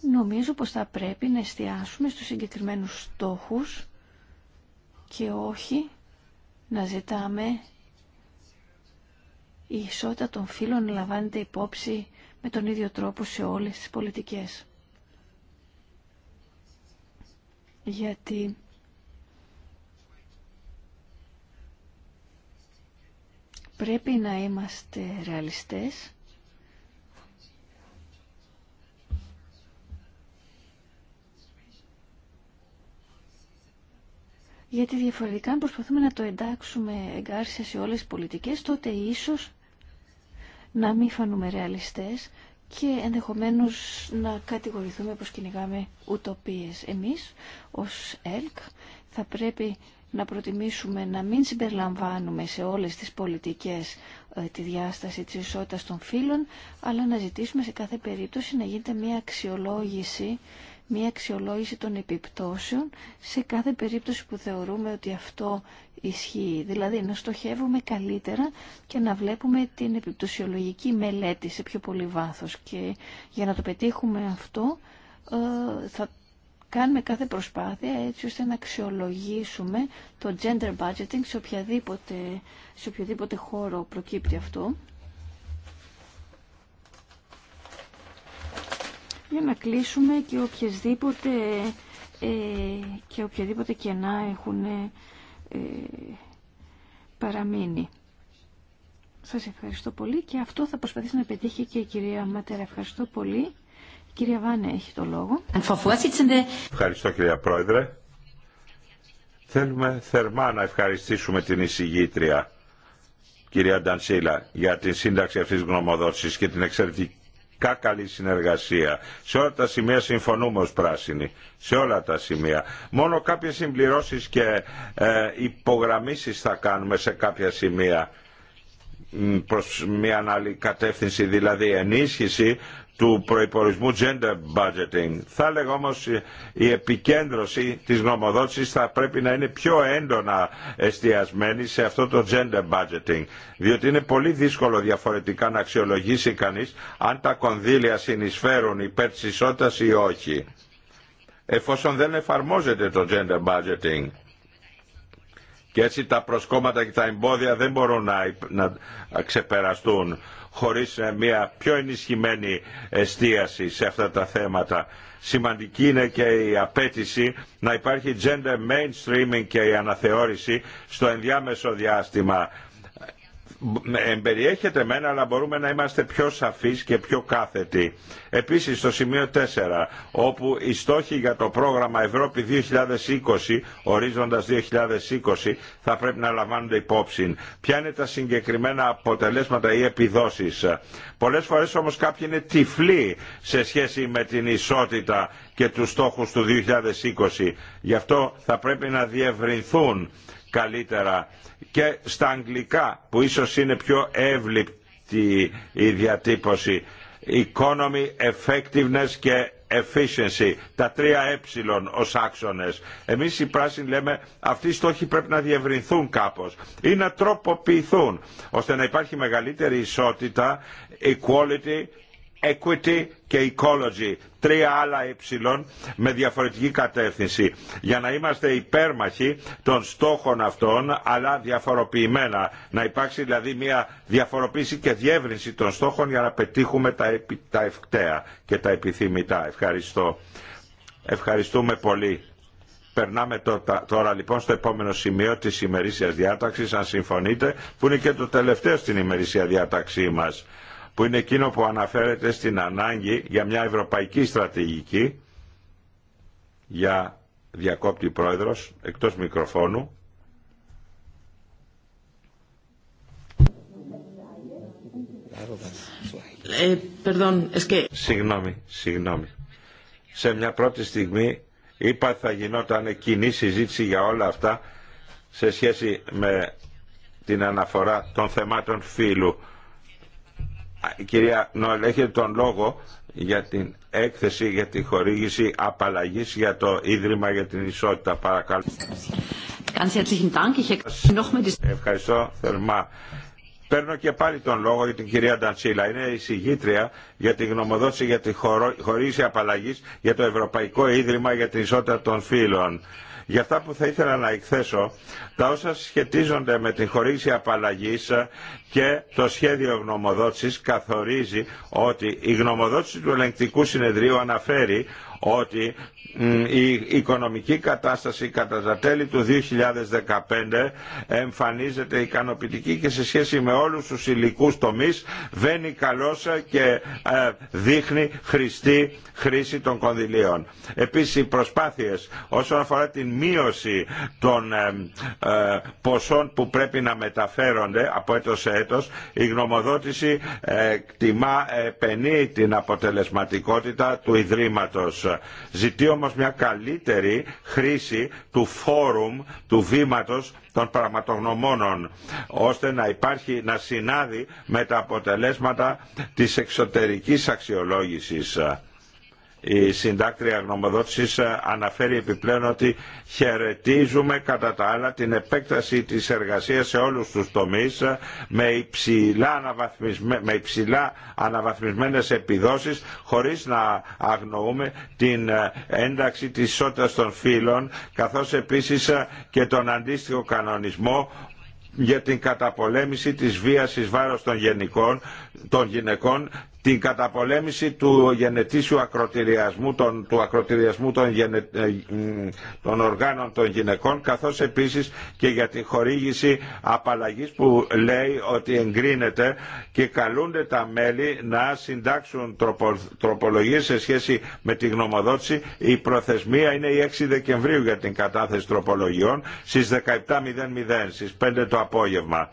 νομίζω πως θα πρέπει να εστιάσουμε στους συγκεκριμένους στόχους και όχι να ζητάμε η ισότητα των φύλων να λαμβάνεται υπόψη με τον ίδιο τρόπο σε όλες τις πολιτικές. Γιατί Πρέπει να είμαστε ρεαλιστές. Γιατί διαφορετικά αν προσπαθούμε να το εντάξουμε εγκάρσια σε όλες τις πολιτικές, τότε ίσως να μην φανούμε ρεαλιστές και ενδεχομένως να κατηγορηθούμε πως κυνηγάμε ουτοπίες. Εμείς ως ΕΛΚ θα πρέπει να προτιμήσουμε να μην συμπεριλαμβάνουμε σε όλες τις πολιτικές ε, τη διάσταση της ισότητας των φύλων, αλλά να ζητήσουμε σε κάθε περίπτωση να γίνεται μια αξιολόγηση μια αξιολόγηση των επιπτώσεων σε κάθε περίπτωση που θεωρούμε ότι αυτό ισχύει. Δηλαδή να στοχεύουμε καλύτερα και να βλέπουμε την επιπτωσιολογική μελέτη σε πιο πολύ βάθος. Και για να το πετύχουμε αυτό ε, θα κάνουμε κάθε προσπάθεια έτσι ώστε να αξιολογήσουμε το gender budgeting σε, οποιαδήποτε, σε οποιοδήποτε χώρο προκύπτει αυτό. Για να κλείσουμε και οποιασδήποτε ε, και οποιαδήποτε κενά έχουν ε, παραμείνει. Σας ευχαριστώ πολύ και αυτό θα προσπαθήσει να πετύχει και η κυρία Ματέρα. Ευχαριστώ πολύ. Κυρία Βάνε έχει το λόγο. Ευχαριστώ κυρία Πρόεδρε. Θέλουμε θερμά να ευχαριστήσουμε την εισηγήτρια κυρία Ντανσίλα για τη σύνταξη αυτής της γνωμοδότησης και την εξαιρετικά καλή συνεργασία. Σε όλα τα σημεία συμφωνούμε ως πράσινοι. Σε όλα τα σημεία. Μόνο κάποιες συμπληρώσεις και ε, υπογραμμίσεις θα κάνουμε σε κάποια σημεία προς μια άλλη κατεύθυνση, δηλαδή ενίσχυση του προϋπορισμού gender budgeting. Θα έλεγα όμως ε, η επικέντρωση της νομοδότησης θα πρέπει να είναι πιο έντονα εστιασμένη σε αυτό το gender budgeting. Διότι είναι πολύ δύσκολο διαφορετικά να αξιολογήσει κανείς αν τα κονδύλια συνεισφέρουν υπέρ της ισότητας ή όχι. Εφόσον δεν εφαρμόζεται το gender budgeting και έτσι τα προσκόμματα και τα εμπόδια δεν μπορούν να, να ξεπεραστούν χωρίς ε, μια πιο ενισχυμένη εστίαση σε αυτά τα θέματα. Σημαντική είναι και η απέτηση να υπάρχει gender mainstreaming και η αναθεώρηση στο ενδιάμεσο διάστημα εμπεριέχεται μένα αλλά μπορούμε να είμαστε πιο σαφείς και πιο κάθετοι. Επίσης στο σημείο 4 όπου οι στόχοι για το πρόγραμμα Ευρώπη 2020 ορίζοντας 2020 θα πρέπει να λαμβάνονται υπόψη. Ποια είναι τα συγκεκριμένα αποτελέσματα ή επιδόσεις. Πολλές φορές όμως κάποιοι είναι τυφλοί σε σχέση με την ισότητα και τους στόχους του 2020. Γι' αυτό θα πρέπει να διευρυνθούν καλύτερα και στα αγγλικά που ίσως είναι πιο εύληπτη η διατύπωση economy, effectiveness και efficiency, τα τρία ε ως άξονες. Εμείς οι πράσινοι λέμε αυτοί οι στόχοι πρέπει να διευρυνθούν κάπως ή να τροποποιηθούν ώστε να υπάρχει μεγαλύτερη ισότητα, equality equity και ecology, τρία άλλα ε με διαφορετική κατεύθυνση, για να είμαστε υπέρμαχοι των στόχων αυτών, αλλά διαφοροποιημένα. Να υπάρξει δηλαδή μια διαφοροποίηση και διεύρυνση των στόχων για να πετύχουμε τα ευκταία και τα επιθυμητά. Ευχαριστώ. Ευχαριστούμε πολύ. Περνάμε τώρα λοιπόν στο επόμενο σημείο της ημερήσιας διάταξης, αν συμφωνείτε, που είναι και το τελευταίο στην ημερήσια διάταξή μας που είναι εκείνο που αναφέρεται στην ανάγκη για μια ευρωπαϊκή στρατηγική για διακόπτη πρόεδρος εκτός μικροφώνου. Ε, συγγνώμη, συγγνώμη. Σε μια πρώτη στιγμή είπα θα γινόταν κοινή συζήτηση για όλα αυτά σε σχέση με την αναφορά των θεμάτων φύλου Κυρία Νόελ, έχετε τον λόγο για την έκθεση για τη χορήγηση απαλλαγής για το Ίδρυμα για την Ισότητα. Παρακαλώ. Ευχαριστώ θερμά. Παίρνω και πάλι τον λόγο για την κυρία Ντανσίλα. Είναι η συγγήτρια για τη γνωμοδότηση για τη χορήγηση απαλλαγή για το Ευρωπαϊκό Ίδρυμα για την Ισότητα των Φύλων. Για αυτά που θα ήθελα να εκθέσω, τα όσα σχετίζονται με την χορήγηση απαλλαγή και το σχέδιο γνωμοδότησης καθορίζει ότι η γνωμοδότηση του ελεγκτικού συνεδρίου αναφέρει ότι η οικονομική κατάσταση κατά τα τέλη του 2015 εμφανίζεται ικανοποιητική και σε σχέση με όλους τους υλικούς τομείς βαίνει καλώς και ε, δείχνει χρηστή χρήση των κονδυλίων. Επίσης οι προσπάθειες όσον αφορά την μείωση των ε, ε, ποσών που πρέπει να μεταφέρονται από έτος σε έτος η γνωμοδότηση κτιμά επενεί την αποτελεσματικότητα του Ιδρύματος Ζητεί όμως μια καλύτερη χρήση του φόρουμ, του βήματος των πραγματογνωμόνων, ώστε να υπάρχει, να συνάδει με τα αποτελέσματα της εξωτερικής αξιολόγησης η συντάκτρια γνωμοδότησης ε, αναφέρει επιπλέον ότι χαιρετίζουμε κατά τα άλλα την επέκταση της εργασίας σε όλους τους τομείς ε, με υψηλά, αναβαθμισμέ, υψηλά αναβαθμισμένες επιδόσεις χωρίς να αγνοούμε την ε, ένταξη της ισότητας των φύλων καθώς επίσης και τον αντίστοιχο κανονισμό για την καταπολέμηση της βίας εις βάρος των, των γυναικών την καταπολέμηση του γενετήσιου ακροτηριασμού των, του ακροτηριασμού των, γενε, ε, των οργάνων των γυναικών καθώς επίσης και για τη χορήγηση απαλλαγής που λέει ότι εγκρίνεται και καλούνται τα μέλη να συντάξουν τροπο, τροπολογίες σε σχέση με τη γνωμοδότηση η προθεσμία είναι η 6 Δεκεμβρίου για την κατάθεση τροπολογιών στις 17.00 στις 5 το απόγευμα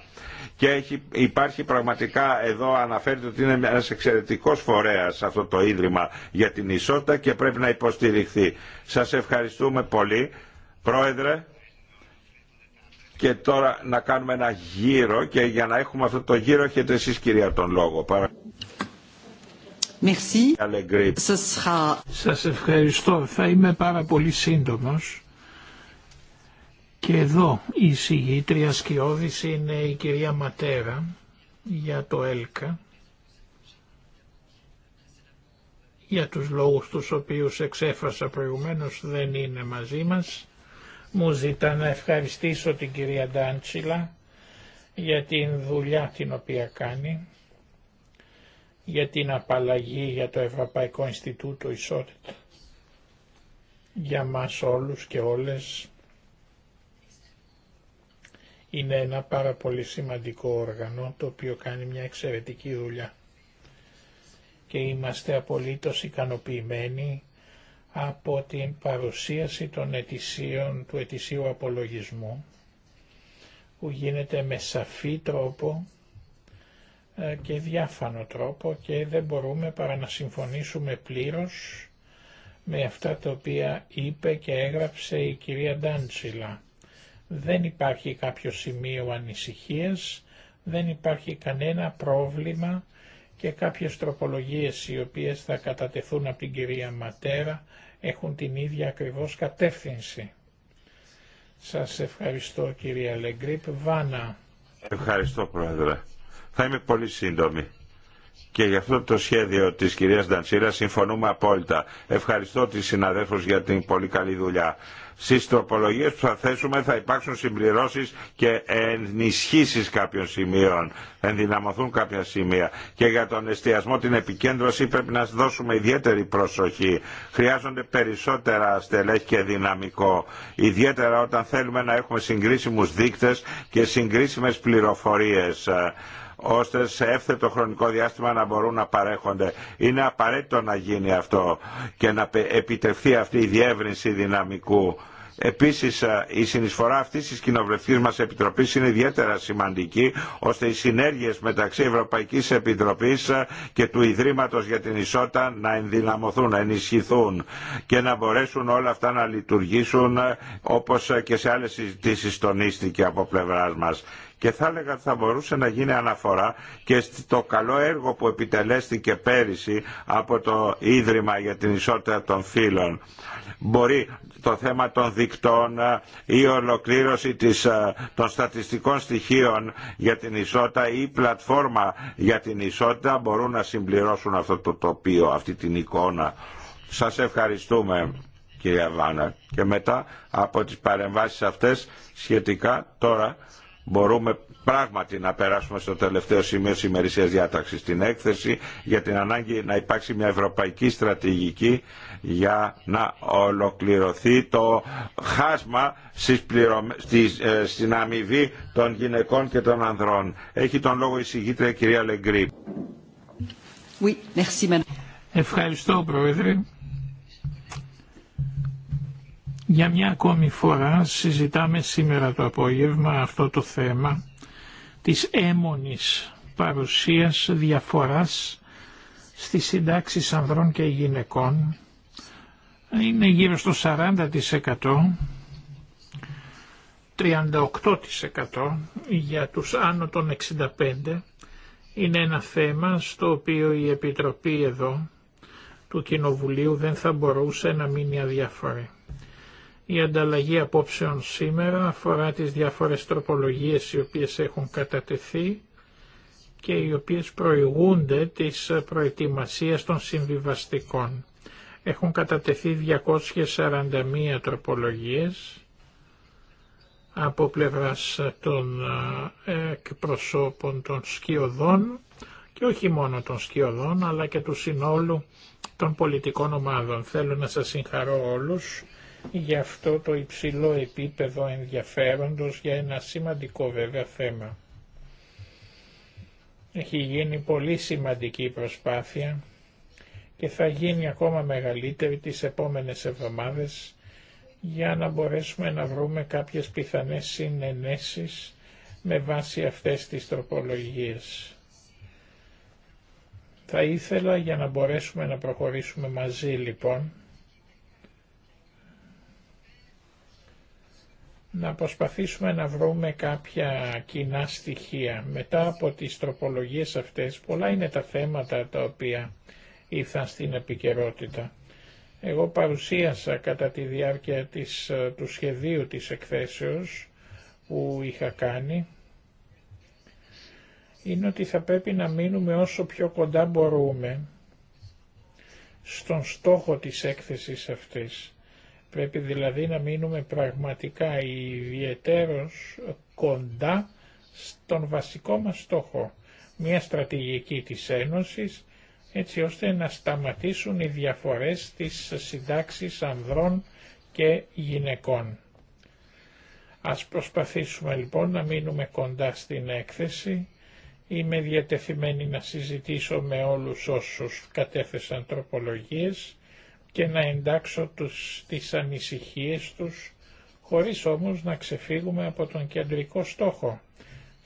και υπάρχει πραγματικά εδώ αναφέρεται ότι είναι ένας εξαιρετικός φορέας αυτό το Ίδρυμα για την ισότητα και πρέπει να υποστηριχθεί. Σας ευχαριστούμε πολύ. Πρόεδρε, και τώρα να κάνουμε ένα γύρο και για να έχουμε αυτό το γύρο έχετε εσείς κυρία τον λόγο. Merci. Σας ευχαριστώ. Θα είμαι πάρα πολύ σύντομος. Και εδώ η συγγήτρια σκιώδης είναι η κυρία Ματέρα για το ΕΛΚΑ, για τους λόγους τους οποίους εξέφρασα προηγουμένως δεν είναι μαζί μας. Μου ζητά να ευχαριστήσω την κυρία Ντάντσιλα για την δουλειά την οποία κάνει, για την απαλλαγή για το Ευρωπαϊκό Ινστιτούτο Ισότητα. Για μας όλους και όλες είναι ένα πάρα πολύ σημαντικό όργανο το οποίο κάνει μια εξαιρετική δουλειά. Και είμαστε απολύτως ικανοποιημένοι από την παρουσίαση των αιτησίων του ετησίου απολογισμού που γίνεται με σαφή τρόπο ε, και διάφανο τρόπο και δεν μπορούμε παρά να συμφωνήσουμε πλήρως με αυτά τα οποία είπε και έγραψε η κυρία Ντάντσιλα δεν υπάρχει κάποιο σημείο ανησυχίας, δεν υπάρχει κανένα πρόβλημα και κάποιες τροπολογίες οι οποίες θα κατατεθούν από την κυρία Ματέρα έχουν την ίδια ακριβώς κατεύθυνση. Σας ευχαριστώ κυρία Λεγκρίπ. Βάνα. Ευχαριστώ πρόεδρε. Θα είμαι πολύ σύντομη. Και γι' αυτό το σχέδιο της κυρίας Ντανσίρα συμφωνούμε απόλυτα. Ευχαριστώ τις συναδέλφους για την πολύ καλή δουλειά. Στι τροπολογίε που θα θέσουμε θα υπάρξουν συμπληρώσει και ενισχύσει κάποιων σημείων, ενδυναμωθούν κάποια σημεία. Και για τον εστιασμό, την επικέντρωση πρέπει να δώσουμε ιδιαίτερη προσοχή. Χρειάζονται περισσότερα στελέχη και δυναμικό. Ιδιαίτερα όταν θέλουμε να έχουμε συγκρίσιμου δείκτε και συγκρίσιμε πληροφορίε ώστε σε εύθετο χρονικό διάστημα να μπορούν να παρέχονται. Είναι απαραίτητο να γίνει αυτό και να επιτευχθεί αυτή η διεύρυνση δυναμικού. Επίσης ε, η συνεισφορά αυτής της κοινοβουλευτικής μας επιτροπής είναι ιδιαίτερα σημαντική ώστε οι συνέργειες μεταξύ Ευρωπαϊκής Επιτροπής ε, και του Ιδρύματος για την Ισότητα να ενδυναμωθούν, να ενισχυθούν και να μπορέσουν όλα αυτά να λειτουργήσουν ε, όπως και σε άλλες συζητήσεις τονίστηκε από πλευράς μας και θα έλεγα ότι θα μπορούσε να γίνει αναφορά και στο καλό έργο που επιτελέστηκε πέρυσι από το Ίδρυμα για την Ισότητα των Φύλων. Μπορεί το θέμα των δικτών ή ε, ολοκλήρωση της, ε, των στατιστικών στοιχείων για την ισότητα ή πλατφόρμα για την ισότητα μπορούν να συμπληρώσουν αυτό το τοπίο, αυτή την εικόνα. Σας ευχαριστούμε κυρία Βάνα. Και μετά από τις παρεμβάσεις αυτές σχετικά τώρα μπορούμε πράγματι να περάσουμε στο τελευταίο σημείο της ημερησίας διάταξης, στην έκθεση για την ανάγκη να υπάρξει μια ευρωπαϊκή στρατηγική για να ολοκληρωθεί το χάσμα στις στις, ε, στην αμοιβή των γυναικών και των ανδρών. Έχει τον λόγο η συγγήτρια κυρία Λεγκρή. Oui, merci, Ευχαριστώ Πρόεδρε. Για μια ακόμη φορά συζητάμε σήμερα το απόγευμα αυτό το θέμα της έμονης παρουσίας διαφοράς στις συντάξεις ανδρών και γυναικών είναι γύρω στο 40%, 38% για τους άνω των 65%. Είναι ένα θέμα στο οποίο η Επιτροπή εδώ του Κοινοβουλίου δεν θα μπορούσε να μείνει αδιαφορή. Η ανταλλαγή απόψεων σήμερα αφορά τις διάφορες τροπολογίες οι οποίες έχουν κατατεθεί και οι οποίες προηγούνται της προετοιμασίας των συμβιβαστικών. Έχουν κατατεθεί 241 τροπολογίες από πλευράς των ε, εκπροσώπων των σκιωδών και όχι μόνο των σκιωδών αλλά και του συνόλου των πολιτικών ομάδων. Θέλω να σας συγχαρώ όλους για αυτό το υψηλό επίπεδο ενδιαφέροντος για ένα σημαντικό βέβαια θέμα. Έχει γίνει πολύ σημαντική προσπάθεια και θα γίνει ακόμα μεγαλύτερη τις επόμενες εβδομάδες για να μπορέσουμε να βρούμε κάποιες πιθανές συνενέσεις με βάση αυτές τις τροπολογίες. Θα ήθελα για να μπορέσουμε να προχωρήσουμε μαζί λοιπόν να προσπαθήσουμε να βρούμε κάποια κοινά στοιχεία. Μετά από τις τροπολογίες αυτές, πολλά είναι τα θέματα τα οποία ήρθαν στην επικαιρότητα. Εγώ παρουσίασα κατά τη διάρκεια της, ε, του σχεδίου της εκθέσεως που είχα κάνει, είναι ότι θα πρέπει να μείνουμε όσο πιο κοντά μπορούμε στον στόχο της έκθεσης αυτής Πρέπει δηλαδή να μείνουμε πραγματικά ιδιαιτέρως κοντά στον βασικό μας στόχο, μια στρατηγική της Ένωσης, έτσι ώστε να σταματήσουν οι διαφορές της συντάξεις ανδρών και γυναικών. Ας προσπαθήσουμε λοιπόν να μείνουμε κοντά στην έκθεση. Είμαι διατεθειμένη να συζητήσω με όλους όσους κατέθεσαν τροπολογίες και να εντάξω τους, τις ανησυχίες τους, χωρίς όμως να ξεφύγουμε από τον κεντρικό στόχο.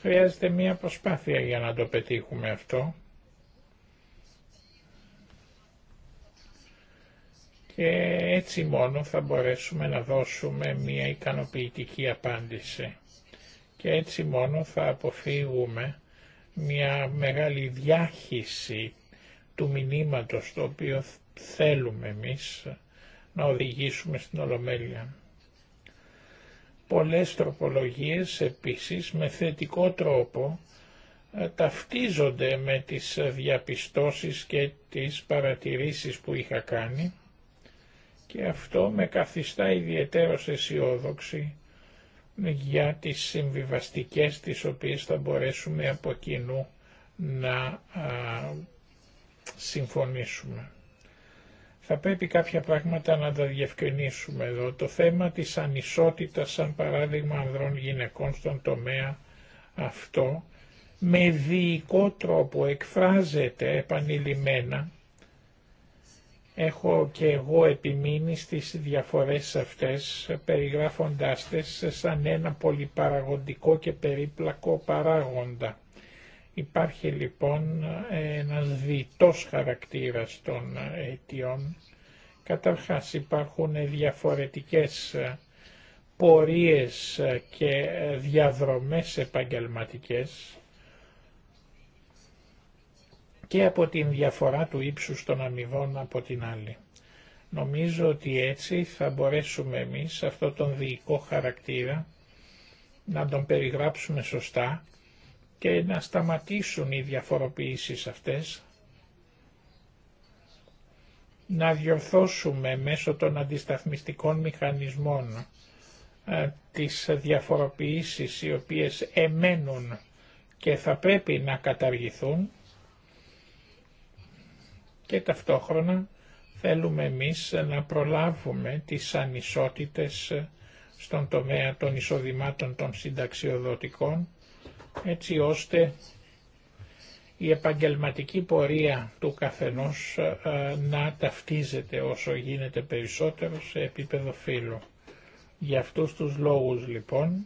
Χρειάζεται μία προσπάθεια για να το πετύχουμε αυτό. Και έτσι μόνο θα μπορέσουμε να δώσουμε μία ικανοποιητική απάντηση. Και έτσι μόνο θα αποφύγουμε μία μεγάλη διάχυση του μηνύματος το οποίο θέλουμε εμείς να οδηγήσουμε στην Ολομέλεια. Πολλές τροπολογίες επίσης με θετικό τρόπο ε, ταυτίζονται με τις διαπιστώσεις και τις παρατηρήσεις που είχα κάνει και αυτό με καθιστά ιδιαίτερο αισιόδοξη για τις συμβιβαστικές τις οποίες θα μπορέσουμε από κοινού να συμφωνήσουμε. Θα πρέπει κάποια πράγματα να τα διευκρινίσουμε εδώ. Το θέμα της ανισότητας, σαν παράδειγμα ανδρών γυναικών στον τομέα αυτό, με διοικό τρόπο εκφράζεται επανειλημμένα. Έχω και εγώ επιμείνει στις διαφορές αυτές, περιγράφοντάς τες σαν ένα πολυπαραγοντικό και περίπλακο παράγοντα. Υπάρχει λοιπόν ένας διτός χαρακτήρας των αιτιών. Καταρχάς υπάρχουν διαφορετικές πορείες και διαδρομές επαγγελματικές και από την διαφορά του ύψους των αμοιβών από την άλλη. Νομίζω ότι έτσι θα μπορέσουμε εμείς αυτό τον διοικό χαρακτήρα να τον περιγράψουμε σωστά και να σταματήσουν οι διαφοροποιήσεις αυτές, να διορθώσουμε μέσω των αντισταθμιστικών μηχανισμών ε, τις διαφοροποιήσεις οι οποίες εμένουν και θα πρέπει να καταργηθούν και ταυτόχρονα θέλουμε εμείς να προλάβουμε τις ανισότητες στον τομέα των εισοδημάτων των συνταξιοδοτικών έτσι ώστε η επαγγελματική πορεία του καθενός ε, ε, να ταυτίζεται όσο γίνεται περισσότερο σε επίπεδο φύλου. Για αυτούς τους λόγους λοιπόν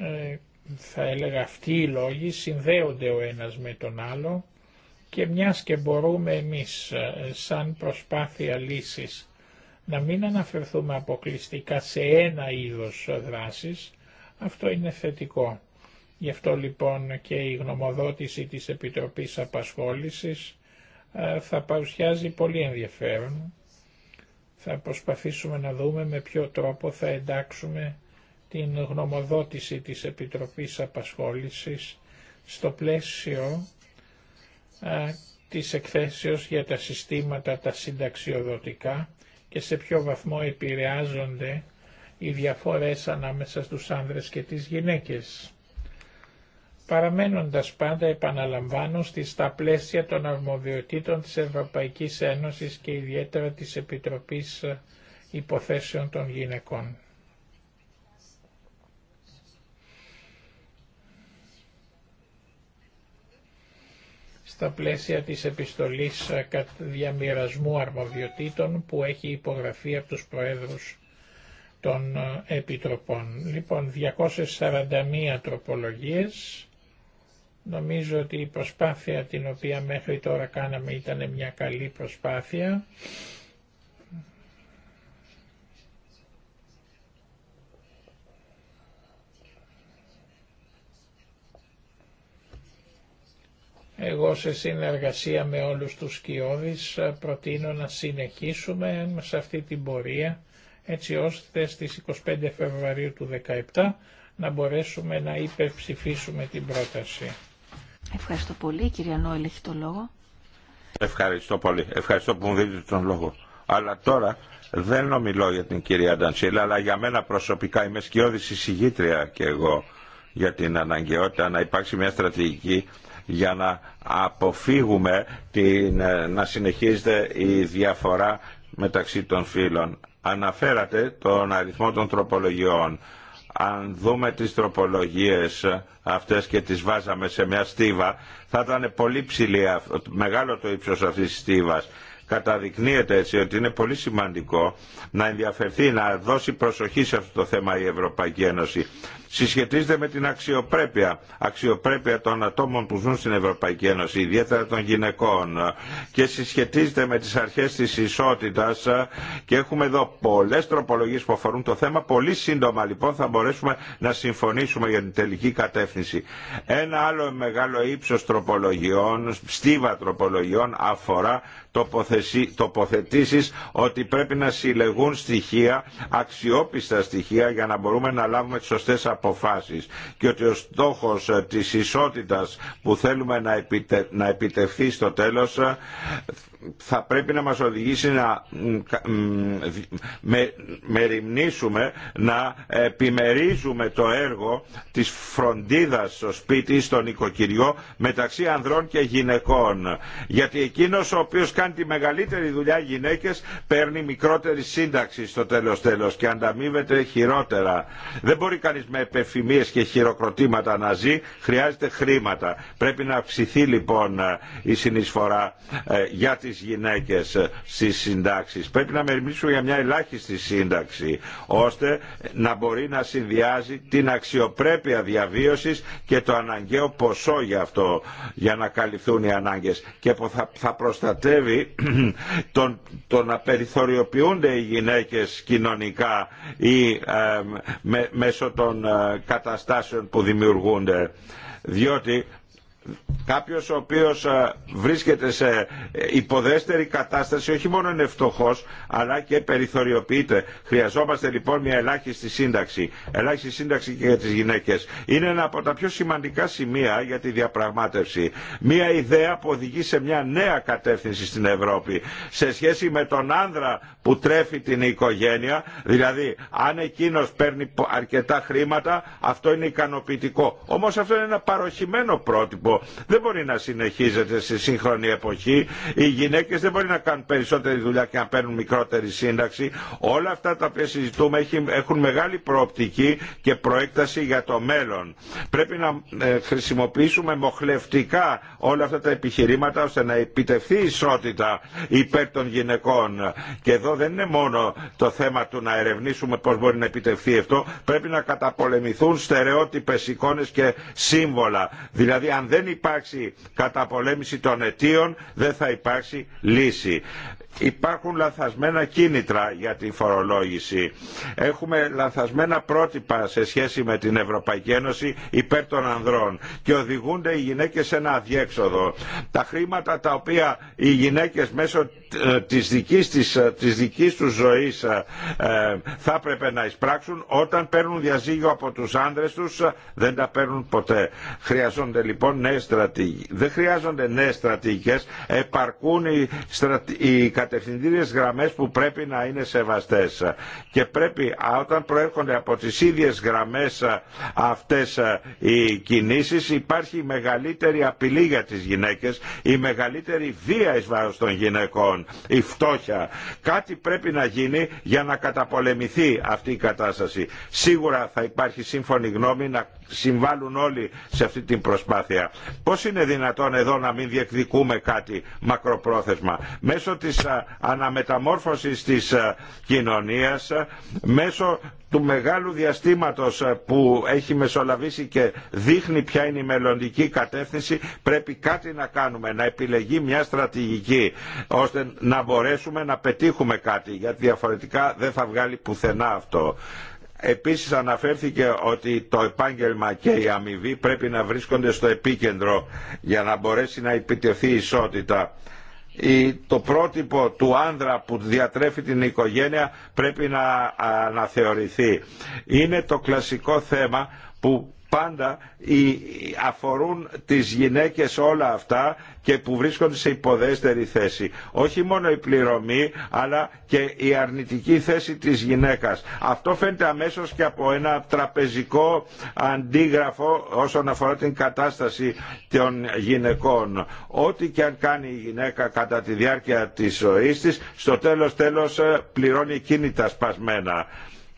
ε, θα έλεγα αυτοί οι λόγοι συνδέονται ο ένας με τον άλλο και μιας και μπορούμε εμείς σαν προσπάθεια λύσης να μην αναφερθούμε αποκλειστικά σε ένα είδος δράσης, αυτό είναι θετικό. Γι' αυτό λοιπόν και η γνωμοδότηση της Επιτροπής Απασχόλησης ε, θα παρουσιάζει πολύ ενδιαφέρον. Θα προσπαθήσουμε να δούμε με ποιο τρόπο θα εντάξουμε την γνωμοδότηση της Επιτροπής Απασχόλησης στο πλαίσιο ε, της εκθέσεως για τα συστήματα τα συνταξιοδοτικά και σε ποιο βαθμό επηρεάζονται οι διαφορές ανάμεσα στους άνδρες και τις γυναίκες. Παραμένοντας πάντα επαναλαμβάνω στα πλαίσια των αρμοδιοτήτων της Ευρωπαϊκής Ένωσης και ιδιαίτερα της Επιτροπής ε, Υποθέσεων των Γυναικών. στα πλαίσια της επιστολής ε, διαμοιρασμού αρμοδιοτήτων που έχει υπογραφεί από τους Προέδρους των ε, επιτροπών. Λοιπόν, 241 τροπολογίες. Νομίζω ότι η προσπάθεια την οποία μέχρι τώρα κάναμε ήταν μια καλή προσπάθεια. Εγώ σε συνεργασία με όλους τους κοιόδης ε, προτείνω να συνεχίσουμε σε αυτή την πορεία έτσι ώστε στις 25 Φεβρουαρίου του 2017 να μπορέσουμε να υπερψηφίσουμε την πρόταση. Ευχαριστώ πολύ. Κυρία Νόηλ, έχει το λόγο. Ευχαριστώ πολύ. Ευχαριστώ που μου δίνετε τον λόγο. Αλλά τώρα δεν ομιλώ για την κυρία Ντανσίλα, αλλά για μένα προσωπικά είμαι σκιώδης εισηγήτρια και εγώ για την αναγκαιότητα να υπάρξει μια στρατηγική για να αποφύγουμε την, να συνεχίζεται η διαφορά μεταξύ των φύλων. Αναφέρατε τον αριθμό των τροπολογιών. Αν δούμε τις τροπολογίες αυτές και τις βάζαμε σε μια στίβα, θα ήταν πολύ ψηλή, μεγάλο το ύψος αυτής της στίβας. Καταδεικνύεται έτσι ότι είναι πολύ σημαντικό να ενδιαφερθεί, να δώσει προσοχή σε αυτό το θέμα η Ευρωπαϊκή Ένωση συσχετίζεται με την αξιοπρέπεια, αξιοπρέπεια των ατόμων που ζουν στην Ευρωπαϊκή Ένωση, ιδιαίτερα των γυναικών και συσχετίζεται με τις αρχές της ισότητας και έχουμε εδώ πολλές τροπολογίες που αφορούν το θέμα. Πολύ σύντομα λοιπόν θα μπορέσουμε να συμφωνήσουμε για την τελική κατεύθυνση. Ένα άλλο μεγάλο ύψος τροπολογιών, στίβα τροπολογιών αφορά τοποθετήσεις ότι πρέπει να συλλεγούν στοιχεία, αξιόπιστα στοιχεία για να μπορούμε να λάβουμε τις σωστές αποφάσει αποφάσεις και ότι ο στόχος ε, της ισότητας που θέλουμε να επιτευχθεί στο τέλος ε, θα πρέπει να μας οδηγήσει να με, μεριμνήσουμε να επιμερίζουμε το έργο της φροντίδας στο σπίτι ή στο μεταξύ ανδρών και γυναικών. Γιατί εκείνος ο οποίος κάνει τη μεγαλύτερη δουλειά γυναίκες παίρνει μικρότερη σύνταξη στο τέλος τέλος και ανταμείβεται χειρότερα. Δεν μπορεί κανείς με επεφημίες και χειροκροτήματα να ζει, χρειάζεται χρήματα. Πρέπει να αυξηθεί λοιπόν η συνεισφορά ε, για τις γυναίκες ε, στις συντάξεις. Πρέπει να μεριμνήσουμε για μια ελάχιστη σύνταξη, ώστε να μπορεί να συνδυάζει την αξιοπρέπεια διαβίωσης και το αναγκαίο ποσό για αυτό, για να καλυφθούν οι ανάγκες. Και θα προστατεύει τον, το να περιθωριοποιούνται οι γυναίκες κοινωνικά ή ε, μέσω των ε, καταστάσεων που δημιουργούνται διότι κάποιος ο οποίος ε, βρίσκεται σε υποδέστερη κατάσταση όχι μόνο είναι φτωχός αλλά και περιθωριοποιείται. Χρειαζόμαστε λοιπόν μια ελάχιστη σύνταξη, ελάχιστη σύνταξη και για τις γυναίκες. Είναι ένα από τα πιο σημαντικά σημεία για τη διαπραγμάτευση. Μια ιδέα που οδηγεί σε μια νέα κατεύθυνση στην Ευρώπη σε σχέση με τον άνδρα που τρέφει την οικογένεια, δηλαδή αν εκείνος παίρνει αρκετά χρήματα αυτό είναι ικανοποιητικό. Όμω αυτό είναι ένα παροχημένο πρότυπο δεν μπορεί να συνεχίζεται στη σύγχρονη εποχή. Οι γυναίκε δεν μπορεί να κάνουν περισσότερη δουλειά και να παίρνουν μικρότερη σύνταξη. Όλα αυτά τα οποία συζητούμε έχουν μεγάλη προοπτική και προέκταση για το μέλλον. Πρέπει να ε, χρησιμοποιήσουμε μοχλευτικά όλα αυτά τα επιχειρήματα ώστε να επιτευχθεί ισότητα υπέρ των γυναικών. Και εδώ δεν είναι μόνο το θέμα του να ερευνήσουμε πώ μπορεί να επιτευχθεί αυτό. Πρέπει να καταπολεμηθούν στερεότυπε εικόνε και σύμβολα. Δηλαδή αν δεν δεν υπάρξει καταπολέμηση των αιτίων δεν θα υπάρξει λύση υπάρχουν λαθασμένα κίνητρα για τη φορολόγηση. Έχουμε λαθασμένα πρότυπα σε σχέση με την Ευρωπαϊκή Ένωση υπέρ των ανδρών και οδηγούνται οι γυναίκες σε ένα αδιέξοδο. Τα χρήματα τα οποία οι γυναίκες μέσω ε, της δικής, της, ε, της δικής τους ζωής ε, θα έπρεπε να εισπράξουν όταν παίρνουν διαζύγιο από τους άνδρες τους δεν τα παίρνουν ποτέ. Χρειάζονται λοιπόν νέες στρατηγικές. Δεν χρειάζονται νέες στρατηγικές. Επαρκούν κατευθυντήριες γραμμές που πρέπει να είναι σεβαστές. Και πρέπει όταν προέρχονται από τις ίδιες γραμμές αυτές οι κινήσεις υπάρχει η μεγαλύτερη απειλή για τις γυναίκες, η μεγαλύτερη βία εις βάρος των γυναικών, η φτώχεια. Κάτι πρέπει να γίνει για να καταπολεμηθεί αυτή η κατάσταση. Σίγουρα θα υπάρχει σύμφωνη γνώμη να συμβάλλουν όλοι σε αυτή την προσπάθεια. Πώς είναι δυνατόν εδώ να μην διεκδικούμε κάτι μακροπρόθεσμα. Μέσω της αναμεταμόρφωσης της ε, κοινωνίας ε, μέσω του μεγάλου διαστήματος ε, που έχει μεσολαβήσει και δείχνει ποια είναι η μελλοντική κατεύθυνση πρέπει κάτι να κάνουμε, να επιλεγεί μια στρατηγική ώστε να μπορέσουμε να πετύχουμε κάτι γιατί διαφορετικά δεν θα βγάλει πουθενά αυτό. Επίσης αναφέρθηκε ότι το επάγγελμα και η αμοιβή πρέπει να βρίσκονται στο επίκεντρο για να μπορέσει να επιτεθεί ισότητα το πρότυπο του άνδρα που διατρέφει την οικογένεια πρέπει να αναθεωρηθεί. Είναι το κλασικό θέμα που πάντα αφορούν τις γυναίκες όλα αυτά και που βρίσκονται σε υποδέστερη θέση. Όχι μόνο η πληρωμή αλλά και η αρνητική θέση της γυναίκας. Αυτό φαίνεται αμέσως και από ένα τραπεζικό αντίγραφο όσον αφορά την κατάσταση των γυναικών. Ό,τι και αν κάνει η γυναίκα κατά τη διάρκεια της ζωής της, στο τέλος τέλος ε, πληρώνει εκείνη τα σπασμένα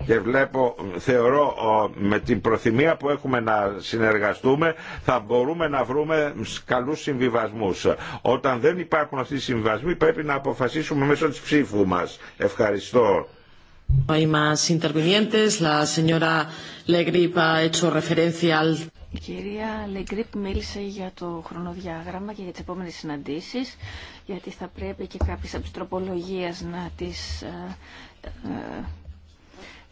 και βλέπω, θεωρώ με την προθυμία που έχουμε να συνεργαστούμε θα μπορούμε να βρούμε καλούς συμβιβασμούς. Όταν δεν υπάρχουν αυτοί οι συμβιβασμοί πρέπει να αποφασίσουμε μέσω της ψήφου μας. Ευχαριστώ. Hay más intervinientes. La señora Legrip ha hecho referencia al... Η κυρία Λεγκρίπ μίλησε για το χρονοδιάγραμμα και για τις επόμενες συναντήσεις, γιατί θα πρέπει και κάποιες από να τις ε, ε,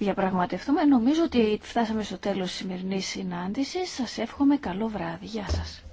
διαπραγματευτούμε. Νομίζω ότι φτάσαμε στο τέλος της σημερινής συνάντησης. Σας εύχομαι καλό βράδυ. Γεια σας.